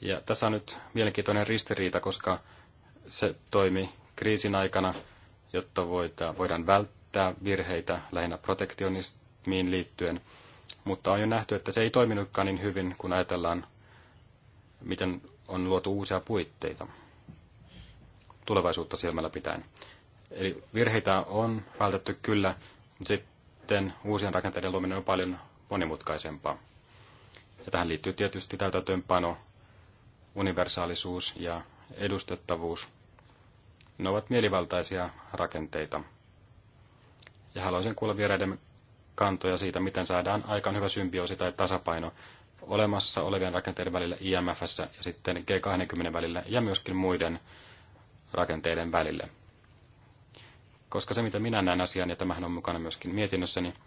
Speaker 2: Ja tässä on nyt mielenkiintoinen ristiriita, koska se toimi kriisin aikana, jotta voidaan välttää virheitä lähinnä protektionismiin liittyen. Mutta on jo nähty, että se ei toiminutkaan niin hyvin, kun ajatellaan, miten on luotu uusia puitteita tulevaisuutta silmällä pitäen. Eli virheitä on vältetty kyllä, mutta sitten uusien rakenteiden luominen on paljon monimutkaisempaa. Ja tähän liittyy tietysti täytäntöönpano, universaalisuus ja edustettavuus. Ne ovat mielivaltaisia rakenteita. Ja haluaisin kuulla vieraiden kantoja siitä, miten saadaan aikaan hyvä symbioosi tai tasapaino olemassa olevien rakenteiden välillä IMFssä ja sitten G20 välillä ja myöskin muiden rakenteiden välille. Koska se, mitä minä näen asian, ja tämähän on mukana myöskin mietinnössäni, niin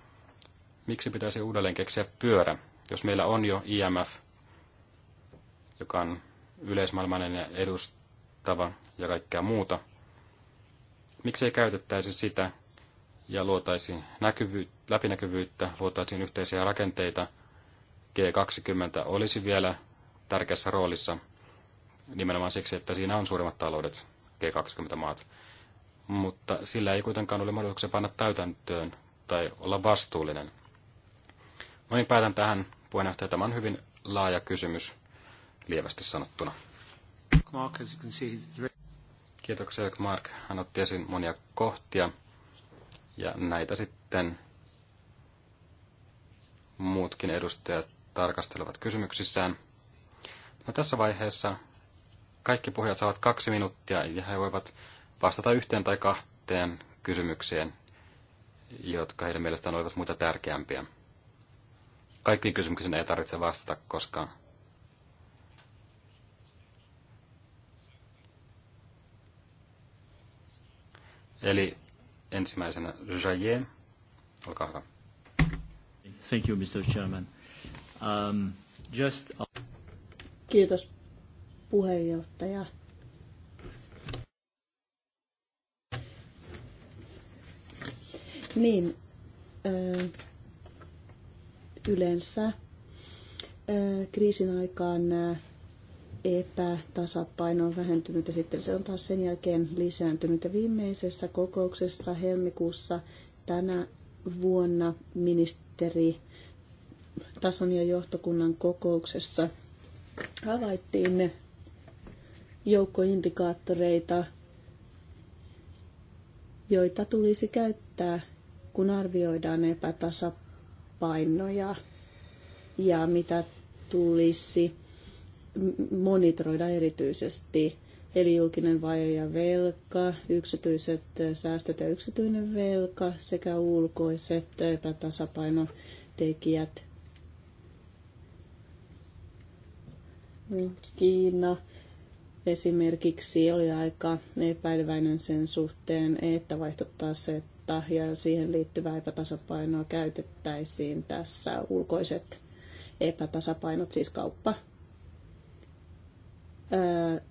Speaker 2: miksi pitäisi uudelleen keksiä pyörä, jos meillä on jo IMF, joka on yleismaailmainen ja edustava ja kaikkea muuta. Miksei käytettäisi sitä ja luotaisi näkyvyyttä, läpinäkyvyyttä, luotaisiin yhteisiä rakenteita. G20 olisi vielä tärkeässä roolissa nimenomaan siksi, että siinä on suurimmat taloudet, G20-maat mutta sillä ei kuitenkaan ole mahdollisuuksia panna täytäntöön tai olla vastuullinen. No niin, päätän tähän puheenjohtaja. Tämä on hyvin laaja kysymys, lievästi sanottuna. Kiitoksia, Mark. Hän otti esiin monia kohtia ja näitä sitten muutkin edustajat tarkastelevat kysymyksissään. No, tässä vaiheessa kaikki puhujat saavat kaksi minuuttia ja he voivat vastata yhteen tai kahteen kysymykseen, jotka heidän mielestään olivat muita tärkeämpiä. Kaikkiin kysymyksiin ei tarvitse vastata, koska Eli ensimmäisenä Jaye, olkaa hyvä. Thank you, Mr. Chairman. Um, just...
Speaker 3: Kiitos puheenjohtaja niin yleensä kriisin aikaan epätasapaino on vähentynyt ja sitten se on taas sen jälkeen lisääntynyt. Ja viimeisessä kokouksessa helmikuussa tänä vuonna ministeri tason ja johtokunnan kokouksessa havaittiin joukkoindikaattoreita, joita tulisi käyttää kun arvioidaan epätasapainoja ja mitä tulisi monitoroida erityisesti, eli julkinen vaje ja velka, yksityiset säästöt ja yksityinen velka sekä ulkoiset epätasapainotekijät. Kiina esimerkiksi oli aika epäileväinen sen suhteen, että se taloutta ja siihen liittyvää epätasapainoa käytettäisiin tässä ulkoiset epätasapainot, siis kauppa,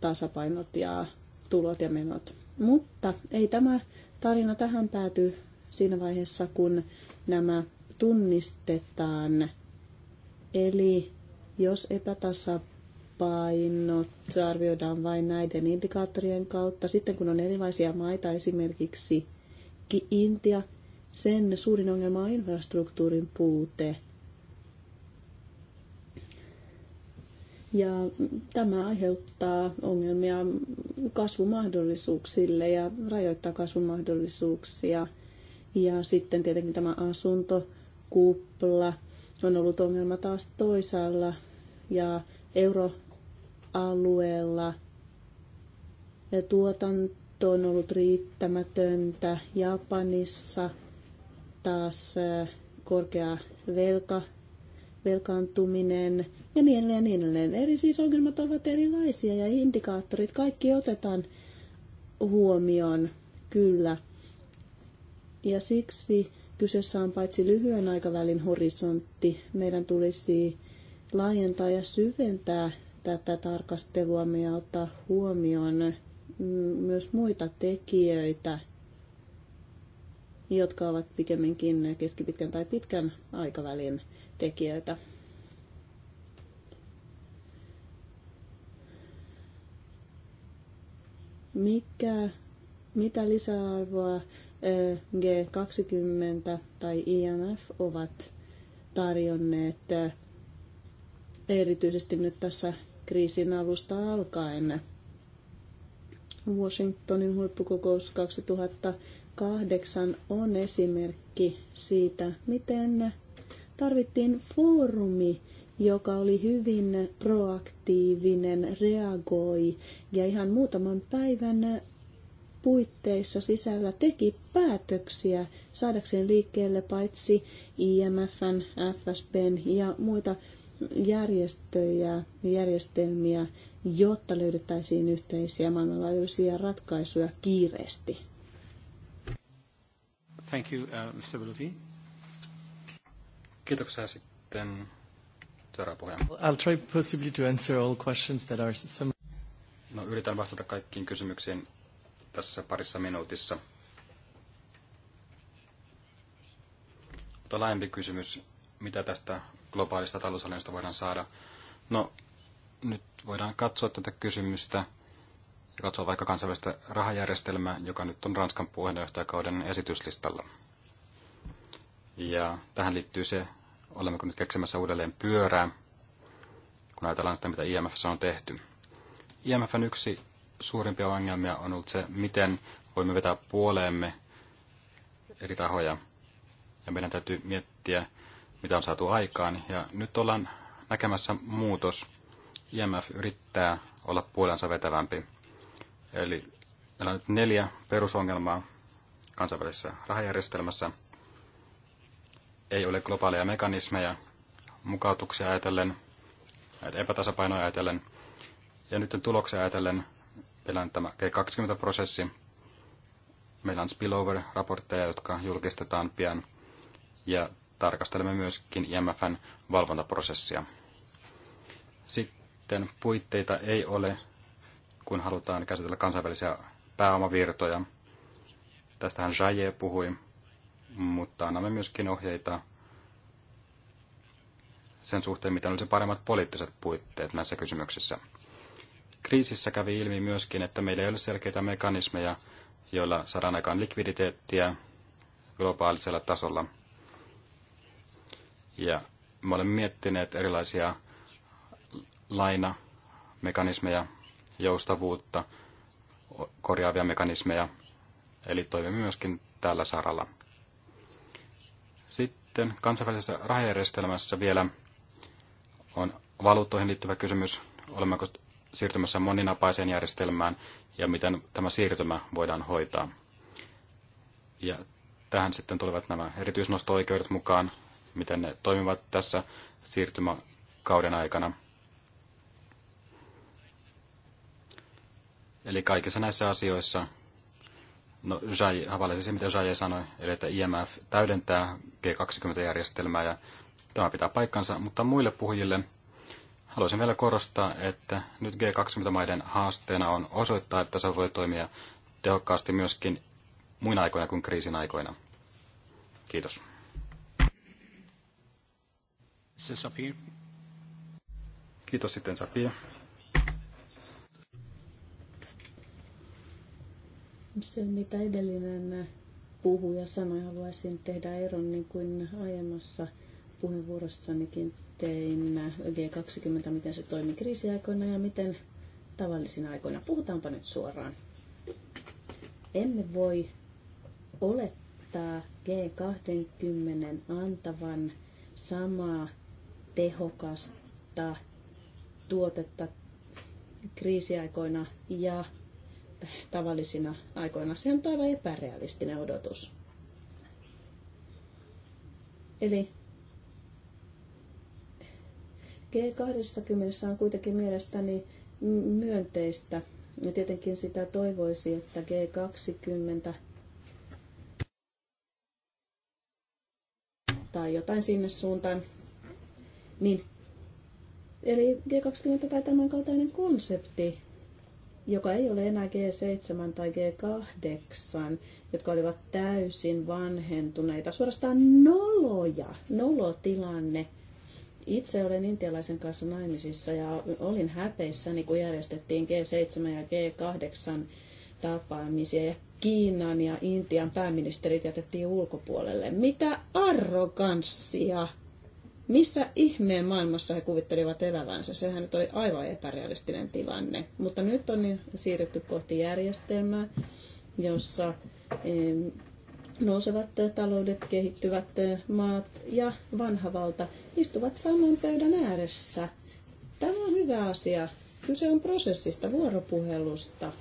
Speaker 3: tasapainot ja tulot ja menot. Mutta ei tämä tarina tähän pääty siinä vaiheessa, kun nämä tunnistetaan. Eli jos epätasapainot arvioidaan vain näiden indikaattorien kautta, sitten kun on erilaisia maita esimerkiksi Turkki, Intia, sen suurin ongelma on infrastruktuurin puute. Ja tämä aiheuttaa ongelmia kasvumahdollisuuksille ja rajoittaa kasvumahdollisuuksia. Ja sitten tietenkin tämä asuntokupla on ollut ongelma taas toisaalla ja euroalueella ja tuotanto käyttö on ollut riittämätöntä. Japanissa taas äh, korkea velka, velkaantuminen ja niin edelleen, niin edelleen. Eli siis ongelmat ovat erilaisia ja indikaattorit, kaikki otetaan huomioon, kyllä. Ja siksi kyseessä on paitsi lyhyen aikavälin horisontti, meidän tulisi laajentaa ja syventää tätä tarkastelua ja ottaa huomioon myös muita tekijöitä, jotka ovat pikemminkin keskipitkän tai pitkän aikavälin tekijöitä. Mikä, mitä lisäarvoa G20 tai IMF ovat tarjonneet erityisesti nyt tässä kriisin alusta alkaen? Washingtonin huippukokous 2008 on esimerkki siitä, miten tarvittiin foorumi, joka oli hyvin proaktiivinen, reagoi ja ihan muutaman päivän puitteissa sisällä teki päätöksiä saadakseen liikkeelle paitsi IMFn, FSBn ja muita järjestöjä järjestelmiä, jotta löydettäisiin yhteisiä maailmanlaajuisia ratkaisuja kiireesti.
Speaker 2: Thank you, uh, Mr. Kiitoksia sitten I'll
Speaker 1: try possibly to answer all questions that are some...
Speaker 2: No, yritän vastata kaikkiin kysymyksiin tässä parissa minuutissa. Mutta laajempi kysymys, mitä tästä globaalista talousalueesta voidaan saada. No, nyt voidaan katsoa tätä kysymystä ja katsoa vaikka kansainvälistä rahajärjestelmää, joka nyt on Ranskan puheenjohtajakauden esityslistalla. Ja tähän liittyy se, olemmeko nyt keksimässä uudelleen pyörää, kun ajatellaan sitä, mitä IMF on tehty. IMFn yksi suurimpia ongelmia on ollut se, miten voimme vetää puoleemme eri tahoja. Ja meidän täytyy miettiä, mitä on saatu aikaan. Ja nyt ollaan näkemässä muutos. IMF yrittää olla puolensa vetävämpi. Eli meillä on nyt neljä perusongelmaa kansainvälisessä rahajärjestelmässä. Ei ole globaaleja mekanismeja, mukautuksia ajatellen, näitä epätasapainoja ajatellen. Ja nyt tuloksia ajatellen meillä on tämä G20-prosessi. Meillä on spillover-raportteja, jotka julkistetaan pian. Ja tarkastelemme myöskin IMFn valvontaprosessia. Sitten puitteita ei ole, kun halutaan käsitellä kansainvälisiä pääomavirtoja. Tästähän Jaye puhui, mutta annamme myöskin ohjeita sen suhteen, mitä olisi paremmat poliittiset puitteet näissä kysymyksissä. Kriisissä kävi ilmi myöskin, että meillä ei ole selkeitä mekanismeja, joilla saadaan aikaan likviditeettiä globaalisella tasolla – ja me olemme miettineet erilaisia lainamekanismeja, joustavuutta, korjaavia mekanismeja, eli toimimme myöskin tällä saralla. Sitten kansainvälisessä rahajärjestelmässä vielä on valuuttoihin liittyvä kysymys, olemmeko siirtymässä moninapaiseen järjestelmään ja miten tämä siirtymä voidaan hoitaa. Ja tähän sitten tulevat nämä erityisnosto-oikeudet mukaan, miten ne toimivat tässä siirtymäkauden aikana. Eli kaikissa näissä asioissa, no Jai, havaitsi se, mitä Jai sanoi, eli että IMF täydentää G20-järjestelmää ja tämä pitää paikkansa, mutta muille puhujille haluaisin vielä korostaa, että nyt G20-maiden haasteena on osoittaa, että se voi toimia tehokkaasti myöskin muina aikoina kuin kriisin aikoina. Kiitos. Se Sapir. Kiitos sitten Sapir.
Speaker 3: Se, mitä edellinen puhuja sanoi, haluaisin tehdä eron niin kuin aiemmassa puheenvuorossanikin tein G20, miten se toimi kriisiaikoina ja miten tavallisina aikoina. Puhutaanpa nyt suoraan. Emme voi olettaa G20 antavan samaa tehokasta tuotetta kriisiaikoina ja tavallisina aikoina. Se on aivan epärealistinen odotus. Eli G20 on kuitenkin mielestäni myönteistä. Ja tietenkin sitä toivoisi, että G20 tai jotain sinne suuntaan niin. Eli G20 tai tämän kaltainen konsepti, joka ei ole enää G7 tai G8, jotka olivat täysin vanhentuneita, suorastaan noloja, nolotilanne. Itse olen intialaisen kanssa naimisissa ja olin häpeissä, niin kun järjestettiin G7 ja G8 tapaamisia ja Kiinan ja Intian pääministerit jätettiin ulkopuolelle. Mitä arroganssia! Missä ihmeen maailmassa he kuvittelivat elävänsä? Sehän nyt oli aivan epärealistinen tilanne. Mutta nyt on niin siirrytty kohti järjestelmää, jossa nousevat eh, taloudet, kehittyvät eh, maat ja vanha valta istuvat saman pöydän ääressä. Tämä on hyvä asia. Kyse on prosessista, vuoropuhelusta.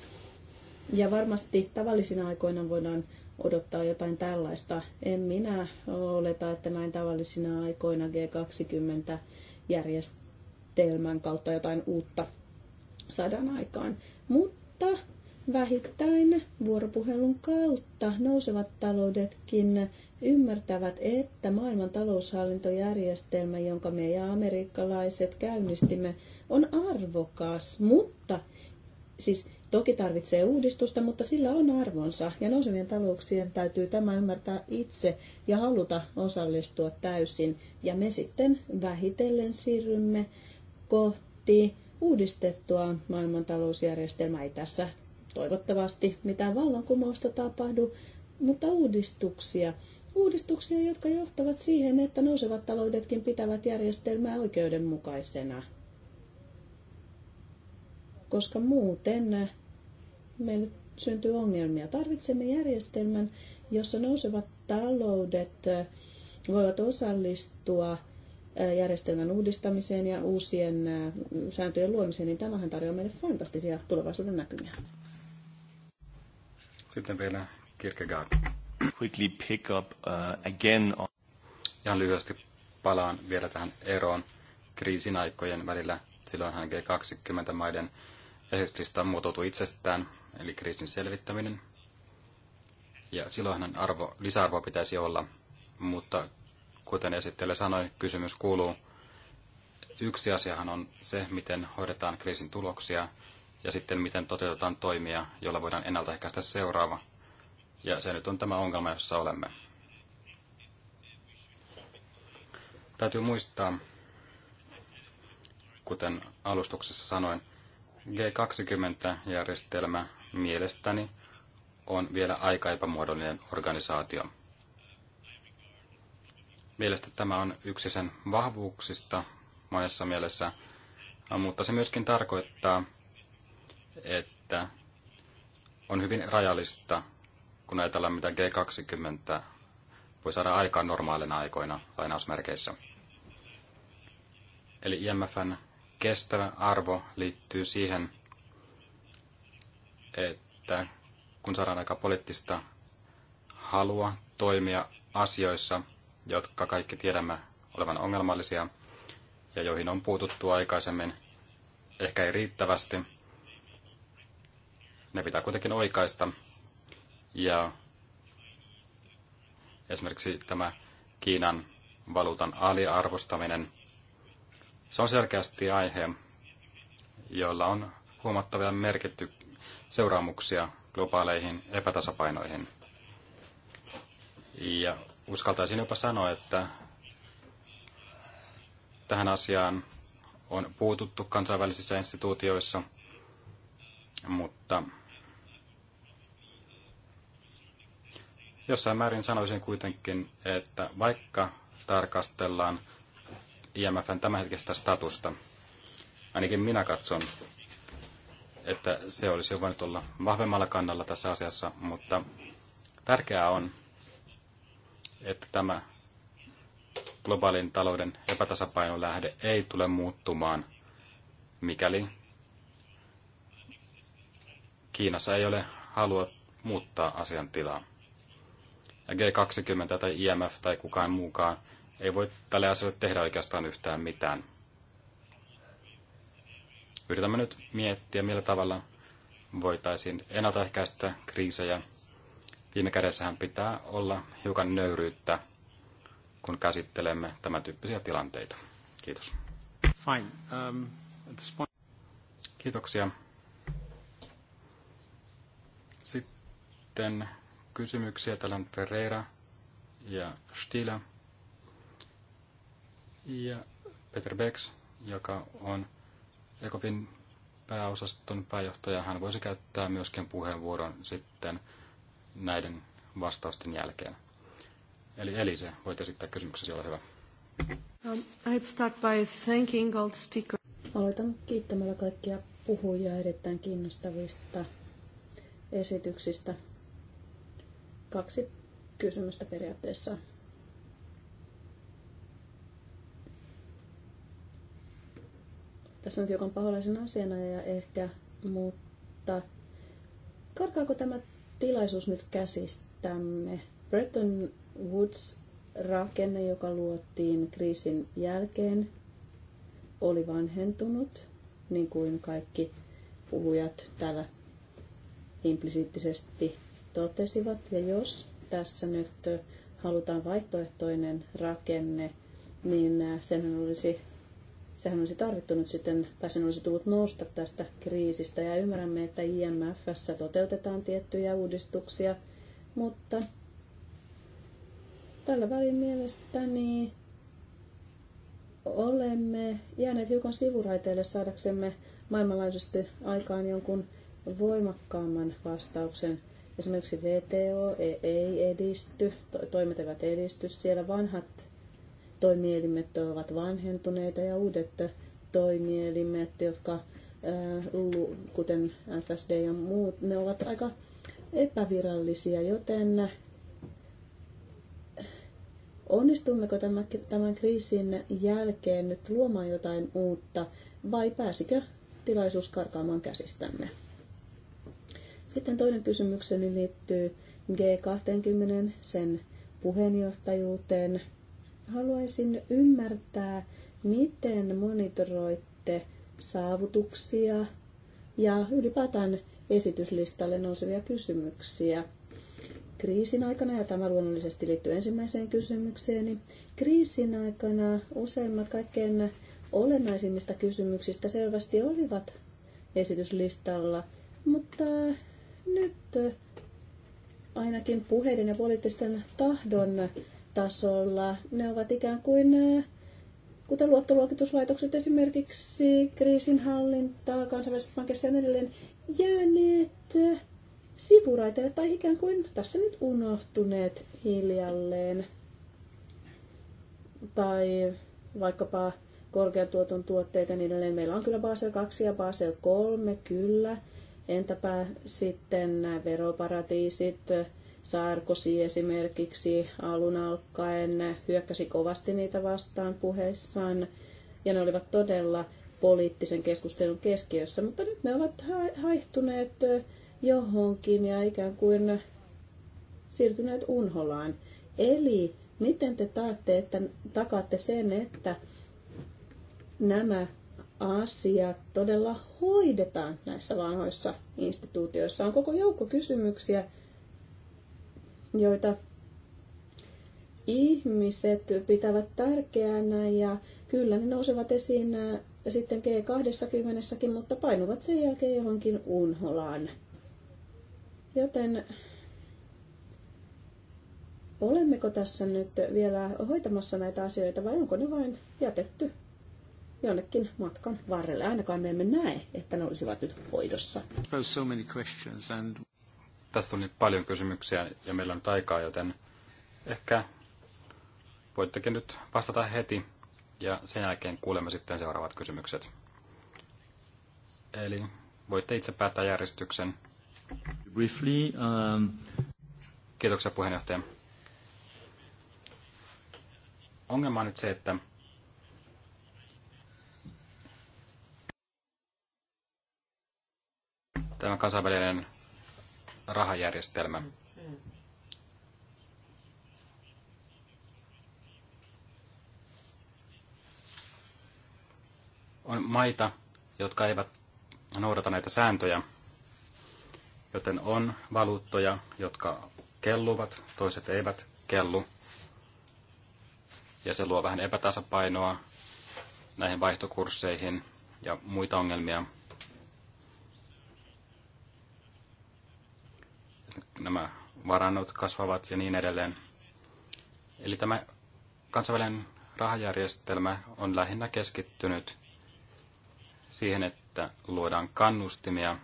Speaker 3: Ja varmasti tavallisina aikoina voidaan odottaa jotain tällaista. En minä oleta, että näin tavallisina aikoina G20-järjestelmän kautta jotain uutta saadaan aikaan. Mutta vähittäin vuoropuhelun kautta nousevat taloudetkin ymmärtävät, että maailman taloushallintojärjestelmä, jonka me ja amerikkalaiset käynnistimme, on arvokas, mutta siis toki tarvitsee uudistusta, mutta sillä on arvonsa ja nousevien talouksien täytyy tämä ymmärtää itse ja haluta osallistua täysin. Ja me sitten vähitellen siirrymme kohti uudistettua maailmantalousjärjestelmää. Ei tässä toivottavasti mitään vallankumousta tapahdu, mutta uudistuksia. Uudistuksia, jotka johtavat siihen, että nousevat taloudetkin pitävät järjestelmää oikeudenmukaisena koska muuten eh, meille syntyy ongelmia. Tarvitsemme järjestelmän, jossa nousevat taloudet eh, voivat osallistua eh, järjestelmän uudistamiseen ja uusien sääntöjen luomiseen, niin tämähän tarjoaa meille fantastisia tulevaisuuden näkymiä.
Speaker 2: Sitten vielä Kierkegaard. Quickly pick up uh, again on... Ihan lyhyesti palaan vielä tähän eroon kriisin aikojen välillä. Silloinhan G20-maiden Esityslista muotoutuu itsestään, eli kriisin selvittäminen. Ja silloinhan arvo, lisäarvoa pitäisi olla, mutta kuten esittelijä sanoi, kysymys kuuluu, yksi asiahan on se, miten hoidetaan kriisin tuloksia ja sitten miten toteutetaan toimia, joilla voidaan ennaltaehkäistä seuraava. Ja se nyt on tämä ongelma, jossa olemme. Täytyy muistaa, kuten alustuksessa sanoin, G20-järjestelmä mielestäni on vielä aika epämuodollinen organisaatio. Mielestäni tämä on yksi sen vahvuuksista monessa mielessä, mutta se myöskin tarkoittaa, että on hyvin rajallista, kun ajatellaan mitä G20 voi saada aikaan normaalina aikoina lainausmerkeissä. Eli IMFn kestävä arvo liittyy siihen, että kun saadaan aika poliittista halua toimia asioissa, jotka kaikki tiedämme olevan ongelmallisia ja joihin on puututtu aikaisemmin, ehkä ei riittävästi, ne pitää kuitenkin oikaista. Ja esimerkiksi tämä Kiinan valuutan aliarvostaminen se on selkeästi aihe, jolla on huomattavia merkitty seuraamuksia globaaleihin epätasapainoihin. Ja uskaltaisin jopa sanoa, että tähän asiaan on puututtu kansainvälisissä instituutioissa, mutta jossain määrin sanoisin kuitenkin, että vaikka tarkastellaan IMFn tämänhetkistä statusta. Ainakin minä katson, että se olisi voinut olla vahvemmalla kannalla tässä asiassa, mutta tärkeää on, että tämä globaalin talouden epätasapainon lähde ei tule muuttumaan, mikäli Kiinassa ei ole halua muuttaa asiantilaa. tilaa, G20 tai IMF tai kukaan muukaan ei voi tälle asialle tehdä oikeastaan yhtään mitään. Yritämme nyt miettiä, millä tavalla voitaisiin ennaltaehkäistä kriisejä. Viime kädessähän pitää olla hiukan nöyryyttä, kun käsittelemme tämän tyyppisiä tilanteita. Kiitos. Fine. Um, at this point... Kiitoksia. Sitten kysymyksiä. Täällä on Ferreira ja Stila ja Peter Becks, joka on ekopin pääosaston pääjohtaja, hän voisi käyttää myöskin puheenvuoron sitten näiden vastausten jälkeen. Eli Elise, voit esittää kysymyksesi, ole hyvä.
Speaker 3: Um, I'd start by thanking all the speakers. Aloitan kiittämällä kaikkia puhujia erittäin kiinnostavista esityksistä. Kaksi kysymystä periaatteessa Tässä on hiukan paholaisen asiana ja ehkä, mutta karkaako tämä tilaisuus nyt käsistämme? Bretton Woods rakenne, joka luotiin kriisin jälkeen, oli vanhentunut, niin kuin kaikki puhujat täällä implisiittisesti totesivat. Ja jos tässä nyt halutaan vaihtoehtoinen rakenne, niin sen olisi Sehän olisi tarvittunut sitten, tai sen olisi tullut nousta tästä kriisistä. Ja ymmärrämme, että IMFssä toteutetaan tiettyjä uudistuksia, mutta tällä välin mielestäni olemme jääneet hiukan sivuraiteille saadaksemme maailmanlaajuisesti aikaan jonkun voimakkaamman vastauksen. Esimerkiksi VTO e, ei edisty, toimet eivät edisty. Siellä vanhat toimielimet ovat vanhentuneita ja uudet toimielimet, jotka kuten FSD ja muut, ne ovat aika epävirallisia, joten onnistummeko tämän kriisin jälkeen nyt luomaan jotain uutta vai pääsikö tilaisuus karkaamaan käsistämme? Sitten toinen kysymykseni liittyy G20, sen puheenjohtajuuteen Haluaisin ymmärtää, miten monitoroitte saavutuksia ja ylipäätään esityslistalle nousevia kysymyksiä kriisin aikana, ja tämä luonnollisesti liittyy ensimmäiseen kysymykseen, niin kriisin aikana useimmat kaikkein olennaisimmista kysymyksistä selvästi olivat esityslistalla, mutta nyt ainakin puheiden ja poliittisten tahdon tasolla. Ne ovat ikään kuin, äh, kuten luottoluokituslaitokset esimerkiksi, kriisinhallinta kansainväliset pankissa ja niin edelleen, jääneet äh, sivuraiteille tai ikään kuin tässä nyt unohtuneet hiljalleen. Tai vaikkapa korkean tuoton tuotteita niin edelleen. Meillä on kyllä Basel 2 ja Basel 3, kyllä. Entäpä sitten veroparatiisit, Sarkosi esimerkiksi alun alkaen hyökkäsi kovasti niitä vastaan puheissaan ja ne olivat todella poliittisen keskustelun keskiössä, mutta nyt ne ovat haihtuneet johonkin ja ikään kuin siirtyneet unholaan. Eli miten te taatte, että, takaatte sen, että nämä asiat todella hoidetaan näissä vanhoissa instituutioissa? On koko joukko kysymyksiä, joita ihmiset pitävät tärkeänä ja kyllä ne nousevat esiin sitten G20, mutta painuvat sen jälkeen johonkin unholaan. Joten olemmeko tässä nyt vielä hoitamassa näitä asioita vai onko ne vain jätetty jonnekin matkan varrelle? Ainakaan me emme näe, että ne olisivat nyt hoidossa.
Speaker 2: So many questions and... Tästä tuli paljon kysymyksiä ja meillä on nyt aikaa, joten ehkä voittekin nyt vastata heti ja sen jälkeen kuulemme sitten seuraavat kysymykset. Eli voitte itse päättää järjestyksen. Briefly, um... Kiitoksia puheenjohtaja. Ongelma on nyt se, että tämä kansainvälinen rahajärjestelmä. On maita, jotka eivät noudata näitä sääntöjä, joten on valuuttoja, jotka kelluvat, toiset eivät kellu. Ja se luo vähän epätasapainoa näihin vaihtokursseihin ja muita ongelmia. nämä varannot kasvavat ja niin edelleen. Eli tämä kansainvälinen rahajärjestelmä on lähinnä keskittynyt siihen, että luodaan kannustimia,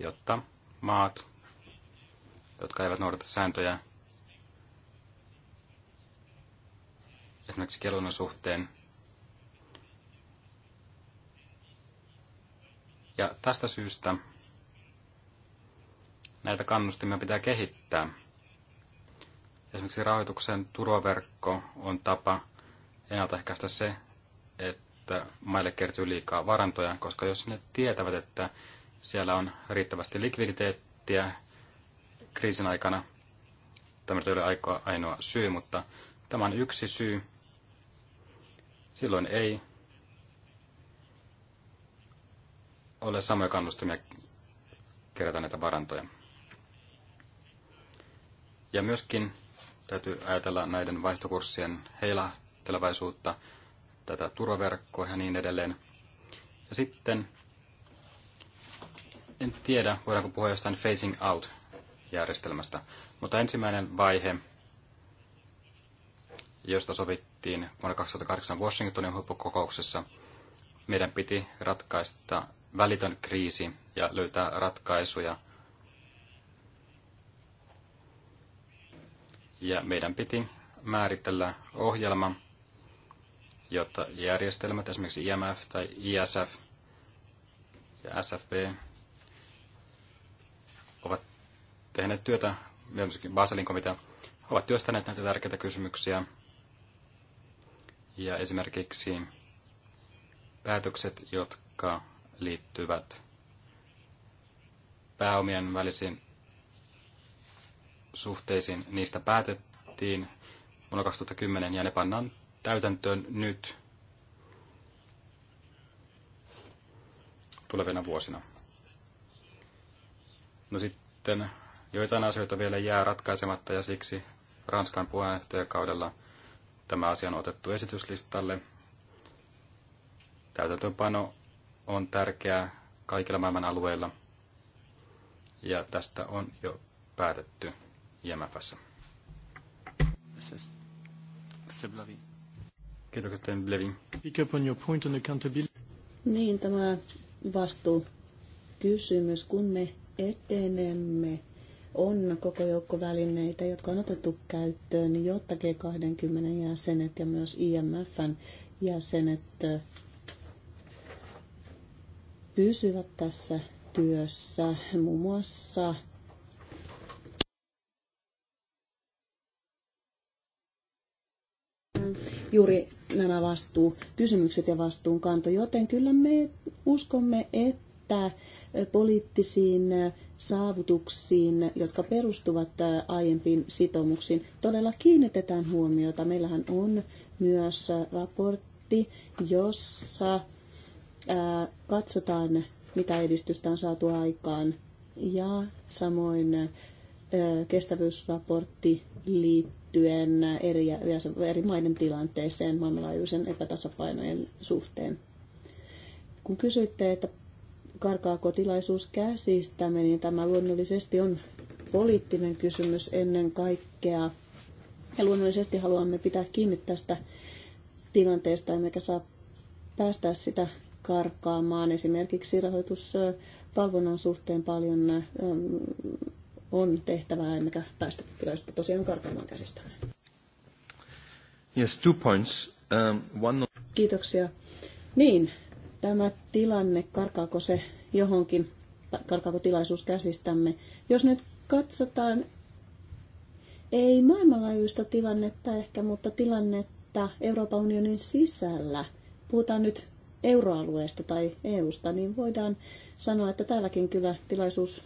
Speaker 2: jotta maat, jotka eivät noudata sääntöjä, esimerkiksi kelunnan suhteen, ja tästä syystä näitä kannustimia pitää kehittää. Esimerkiksi rahoituksen turvaverkko on tapa ennaltaehkäistä se, että maille kertyy liikaa varantoja, koska jos ne tietävät, että siellä on riittävästi likviditeettiä kriisin aikana, tämä ei ole ainoa syy, mutta tämä on yksi syy, silloin ei ole samoja kannustimia kerätä näitä varantoja. Ja myöskin täytyy ajatella näiden vaihtokurssien heilahtelevaisuutta, tätä turvaverkkoa ja niin edelleen. Ja sitten en tiedä, voidaanko puhua jostain phasing out-järjestelmästä, mutta ensimmäinen vaihe, josta sovittiin vuonna 2008 Washingtonin huippukokouksessa, meidän piti ratkaista välitön kriisi ja löytää ratkaisuja ja meidän piti määritellä ohjelma, jotta järjestelmät, esimerkiksi IMF tai ISF ja SFP, ovat tehneet työtä, myöskin Baselin komitea, ovat työstäneet näitä tärkeitä kysymyksiä. Ja esimerkiksi päätökset, jotka liittyvät pääomien välisiin suhteisiin, niistä päätettiin vuonna 2010 ja ne pannaan täytäntöön nyt tulevina vuosina. No sitten joitain asioita vielä jää ratkaisematta ja siksi Ranskan puheenjohtajakaudella tämä asia on otettu esityslistalle. Täytäntöönpano on tärkeää kaikilla maailman alueilla ja tästä on jo päätetty. IMFssä. Kiitokset teidän Blevin. Pick up on your point on accountability.
Speaker 3: Niin, tämä vastuu kysymys, kun me etenemme, on koko joukko välineitä, jotka on otettu käyttöön, niin jotta G20 jäsenet ja myös IMFn jäsenet pysyvät tässä työssä, muun muassa juuri nämä vastuu kysymykset ja vastuunkanto, joten kyllä me uskomme, että poliittisiin saavutuksiin, jotka perustuvat äh, aiempiin sitoumuksiin, todella kiinnitetään huomiota. Meillähän on myös raportti, jossa äh, katsotaan, mitä edistystä on saatu aikaan ja samoin kestävyysraportti liittyen eri, eri maiden tilanteeseen maailmanlaajuisen epätasapainojen suhteen. Kun kysyitte, että karkaako tilaisuus käsistämme, niin tämä luonnollisesti on poliittinen kysymys ennen kaikkea. Ja luonnollisesti haluamme pitää kiinni tästä tilanteesta, emmekä saa päästää sitä karkaamaan. Esimerkiksi rahoitusvalvonnan suhteen paljon on tehtävää, emmekä päästä tilannetta tosiaan karkaamaan käsistä.
Speaker 2: Yes, two points. Um, one...
Speaker 3: Kiitoksia. Niin, tämä tilanne, karkaako se johonkin, karkaako tilaisuus käsistämme. Jos nyt katsotaan, ei maailmanlaajuista tilannetta ehkä, mutta tilannetta Euroopan unionin sisällä. Puhutaan nyt euroalueesta tai EUsta, niin voidaan sanoa, että täälläkin kyllä tilaisuus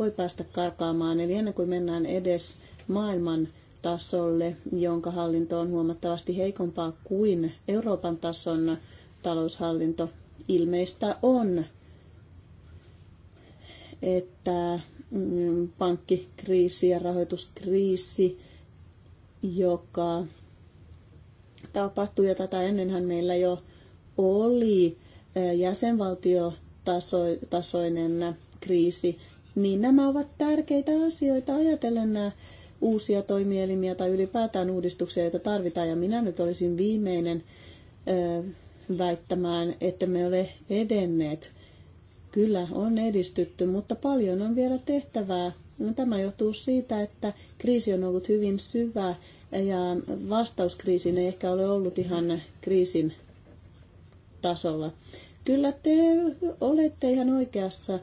Speaker 3: voi päästä karkaamaan. Eli ennen kuin mennään edes maailman tasolle, jonka hallinto on huomattavasti heikompaa kuin Euroopan tason taloushallinto, ilmeistä on, että mm, pankkikriisi ja rahoituskriisi, joka tapahtui ja tätä ennenhän meillä jo oli eh, jäsenvaltiotasoinen kriisi, niin nämä ovat tärkeitä asioita ajatellen nämä uusia toimielimiä tai ylipäätään uudistuksia, joita tarvitaan. Ja minä nyt olisin viimeinen ö, väittämään, että me ole edenneet. Kyllä on edistytty, mutta paljon on vielä tehtävää. No, tämä johtuu siitä, että kriisi on ollut hyvin syvä ja vastauskriisin ei ehkä ole ollut ihan kriisin tasolla. Kyllä te olette ihan oikeassa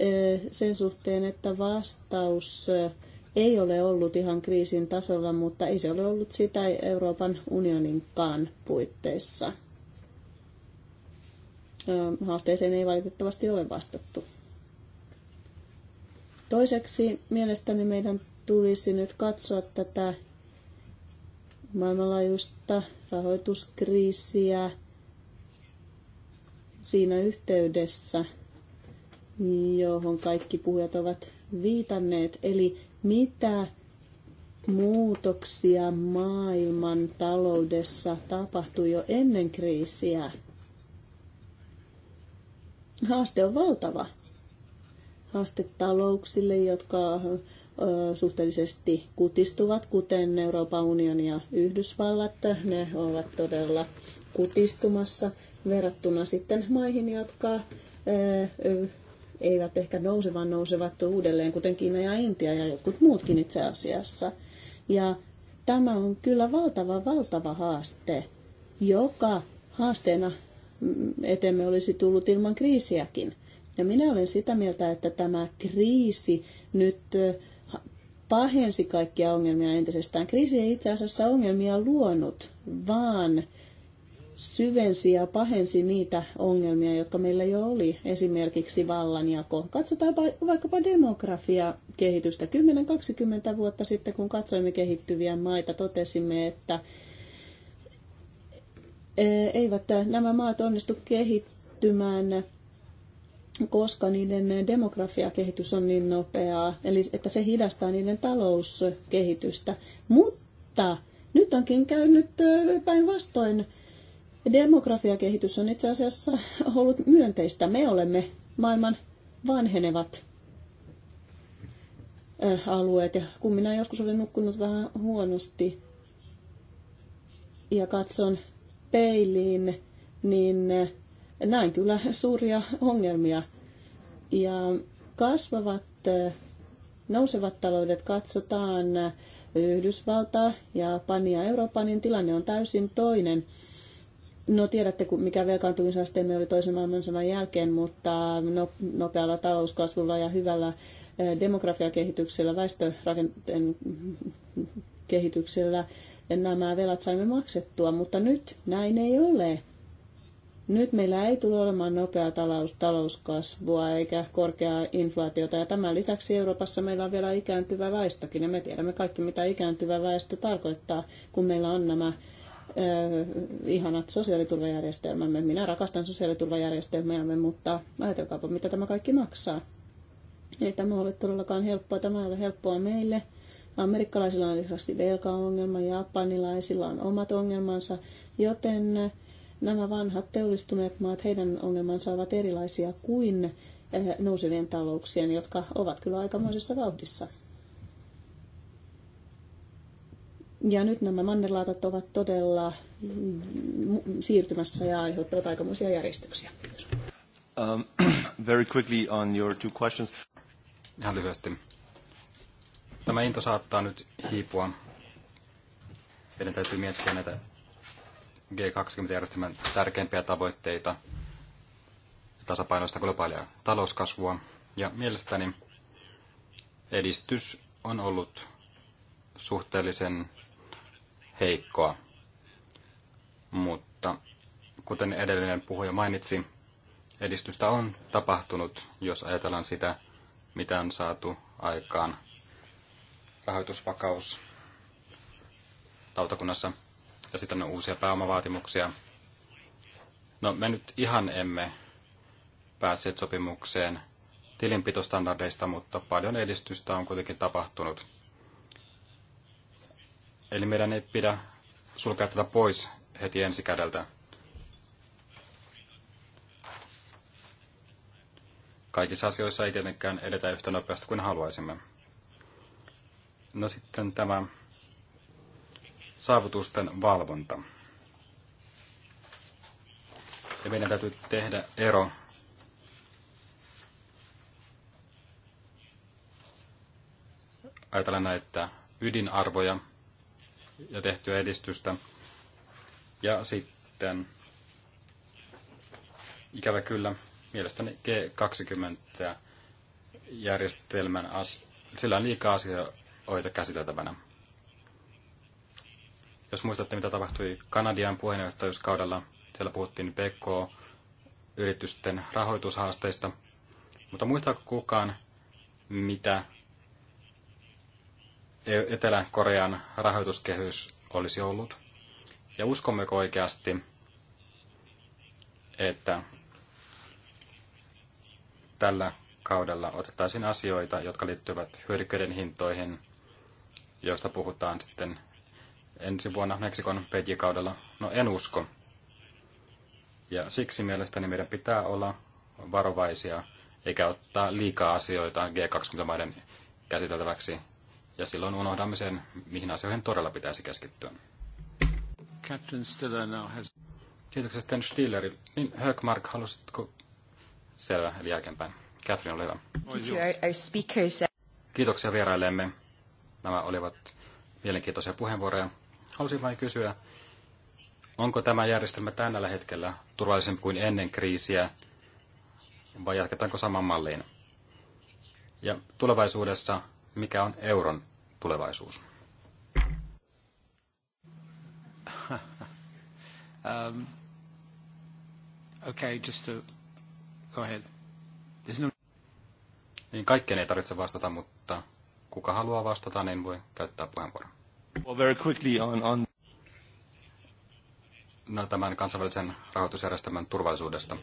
Speaker 3: Eh, sen suhteen, että vastaus eh, ei ole ollut ihan kriisin tasolla, mutta ei se ole ollut sitä Euroopan unioninkaan puitteissa. Eh, haasteeseen ei valitettavasti ole vastattu. Toiseksi mielestäni meidän tulisi nyt katsoa tätä maailmanlaajuista rahoituskriisiä siinä yhteydessä – johon kaikki puhujat ovat viitanneet. Eli mitä muutoksia maailman taloudessa tapahtui jo ennen kriisiä? Haaste on valtava. Haaste talouksille, jotka suhteellisesti kutistuvat, kuten Euroopan unioni ja Yhdysvallat. Ne ovat todella kutistumassa verrattuna sitten maihin, jotka eivät ehkä nouse, vaan nousevat uudelleen, kuten Kiina ja Intia ja jotkut muutkin itse asiassa. Ja tämä on kyllä valtava, valtava haaste, joka haasteena mm, etemme olisi tullut ilman kriisiäkin. Ja minä olen sitä mieltä, että tämä kriisi nyt pahensi kaikkia ongelmia entisestään. Kriisi ei itse asiassa ongelmia luonut, vaan syvensi ja pahensi niitä ongelmia, jotka meillä jo oli, esimerkiksi vallanjako. Katsotaan vaikkapa demografia kehitystä. 10-20 vuotta sitten, kun katsoimme kehittyviä maita, totesimme, että e, eivät nämä maat onnistu kehittymään koska niiden demografiakehitys on niin nopeaa, eli että se hidastaa niiden talouskehitystä. Mutta nyt onkin käynyt e, päinvastoin. Demografiakehitys on itse asiassa ollut myönteistä. Me olemme maailman vanhenevat alueet. Ja kun minä joskus olen nukkunut vähän huonosti ja katson peiliin, niin näin kyllä suuria ongelmia. Ja kasvavat, nousevat taloudet katsotaan Yhdysvaltaa, Japania ja Eurooppaa, niin tilanne on täysin toinen. No tiedätte, mikä velkaantumisasteemme oli toisen maailmansodan jälkeen, mutta no, nopealla talouskasvulla ja hyvällä eh, demografiakehityksellä, väestörakenteen kehityksellä nämä velat saimme maksettua, mutta nyt näin ei ole. Nyt meillä ei tule olemaan nopeaa talous, talouskasvua eikä korkeaa inflaatiota ja tämän lisäksi Euroopassa meillä on vielä ikääntyvä väestökin ja me tiedämme kaikki mitä ikääntyvä väestö tarkoittaa, kun meillä on nämä Äh, ihanat sosiaaliturvajärjestelmämme. Minä rakastan sosiaaliturvajärjestelmäämme, mutta ajatelkaapa, mitä tämä kaikki maksaa. Ei tämä ole todellakaan helppoa. Tämä ei ole helppoa meille. Amerikkalaisilla on lisäksi velkaongelma, japanilaisilla on omat ongelmansa, joten nämä vanhat teollistuneet maat, heidän ongelmansa ovat erilaisia kuin äh, nousevien talouksien, jotka ovat kyllä aikamoisessa vauhdissa. Ja nyt nämä mannerlaatat ovat todella mm, siirtymässä ja aiheuttavat aikamoisia järjestyksiä.
Speaker 2: Um, [clears throat] very quickly on your two questions. Ihan lyhyesti. Tämä into saattaa nyt hiipua. Meidän täytyy miettiä näitä G20-järjestelmän tärkeimpiä tavoitteita tasapainoista globaalia talouskasvua. Ja mielestäni edistys on ollut suhteellisen heikkoa. Mutta kuten edellinen puhuja mainitsi, edistystä on tapahtunut, jos ajatellaan sitä, mitä on saatu aikaan rahoitusvakaus lautakunnassa. Ja sitten on uusia pääomavaatimuksia. No me nyt ihan emme päässeet sopimukseen tilinpitostandardeista, mutta paljon edistystä on kuitenkin tapahtunut. Eli meidän ei pidä sulkea tätä pois heti ensikädeltä. Kaikissa asioissa ei tietenkään edetä yhtä nopeasti kuin haluaisimme. No sitten tämä saavutusten valvonta. Ja meidän täytyy tehdä ero ajatellaan näitä ydinarvoja – ja tehtyä edistystä. Ja sitten ikävä kyllä mielestäni G20 järjestelmän as- sillä on liikaa asioita käsiteltävänä. Jos muistatte, mitä tapahtui Kanadian puheenjohtajuuskaudella, siellä puhuttiin PK-yritysten rahoitushaasteista, mutta muistaako kukaan, mitä Etelä-Korean rahoituskehys olisi ollut? Ja uskommeko oikeasti, että tällä kaudella otettaisiin asioita, jotka liittyvät hyödykkeiden hintoihin, joista puhutaan sitten ensi vuonna Meksikon kaudella. No en usko. Ja siksi mielestäni meidän pitää olla varovaisia, eikä ottaa liikaa asioita G20-maiden käsiteltäväksi ja silloin unohdamme sen, mihin asioihin todella pitäisi keskittyä. Captain Stiller now has... Kiitoksia Sten Stiller. Niin, Högmark, halusitko... Selvä, eli jälkeenpäin. Catherine, ole hyvä. Oh, uh, Kiitoksia vierailemme. Nämä olivat mielenkiintoisia puheenvuoroja. Halusin vain kysyä, onko tämä järjestelmä tällä hetkellä turvallisempi kuin ennen kriisiä vai jatketaanko saman malliin? Ja tulevaisuudessa mikä on euron tulevaisuus? [laughs] um, okay, just to go ahead. No... Niin kaikkeen ei tarvitse vastata, mutta kuka haluaa vastata, niin voi käyttää puheenvuoron. Well, very quickly on, on... No, tämän kansainvälisen rahoitusjärjestelmän turvallisuudesta.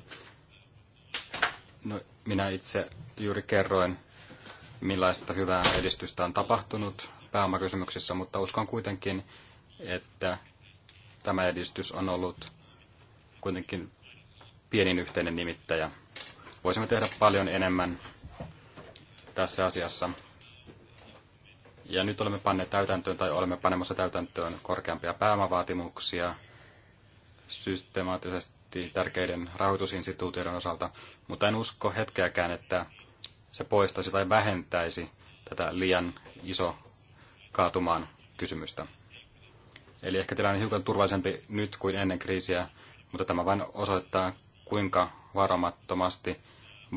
Speaker 2: No, minä itse juuri kerroin millaista hyvää edistystä on tapahtunut pääomakysymyksissä, mutta uskon kuitenkin, että tämä edistys on ollut kuitenkin pienin yhteinen nimittäjä. Voisimme tehdä paljon enemmän tässä asiassa. Ja nyt olemme panneet täytäntöön tai olemme panemassa täytäntöön korkeampia pääomavaatimuksia systemaattisesti tärkeiden rahoitusinstituutioiden osalta, mutta en usko hetkeäkään, että se poistaisi tai vähentäisi tätä liian iso kaatumaan kysymystä. Eli ehkä tilanne on hiukan turvallisempi nyt kuin ennen kriisiä, mutta tämä vain osoittaa, kuinka varomattomasti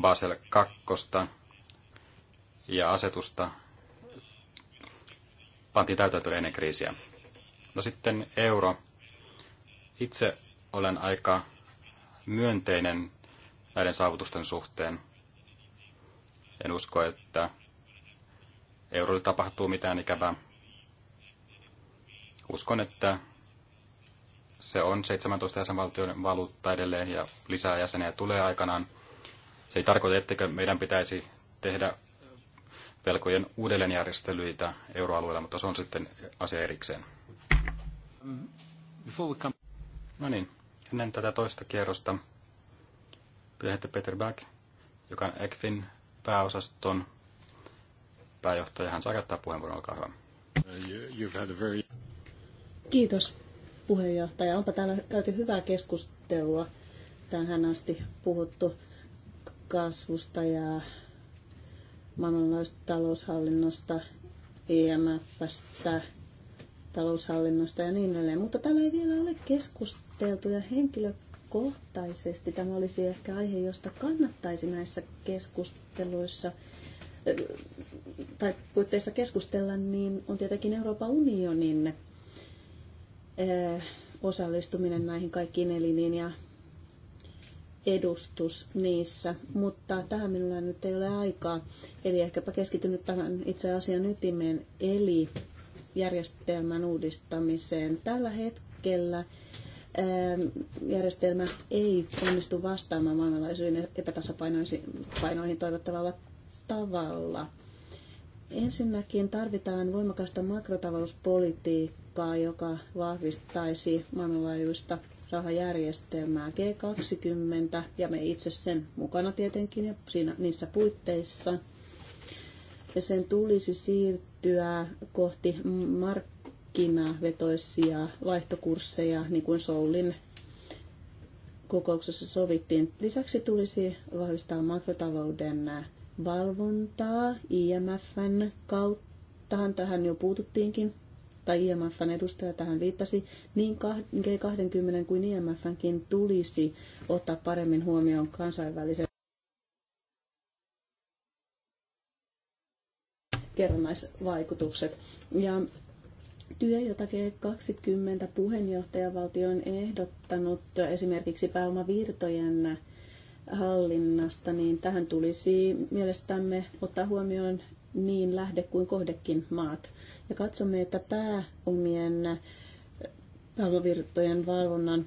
Speaker 2: Basel 2 ja asetusta pantiin täytäntöön ennen kriisiä. No sitten euro. Itse olen aika myönteinen näiden saavutusten suhteen – en usko, että eurolle tapahtuu mitään ikävää. Uskon, että se on 17 jäsenvaltion valuutta edelleen ja lisää jäseniä tulee aikanaan. Se ei tarkoita, etteikö meidän pitäisi tehdä velkojen uudelleenjärjestelyitä euroalueella, mutta se on sitten asia erikseen. No niin, ennen tätä toista kierrosta pidätte Peter Back, joka on ECFin pääosaston pääjohtaja. Hän saa käyttää puheenvuoron, olkaa hyvä.
Speaker 3: Kiitos puheenjohtaja. Onpa täällä käyty hyvää keskustelua tähän asti puhuttu kasvusta ja maailmanlaajuisesta taloushallinnosta, IMFstä, taloushallinnosta ja niin edelleen. Mutta täällä ei vielä ole keskusteltu ja henkilökohtaisesti kohtaisesti Tämä olisi ehkä aihe, josta kannattaisi näissä keskusteluissa tai puitteissa keskustella, niin on tietenkin Euroopan unionin osallistuminen näihin kaikkiin elimiin ja edustus niissä, mutta tähän minulla nyt ei ole aikaa. Eli ehkäpä keskitynyt tähän itse asian ytimeen, eli järjestelmän uudistamiseen. Tällä hetkellä Ehm, järjestelmä ei onnistu vastaamaan maailmanlaajuisiin epätasapainoihin toivottavalla tavalla. Ensinnäkin tarvitaan voimakasta makrotalouspolitiikkaa, joka vahvistaisi maailmanlaajuista rahajärjestelmää G20 ja me itse sen mukana tietenkin ja siinä, niissä puitteissa. Ja sen tulisi siirtyä kohti mark- markkinavetoisia vaihtokursseja, niin kuin Soulin kokouksessa sovittiin. Lisäksi tulisi vahvistaa makrotalouden valvontaa IMFn kautta. tähän jo puututtiinkin, tai IMFn edustaja tähän viittasi, niin G20 kuin IMFnkin tulisi ottaa paremmin huomioon kansainvälisen kerrannaisvaikutukset. Ja työ, jota G20 puheenjohtajavaltio on ehdottanut esimerkiksi pääomavirtojen hallinnasta, niin tähän tulisi mielestämme ottaa huomioon niin lähde- kuin kohdekin maat. Ja katsomme, että pääomien pääomavirtojen valvonnan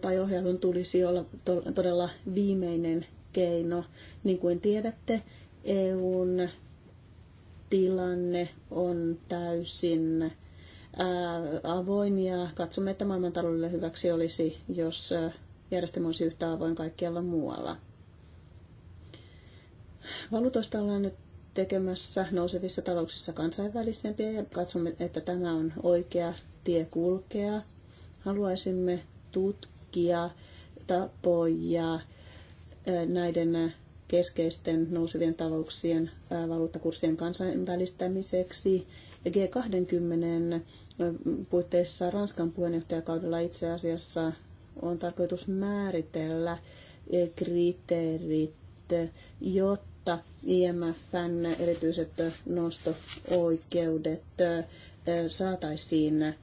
Speaker 3: tai ohjailun tulisi olla todella viimeinen keino. Niin kuin tiedätte, EUn tilanne on täysin äh, avoin ja katsomme, että maailmantaloudelle hyväksi olisi, jos äh, järjestelmä olisi yhtä avoin kaikkialla muualla. Valuutoista ollaan nyt tekemässä nousevissa talouksissa kansainvälisempiä ja katsomme, että tämä on oikea tie kulkea. Haluaisimme tutkia tapoja äh, näiden keskeisten nousevien talouksien valuuttakurssien kansainvälistämiseksi. G20 puitteissa Ranskan puheenjohtajakaudella itse asiassa on tarkoitus määritellä kriteerit, jotta IMFn erityiset nosto-oikeudet saataisiin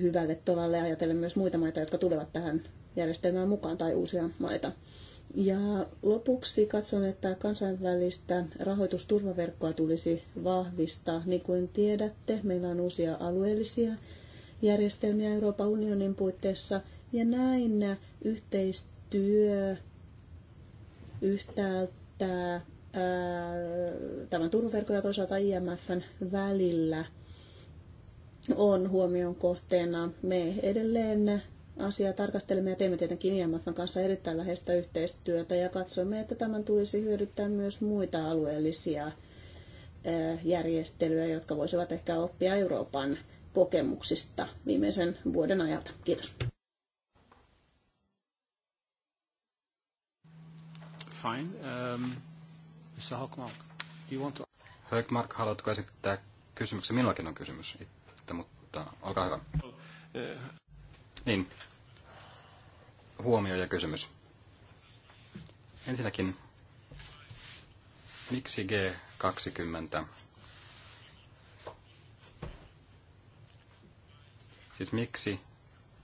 Speaker 3: hyvälle tolalle ajatellen myös muita maita, jotka tulevat tähän järjestelmään mukaan tai uusia maita. Ja lopuksi katson, että kansainvälistä rahoitusturvaverkkoa tulisi vahvistaa. Niin kuin tiedätte, meillä on uusia alueellisia järjestelmiä Euroopan unionin puitteissa. Ja näin yhteistyö yhtäältä tämän turvaverkon ja toisaalta IMFn välillä on huomion kohteena. Me edelleen asiaa tarkastelemme ja teemme tietenkin IMFn kanssa erittäin läheistä yhteistyötä ja katsomme, että tämän tulisi hyödyttää myös muita alueellisia järjestelyjä, jotka voisivat ehkä oppia Euroopan kokemuksista viimeisen vuoden ajalta. Kiitos.
Speaker 2: Fine. Um, Mr. to... Högmark, haluatko esittää kysymyksen? Minullakin on kysymys, mutta olkaa hyvä. Uh, niin, huomio ja kysymys. Ensinnäkin, miksi G20? Siis miksi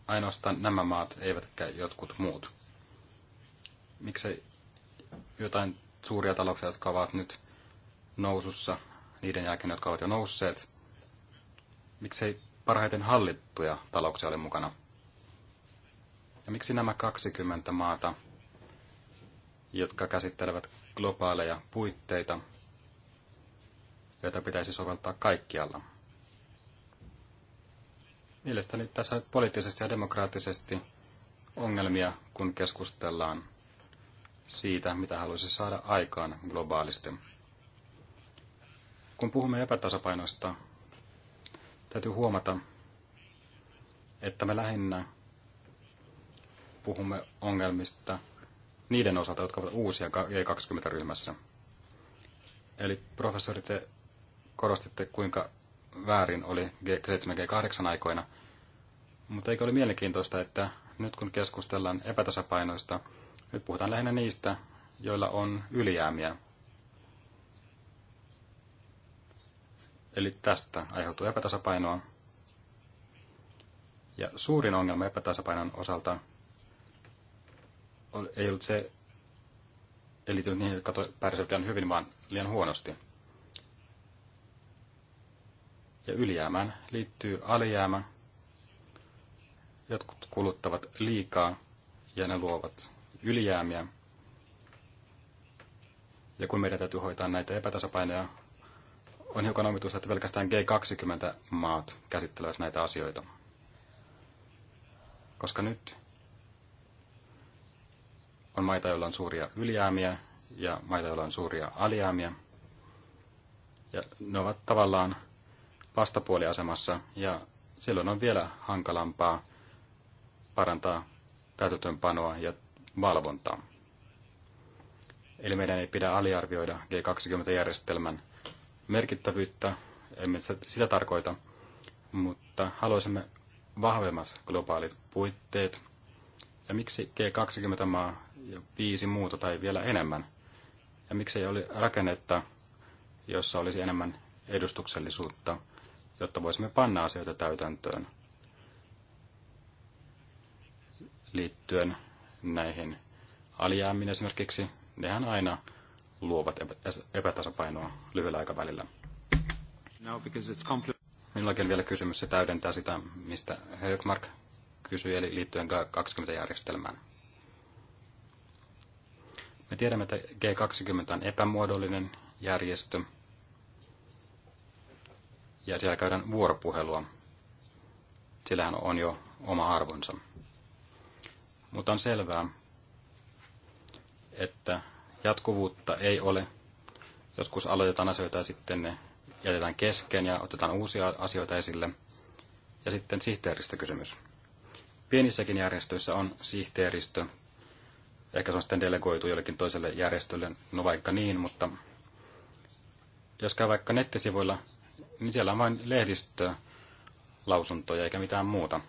Speaker 2: ainoastaan nämä maat eivätkä jotkut muut? Miksei jotain suuria talouksia, jotka ovat nyt nousussa, niiden jälkeen, jotka ovat jo nousseet, miksei parhaiten hallittuja talouksia ole mukana? Ja miksi nämä 20 maata, jotka käsittelevät globaaleja puitteita, joita pitäisi soveltaa kaikkialla? Mielestäni tässä poliittisesti ja demokraattisesti ongelmia, kun keskustellaan siitä, mitä haluaisi saada aikaan globaalisti. Kun puhumme epätasapainosta, täytyy huomata, että me lähinnä puhumme ongelmista niiden osalta, jotka ovat uusia G20-ryhmässä. Eli professori, te korostitte, kuinka väärin oli G7-G8 aikoina, mutta eikö ole mielenkiintoista, että nyt kun keskustellaan epätasapainoista, nyt puhutaan lähinnä niistä, joilla on ylijäämiä. Eli tästä aiheutuu epätasapainoa. Ja suurin ongelma epätasapainon osalta ei ollut se, ei liittynyt niihin, jotka pärsivät liian hyvin, vaan liian huonosti. Ja ylijäämään liittyy alijäämä. Jotkut kuluttavat liikaa ja ne luovat ylijäämiä. Ja kun meidän täytyy hoitaa näitä epätasapainoja, on hiukan omituista, että pelkästään G20-maat käsittelevät näitä asioita. Koska nyt on maita, joilla on suuria ylijäämiä ja maita, joilla on suuria alijäämiä. Ja ne ovat tavallaan vastapuoliasemassa ja silloin on vielä hankalampaa parantaa täytäntöönpanoa ja valvontaa. Eli meidän ei pidä aliarvioida G20-järjestelmän merkittävyyttä, emme sitä tarkoita, mutta haluaisimme vahvemmat globaalit puitteet – ja miksi G20-maa ja viisi muuta tai vielä enemmän? Ja miksi ei ole rakennetta, jossa olisi enemmän edustuksellisuutta, jotta voisimme panna asioita täytäntöön liittyen näihin alijäämiin esimerkiksi, nehän aina luovat epätasapainoa lyhyellä aikavälillä. No, Minullakin vielä kysymys, se täydentää sitä, mistä Högmark kysyi, eli liittyen G20-järjestelmään. Me tiedämme, että G20 on epämuodollinen järjestö, ja siellä käydään vuoropuhelua. Sillähän on jo oma arvonsa. Mutta on selvää, että jatkuvuutta ei ole. Joskus aloitetaan asioita ja sitten ne jätetään kesken ja otetaan uusia asioita esille. Ja sitten sihteeristä kysymys pienissäkin järjestöissä on sihteeristö, ehkä se on sitten delegoitu jollekin toiselle järjestölle, no vaikka niin, mutta jos käy vaikka nettisivuilla, niin siellä on vain lehdistölausuntoja eikä mitään muuta.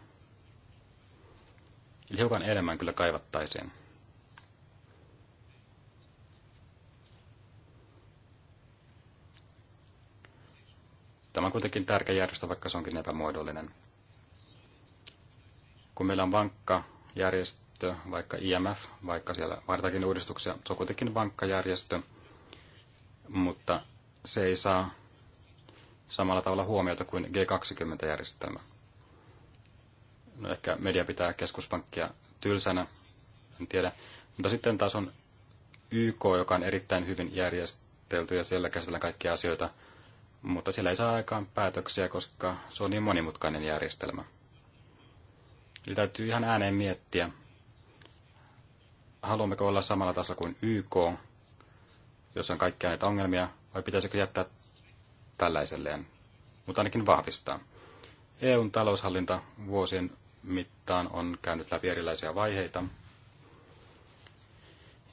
Speaker 2: Eli hiukan enemmän kyllä kaivattaisiin. Tämä on kuitenkin tärkeä järjestö, vaikka se onkin epämuodollinen kun meillä on vankka järjestö, vaikka IMF, vaikka siellä vartakin uudistuksia, se on kuitenkin vankka järjestö, mutta se ei saa samalla tavalla huomiota kuin G20-järjestelmä. No ehkä media pitää keskuspankkia tylsänä, en tiedä. Mutta sitten taas on YK, joka on erittäin hyvin järjestelty ja siellä käsitellään kaikkia asioita, mutta siellä ei saa aikaan päätöksiä, koska se on niin monimutkainen järjestelmä. Eli täytyy ihan ääneen miettiä, haluammeko olla samalla tasolla kuin YK, jossa on kaikkia näitä ongelmia, vai pitäisikö jättää tällaiselleen, mutta ainakin vahvistaa. EUn taloushallinta vuosien mittaan on käynyt läpi erilaisia vaiheita,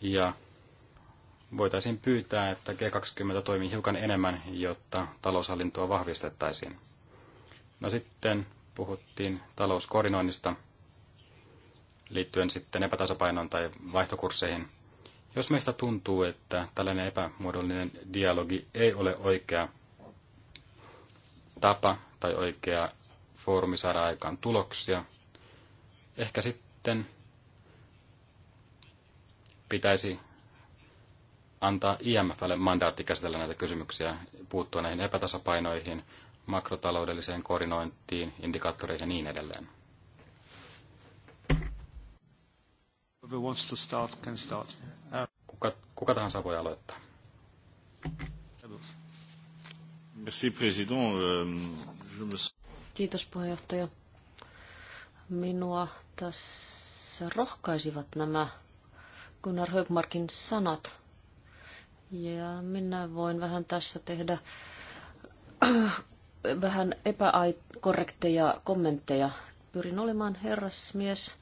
Speaker 2: ja voitaisiin pyytää, että G20 toimii hiukan enemmän, jotta taloushallintoa vahvistettaisiin. No sitten puhuttiin talouskoordinoinnista liittyen sitten epätasapainoon tai vaihtokursseihin. Jos meistä tuntuu, että tällainen epämuodollinen dialogi ei ole oikea tapa tai oikea foorumi saada aikaan tuloksia, ehkä sitten pitäisi antaa IMFlle mandaatti käsitellä näitä kysymyksiä, puuttua näihin epätasapainoihin, makrotaloudelliseen koordinointiin, indikaattoreihin ja niin edelleen. Uh, kuka, kuka tahansa voi aloittaa. Euh,
Speaker 1: Kiitos puheenjohtaja. Minua tässä rohkaisivat nämä Gunnar Högmarkin sanat. Ja minä voin vähän tässä tehdä vähän epäkorrekteja kommentteja. Pyrin olemaan herrasmies.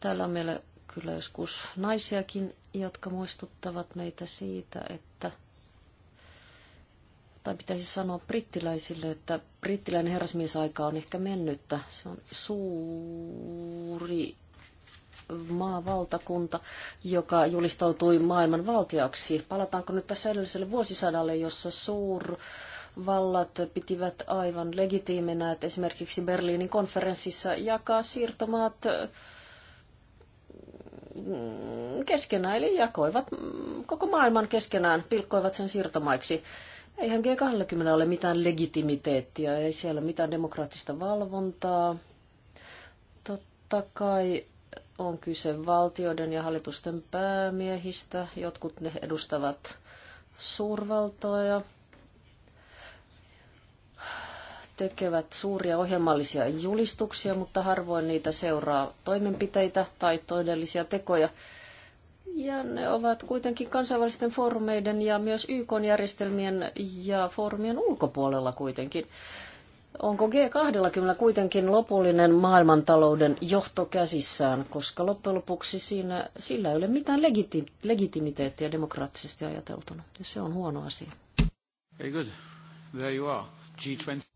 Speaker 1: Täällä on meillä kyllä joskus naisiakin, jotka muistuttavat meitä siitä, että tai pitäisi sanoa brittiläisille, että brittiläinen herrasmiesaika on ehkä mennyttä. Se on suuri maavaltakunta, joka julistautui maailman valtiaksi. Palataanko nyt tässä edelliselle vuosisadalle, jossa suur vallat pitivät aivan legitiiminä, että esimerkiksi Berliinin konferenssissa jakaa siirtomaat mm, keskenään, eli jakoivat mm, koko maailman keskenään, pilkkoivat sen siirtomaiksi. Eihän G20 ole mitään legitimiteettiä, ei siellä mitään demokraattista valvontaa. Totta kai on kyse valtioiden ja hallitusten päämiehistä. Jotkut ne edustavat suurvaltoja, tekevät suuria ohjelmallisia julistuksia, mutta harvoin niitä seuraa toimenpiteitä tai todellisia tekoja. Ja ne ovat kuitenkin kansainvälisten foorumeiden ja myös YK-järjestelmien ja foorumien ulkopuolella kuitenkin. Onko G20 kuitenkin lopullinen maailmantalouden johto käsissään, koska loppujen lopuksi siinä, sillä ei ole mitään legiti- legitimiteettiä demokraattisesti ajateltuna, ja se on huono asia.
Speaker 2: Very good. There you are. G20.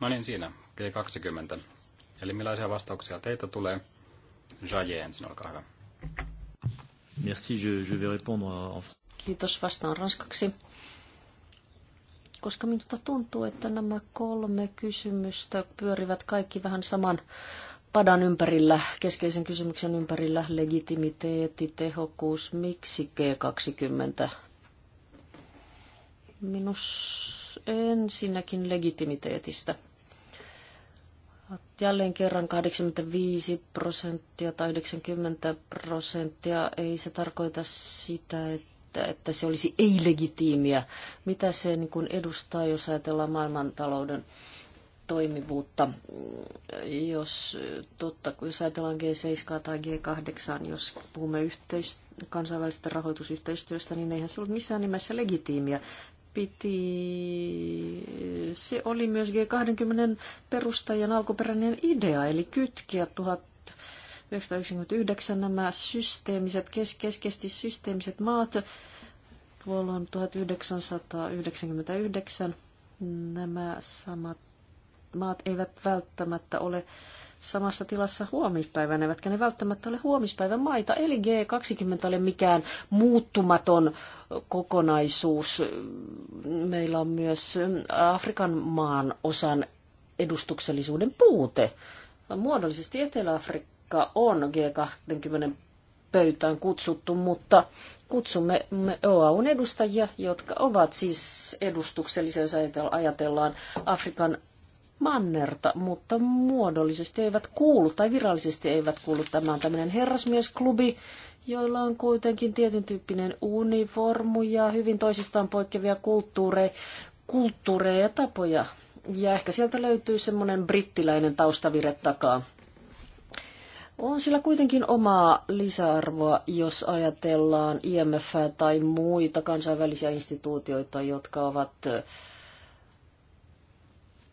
Speaker 2: No niin, siinä G20. Eli millaisia vastauksia teitä tulee? Jaje ensin, olkaa hyvä.
Speaker 1: Merci, je, je vais répondre en... Kiitos, vastaan ranskaksi. Koska minusta tuntuu, että nämä kolme kysymystä pyörivät kaikki vähän saman padan ympärillä, keskeisen kysymyksen ympärillä, legitimiteetti, tehokkuus, miksi G20? Minus ensinnäkin legitimiteetistä. Jälleen kerran 85 prosenttia tai 90 prosenttia ei se tarkoita sitä, että, että se olisi ei-legitiimiä. Mitä se niin kuin edustaa, jos ajatellaan maailmantalouden toimivuutta, jos, totta, jos ajatellaan G7 tai G8, jos puhumme yhteis- kansainvälisestä rahoitusyhteistyöstä, niin eihän se ollut missään nimessä legitiimiä piti, se oli myös G20 perustajan alkuperäinen idea, eli kytkeä 1999 nämä systeemiset, kes, keskeisesti systeemiset maat, tuolloin 1999 nämä samat maat eivät välttämättä ole samassa tilassa huomispäivänä, eivätkä ne välttämättä ole huomispäivän maita. Eli G20 ole mikään muuttumaton kokonaisuus. Meillä on myös Afrikan maan osan edustuksellisuuden puute. Muodollisesti Etelä-Afrikka on G20 pöytään kutsuttu, mutta kutsumme OAUn edustajia, jotka ovat siis edustuksellisia, jos ajatellaan Afrikan mannerta, mutta muodollisesti eivät kuulu tai virallisesti eivät kuulu. Tämä on tämmöinen herrasmiesklubi, joilla on kuitenkin tietyn tyyppinen uniformu ja hyvin toisistaan poikkeavia kulttuureja, kulttuureja ja tapoja. Ja ehkä sieltä löytyy semmoinen brittiläinen taustavire takaa. On sillä kuitenkin omaa lisäarvoa, jos ajatellaan IMF tai muita kansainvälisiä instituutioita, jotka ovat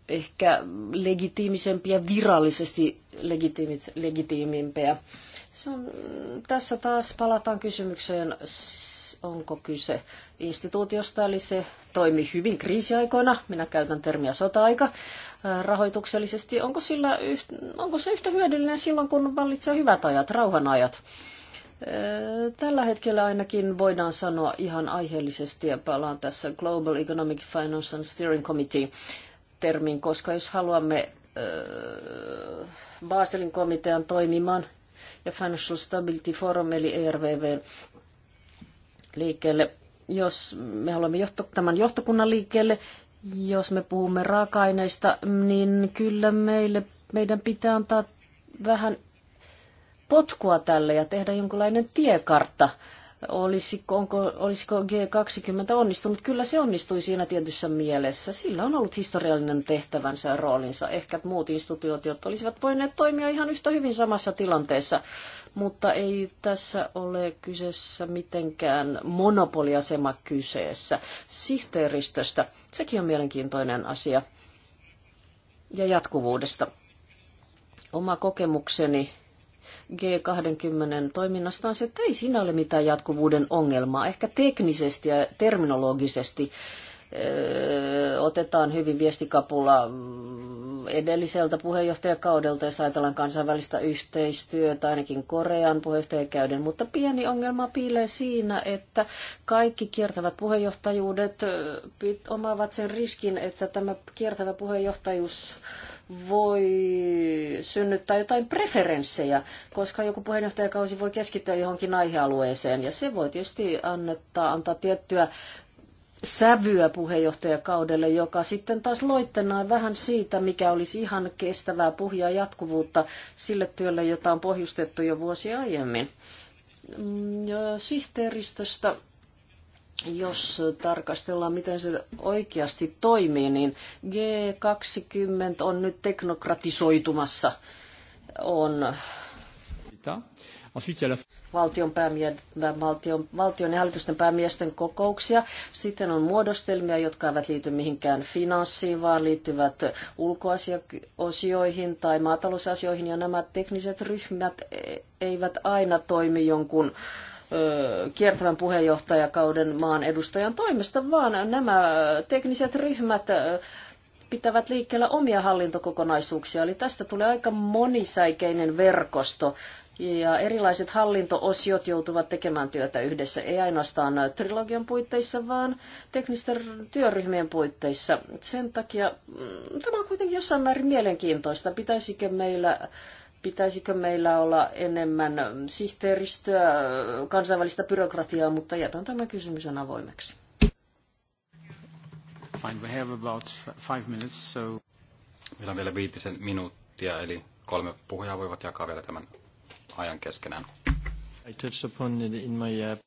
Speaker 1: ehkä legitiimisempiä, virallisesti legitiimimpiä. Se on, tässä taas palataan kysymykseen, onko kyse instituutiosta, eli se toimi hyvin kriisiaikoina, minä käytän termiä sota-aika, äh, rahoituksellisesti. Onko, sillä, onko se yhtä hyödyllinen silloin, kun vallitsee hyvät ajat, rauhanajat? Äh, tällä hetkellä ainakin voidaan sanoa ihan aiheellisesti, ja palaan tässä Global Economic Finance and Steering Committee termin, koska jos haluamme Baselin komitean toimimaan ja Financial Stability Forum eli ERVV liikkeelle, jos me haluamme johto, tämän johtokunnan liikkeelle, jos me puhumme raaka-aineista, niin kyllä meille, meidän pitää antaa vähän potkua tälle ja tehdä jonkinlainen tiekartta olisiko, onko, olisiko G20 onnistunut? Kyllä se onnistui siinä tietyssä mielessä. Sillä on ollut historiallinen tehtävänsä ja roolinsa. Ehkä muut instituutiot olisivat voineet toimia ihan yhtä hyvin samassa tilanteessa. Mutta ei tässä ole kyseessä mitenkään monopoliasema kyseessä. Sihteeristöstä, sekin on mielenkiintoinen asia. Ja jatkuvuudesta. Oma kokemukseni G20 toiminnasta on se, että ei siinä ole mitään jatkuvuuden ongelmaa. Ehkä teknisesti ja terminologisesti öö, otetaan hyvin viestikapula edelliseltä puheenjohtajakaudelta, jos ajatellaan kansainvälistä yhteistyötä, ainakin Korean puheenjohtajakäyden, mutta pieni ongelma piilee siinä, että kaikki kiertävät puheenjohtajuudet öö, omaavat sen riskin, että tämä kiertävä puheenjohtajuus voi synnyttää jotain preferenssejä, koska joku puheenjohtajakausi voi keskittyä johonkin aihealueeseen ja se voi tietysti annettaa, antaa tiettyä sävyä puheenjohtajakaudelle, joka sitten taas loittenaan vähän siitä, mikä olisi ihan kestävää pohjaa jatkuvuutta sille työlle, jota on pohjustettu jo vuosi aiemmin. Mm, ja sihteeristöstä jos tarkastellaan, miten se oikeasti toimii, niin G20 on nyt teknokratisoitumassa. On valtion, päämie, valtion, valtion ja hallitusten päämiesten kokouksia. Sitten on muodostelmia, jotka eivät liity mihinkään finanssiin, vaan liittyvät ulkoasioihin tai maatalousasioihin. Ja nämä tekniset ryhmät e- eivät aina toimi jonkun äh, kiertävän puheenjohtajakauden maan edustajan toimesta, vaan nämä tekniset ryhmät pitävät liikkeellä omia hallintokokonaisuuksia. Eli tästä tulee aika monisäikeinen verkosto. Ja erilaiset hallintoosiot joutuvat tekemään työtä yhdessä, ei ainoastaan trilogian puitteissa, vaan teknisten työryhmien puitteissa. Sen takia mm, tämä on kuitenkin jossain määrin mielenkiintoista. Pitäisikö meillä Pitäisikö meillä olla enemmän sihteeristöä, kansainvälistä byrokratiaa, mutta jätän tämän kysymyksen avoimeksi.
Speaker 2: Fine, we have about five minutes, so... Meillä on vielä viitisen minuuttia, eli kolme puhujaa voivat jakaa vielä tämän ajan keskenään. I upon it in my... Uh,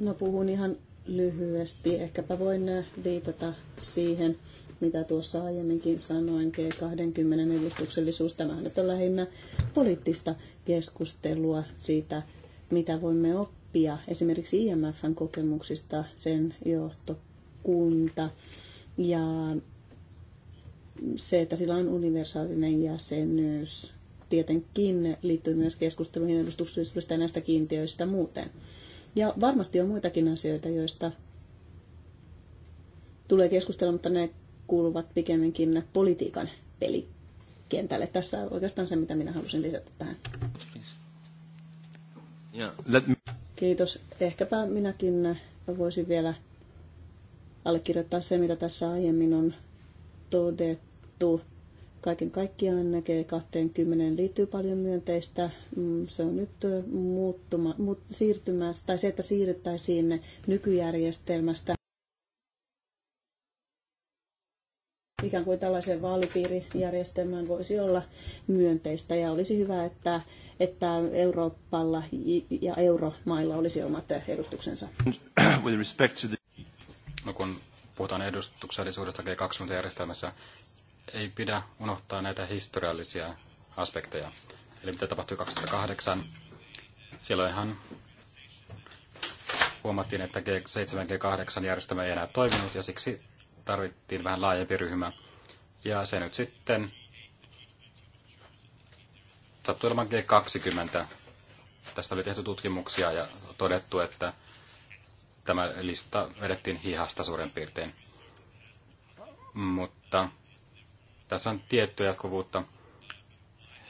Speaker 3: no puhun ihan lyhyesti. Ehkäpä voin äh, viitata siihen, mitä tuossa aiemminkin sanoin, G20 edustuksellisuus. tämä nyt on lähinnä poliittista keskustelua siitä, mitä voimme oppia esimerkiksi IMFn kokemuksista, sen johtokunta ja se, että sillä on universaalinen jäsenyys. Tietenkin liittyy myös keskusteluihin edustuksellisuudesta ja näistä kiintiöistä muuten. Ja varmasti on muitakin asioita, joista tulee keskustella, mutta ne kuuluvat pikemminkin politiikan pelikentälle. Tässä on oikeastaan se, mitä minä halusin lisätä tähän. Kiitos. Ehkäpä minäkin voisin vielä allekirjoittaa se, mitä tässä aiemmin on todettu. Kaiken kaikkiaan G20 liittyy paljon myönteistä. Mm, se on nyt äh, muuttuma, muut, siirtymässä, tai se, että siirryttäisiin nykyjärjestelmästä ikään kuin tällaisen vaalipiirijärjestelmään voisi olla myönteistä ja olisi hyvä, että, että Euroopalla ja euromailla olisi omat edustuksensa.
Speaker 2: With respect to the... no, kun puhutaan edustuksellisuudesta G20-järjestelmässä, ei pidä unohtaa näitä historiallisia aspekteja. Eli mitä tapahtui 2008, silloinhan huomattiin, että G7-G8 järjestelmä ei enää toiminut ja siksi tarvittiin vähän laajempi ryhmä. Ja se nyt sitten sattui olemaan G20. Tästä oli tehty tutkimuksia ja todettu, että tämä lista vedettiin hihasta suurin piirtein. Mutta tässä on tiettyä jatkuvuutta.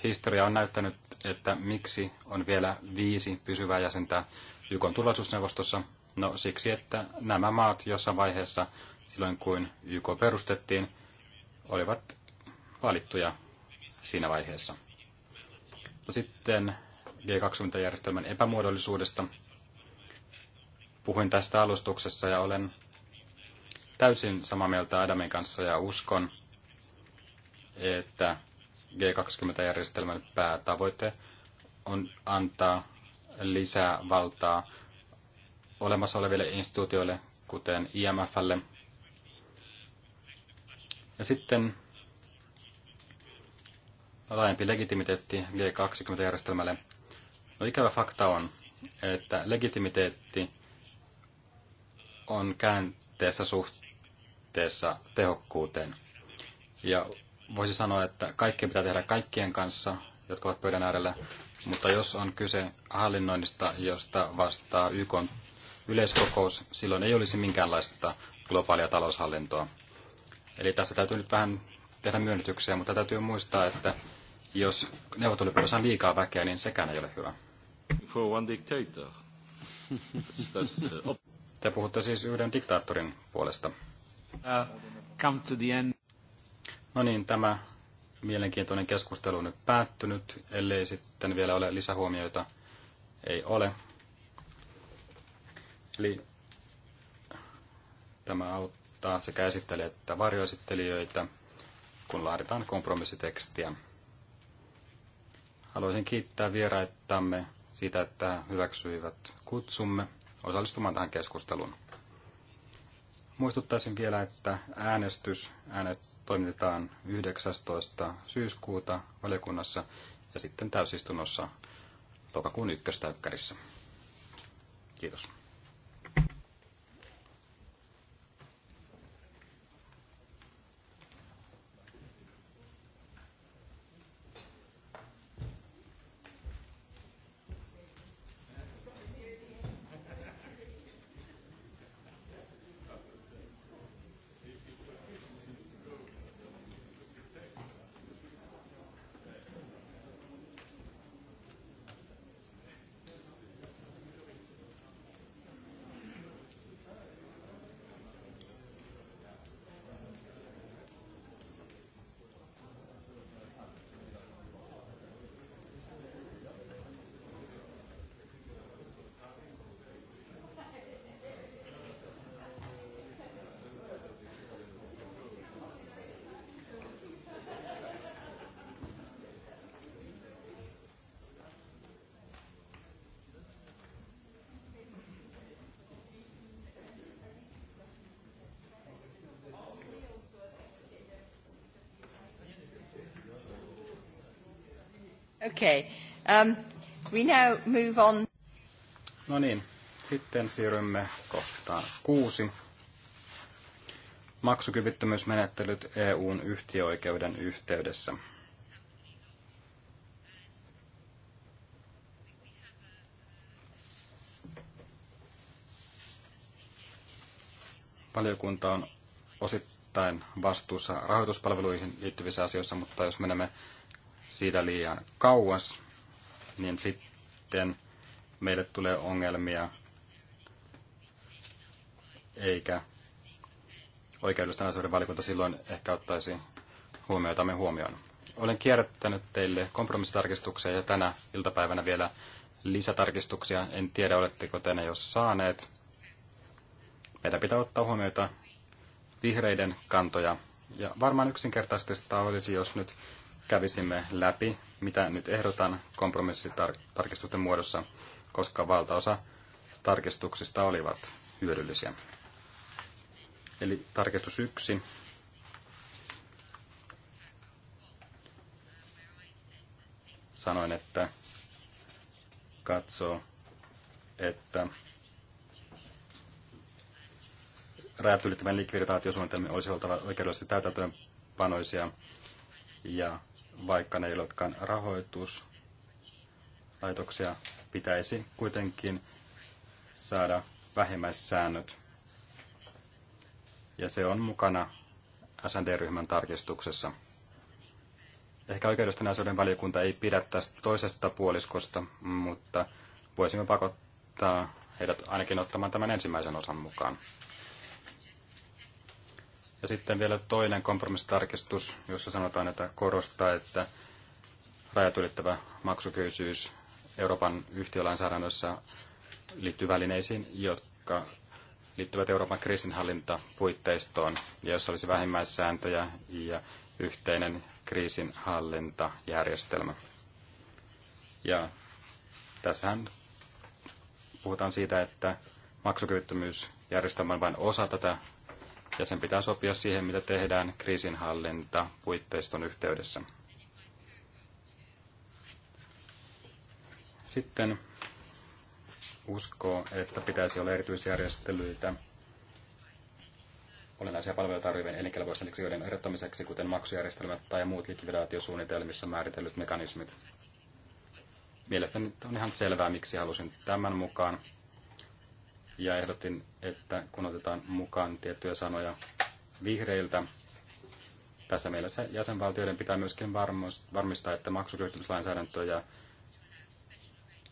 Speaker 2: Historia on näyttänyt, että miksi on vielä viisi pysyvää jäsentä YK turvallisuusneuvostossa. No siksi, että nämä maat jossain vaiheessa silloin kun YK perustettiin, olivat valittuja siinä vaiheessa. No sitten G20-järjestelmän epämuodollisuudesta. Puhuin tästä alustuksessa ja olen täysin samaa mieltä Adamin kanssa ja uskon, että G20-järjestelmän päätavoite on antaa lisää valtaa olemassa oleville instituutioille, kuten IMFlle, ja sitten laajempi legitimiteetti G20-järjestelmälle. No ikävä fakta on, että legitimiteetti on käänteessä suhteessa tehokkuuteen. Ja voisi sanoa, että kaikki pitää tehdä kaikkien kanssa, jotka ovat pöydän äärellä, mutta jos on kyse hallinnoinnista, josta vastaa YK yleiskokous, silloin ei olisi minkäänlaista globaalia taloushallintoa. Eli tässä täytyy nyt vähän tehdä myönnytyksiä, mutta täytyy muistaa, että jos neuvottelupöydässä on liikaa väkeä, niin sekään ei ole hyvä. For one dictator. Te puhutte siis yhden diktaattorin puolesta. Uh, come to the end. No niin, tämä mielenkiintoinen keskustelu on nyt päättynyt, ellei sitten vielä ole lisähuomioita. Ei ole. Eli tämä auttaa kirjoittaa sekä esittelijä että varjoesittelijöitä, kun laaditaan kompromissitekstiä. Haluaisin kiittää vieraittamme siitä, että hyväksyivät kutsumme osallistumaan tähän keskusteluun. Muistuttaisin vielä, että äänestys äänet toimitetaan 19. syyskuuta valiokunnassa ja sitten täysistunnossa lokakuun ykköstäykkärissä. Kiitos. Okay. Um, we now move on. No niin, sitten siirrymme kohtaan kuusi. Maksukyvyttömyysmenettelyt EUn yhtiöoikeuden yhteydessä. Valiokunta on osittain vastuussa rahoituspalveluihin liittyvissä asioissa, mutta jos menemme siitä liian kauas, niin sitten meille tulee ongelmia eikä oikeudellisten asioiden valikunta silloin ehkä ottaisi huomioitamme huomioon. Olen kierrättänyt teille kompromissitarkistuksia ja tänä iltapäivänä vielä lisätarkistuksia. En tiedä, oletteko te ne jo saaneet. Meidän pitää ottaa huomioita vihreiden kantoja. Ja varmaan yksinkertaisesti olisi, jos nyt kävisimme läpi, mitä nyt ehdotan kompromissitarkistusten muodossa, koska valtaosa tarkistuksista olivat hyödyllisiä. Eli tarkistus 1. Sanoin, että katsoo, että rajat ylittävän likviditaatiosuunnitelmien olisi oltava oikeudellisesti täytäntöönpanoisia ja vaikka ne ei olekaan rahoituslaitoksia, pitäisi kuitenkin saada vähimmäissäännöt. Ja se on mukana SND-ryhmän tarkistuksessa. Ehkä oikeudellisten asioiden valiokunta ei pidä tästä toisesta puoliskosta, mutta voisimme pakottaa heidät ainakin ottamaan tämän ensimmäisen osan mukaan. Ja sitten vielä toinen kompromissitarkistus, jossa sanotaan, että korostaa, että rajat ylittävä maksukyisyys Euroopan yhtiölainsäädännössä liittyy välineisiin, jotka liittyvät Euroopan kriisinhallintapuitteistoon, ja jossa olisi vähimmäissääntöjä ja yhteinen kriisinhallintajärjestelmä. Ja tässähän puhutaan siitä, että maksukyvyttömyysjärjestelmä on vain osa tätä ja sen pitää sopia siihen, mitä tehdään kriisinhallinta puitteiston yhteydessä. Sitten uskoo, että pitäisi olla erityisjärjestelyitä olennaisia palveluja tarvitsevien elinkelpoisten joiden erottamiseksi, kuten maksujärjestelmät tai muut likvidaatiosuunnitelmissa määritellyt mekanismit. Mielestäni on ihan selvää, miksi halusin tämän mukaan ja ehdotin, että kun otetaan mukaan tiettyjä sanoja vihreiltä, tässä mielessä jäsenvaltioiden pitää myöskin varmistaa, että maksukyhtymislainsäädäntö ja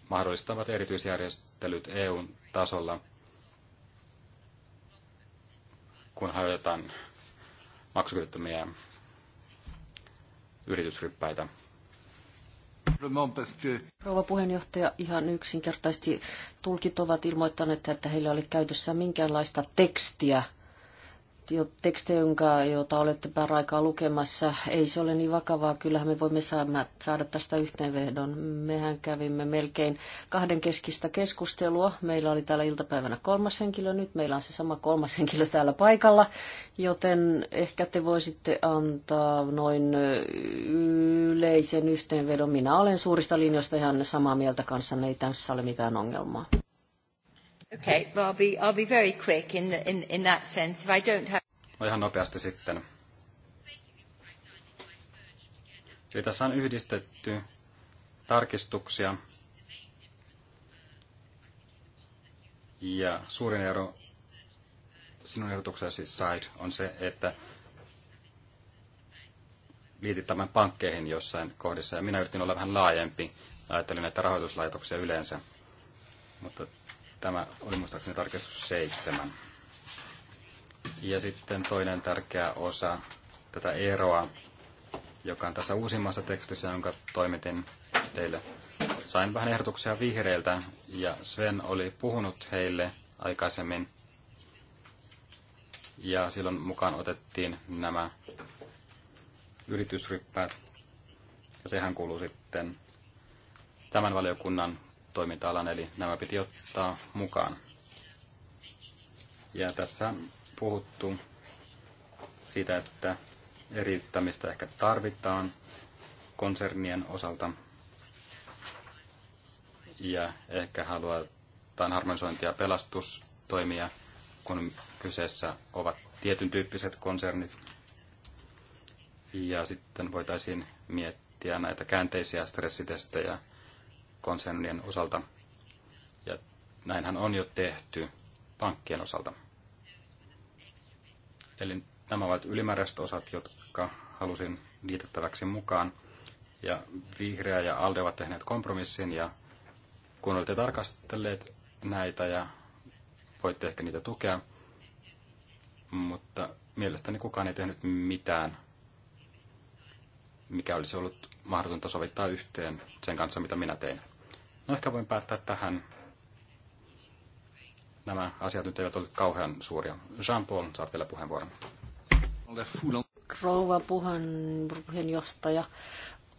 Speaker 2: mahdollistavat erityisjärjestelyt EUn tasolla, kun hajotetaan maksukyvyttömiä yritysryppäitä.
Speaker 1: Rouva puheenjohtaja, ihan yksinkertaisesti tulkit ovat ilmoittaneet, että heillä oli käytössä minkäänlaista tekstiä tekstejä, jonka, jota olette pääraikaa lukemassa, ei se ole niin vakavaa. Kyllähän me voimme saada tästä yhteenvedon. Mehän kävimme melkein kahden keskistä keskustelua. Meillä oli täällä iltapäivänä kolmas henkilö, nyt meillä on se sama kolmas henkilö täällä paikalla, joten ehkä te voisitte antaa noin yleisen yhteenvedon. Minä olen suurista linjoista ihan samaa mieltä kanssanne, ei tässä ole mitään ongelmaa.
Speaker 2: Okay, well I'll be, I'll be very quick in, the, in, in that sense. If I don't have... No ihan nopeasti sitten. Eli tässä on yhdistetty tarkistuksia. Ja suurin ero sinun ehdotuksesi side on se, että liitit tämän pankkeihin jossain kohdissa. Ja minä yritin olla vähän laajempi. Ajattelin näitä rahoituslaitoksia yleensä. Mutta Tämä oli muistaakseni tarkistus seitsemän. Ja sitten toinen tärkeä osa tätä eroa, joka on tässä uusimmassa tekstissä, jonka toimitin teille. Sain vähän ehdotuksia vihreiltä ja Sven oli puhunut heille aikaisemmin. Ja silloin mukaan otettiin nämä yritysryppäät. Ja sehän kuuluu sitten tämän valiokunnan toiminta-alan, eli nämä piti ottaa mukaan. Ja tässä puhuttu siitä, että eriyttämistä ehkä tarvitaan konsernien osalta ja ehkä halutaan harmonisointia pelastustoimia, kun kyseessä ovat tietyn tyyppiset konsernit. Ja sitten voitaisiin miettiä näitä käänteisiä stressitestejä konsernien osalta. Ja näinhän on jo tehty pankkien osalta. Eli nämä ovat ylimääräiset osat, jotka halusin liitettäväksi mukaan. Ja Vihreä ja Alde ovat tehneet kompromissin ja kun olette tarkastelleet näitä ja voitte ehkä niitä tukea, mutta mielestäni kukaan ei tehnyt mitään, mikä olisi ollut mahdotonta sovittaa yhteen sen kanssa, mitä minä tein. No ehkä voin päättää tähän. Nämä asiat nyt eivät ole kauhean suuria. Jean-Paul saat vielä puheenvuoron.
Speaker 1: Rouva puheenjohtaja,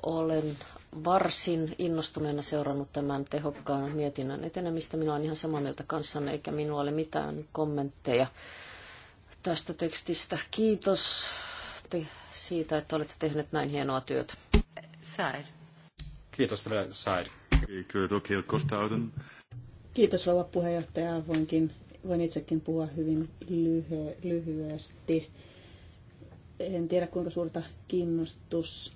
Speaker 1: olen varsin innostuneena seurannut tämän tehokkaan mietinnän etenemistä. Minä olen ihan samaa mieltä kanssanne, eikä minulla ole mitään kommentteja tästä tekstistä. Kiitos te siitä, että olette tehneet näin hienoa työtä.
Speaker 3: Said.
Speaker 2: Kiitos teille, Said. Eh,
Speaker 3: Kiitos rouva puheenjohtaja. Voinkin, voin itsekin puhua hyvin lyhy- lyhyesti. En tiedä kuinka suurta kiinnostus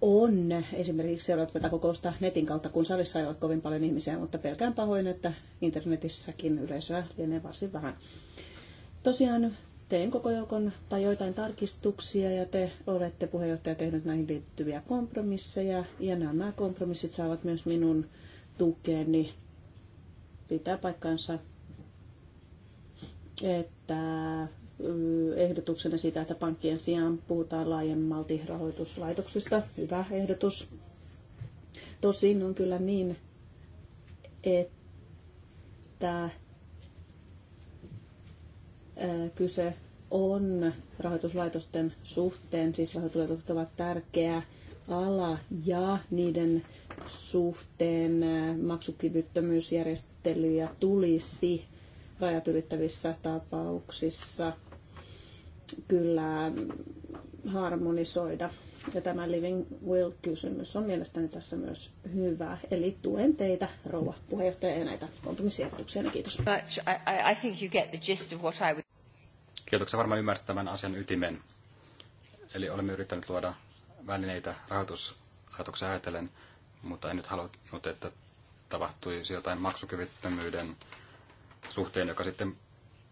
Speaker 3: on esimerkiksi seurata tätä kokousta netin kautta, kun salissa ei ole kovin paljon ihmisiä, mutta pelkään pahoin, että internetissäkin yleisöä lienee varsin vähän. Tosiaan teen koko joukon tai joitain tarkistuksia ja te olette puheenjohtaja tehnyt näihin liittyviä kompromisseja ja nämä kompromissit saavat myös minun tukeni. Pitää paikkansa, että ehdotuksena siitä, että pankkien sijaan puhutaan laajemmalti rahoituslaitoksista. Hyvä ehdotus. Tosin on kyllä niin, että kyse on rahoituslaitosten suhteen, siis rahoituslaitokset ovat tärkeä ala ja niiden suhteen maksukyvyttömyysjärjestelyjä tulisi rajat ylittävissä tapauksissa kyllä harmonisoida. Ja tämä Living Will-kysymys on mielestäni tässä myös hyvä. Eli tuen teitä, rouva puheenjohtaja, ja näitä kompromissiehdotuksia. Kiitos. I, I think you get the gist of what I would...
Speaker 2: Kiitoksia varmaan ymmärsit tämän asian ytimen. Eli olemme yrittäneet luoda välineitä rahoituslaitoksen ajatellen, mutta en nyt halunnut, että tapahtuisi jotain maksukyvyttömyyden suhteen, joka sitten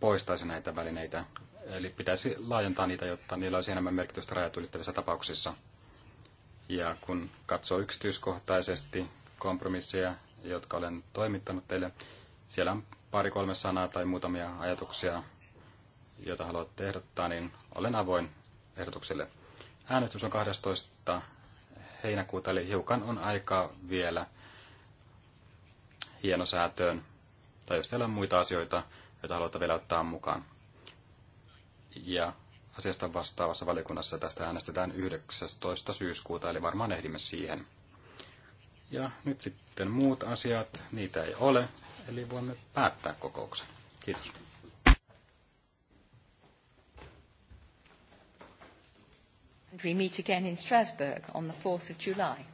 Speaker 2: poistaisi näitä välineitä. Eli pitäisi laajentaa niitä, jotta niillä olisi enemmän merkitystä rajat ylittävissä tapauksissa. Ja kun katsoo yksityiskohtaisesti kompromisseja, jotka olen toimittanut teille, siellä on pari-kolme sanaa tai muutamia ajatuksia, jota haluatte ehdottaa, niin olen avoin ehdotukselle. Äänestys on 12. heinäkuuta, eli hiukan on aikaa vielä hienosäätöön, tai jos teillä on muita asioita, joita haluatte vielä ottaa mukaan. Ja asiasta vastaavassa valiokunnassa tästä äänestetään 19. syyskuuta, eli varmaan ehdimme siihen. Ja nyt sitten muut asiat, niitä ei ole, eli voimme päättää kokouksen. Kiitos.
Speaker 1: We meet again in Strasbourg on the 4th of July.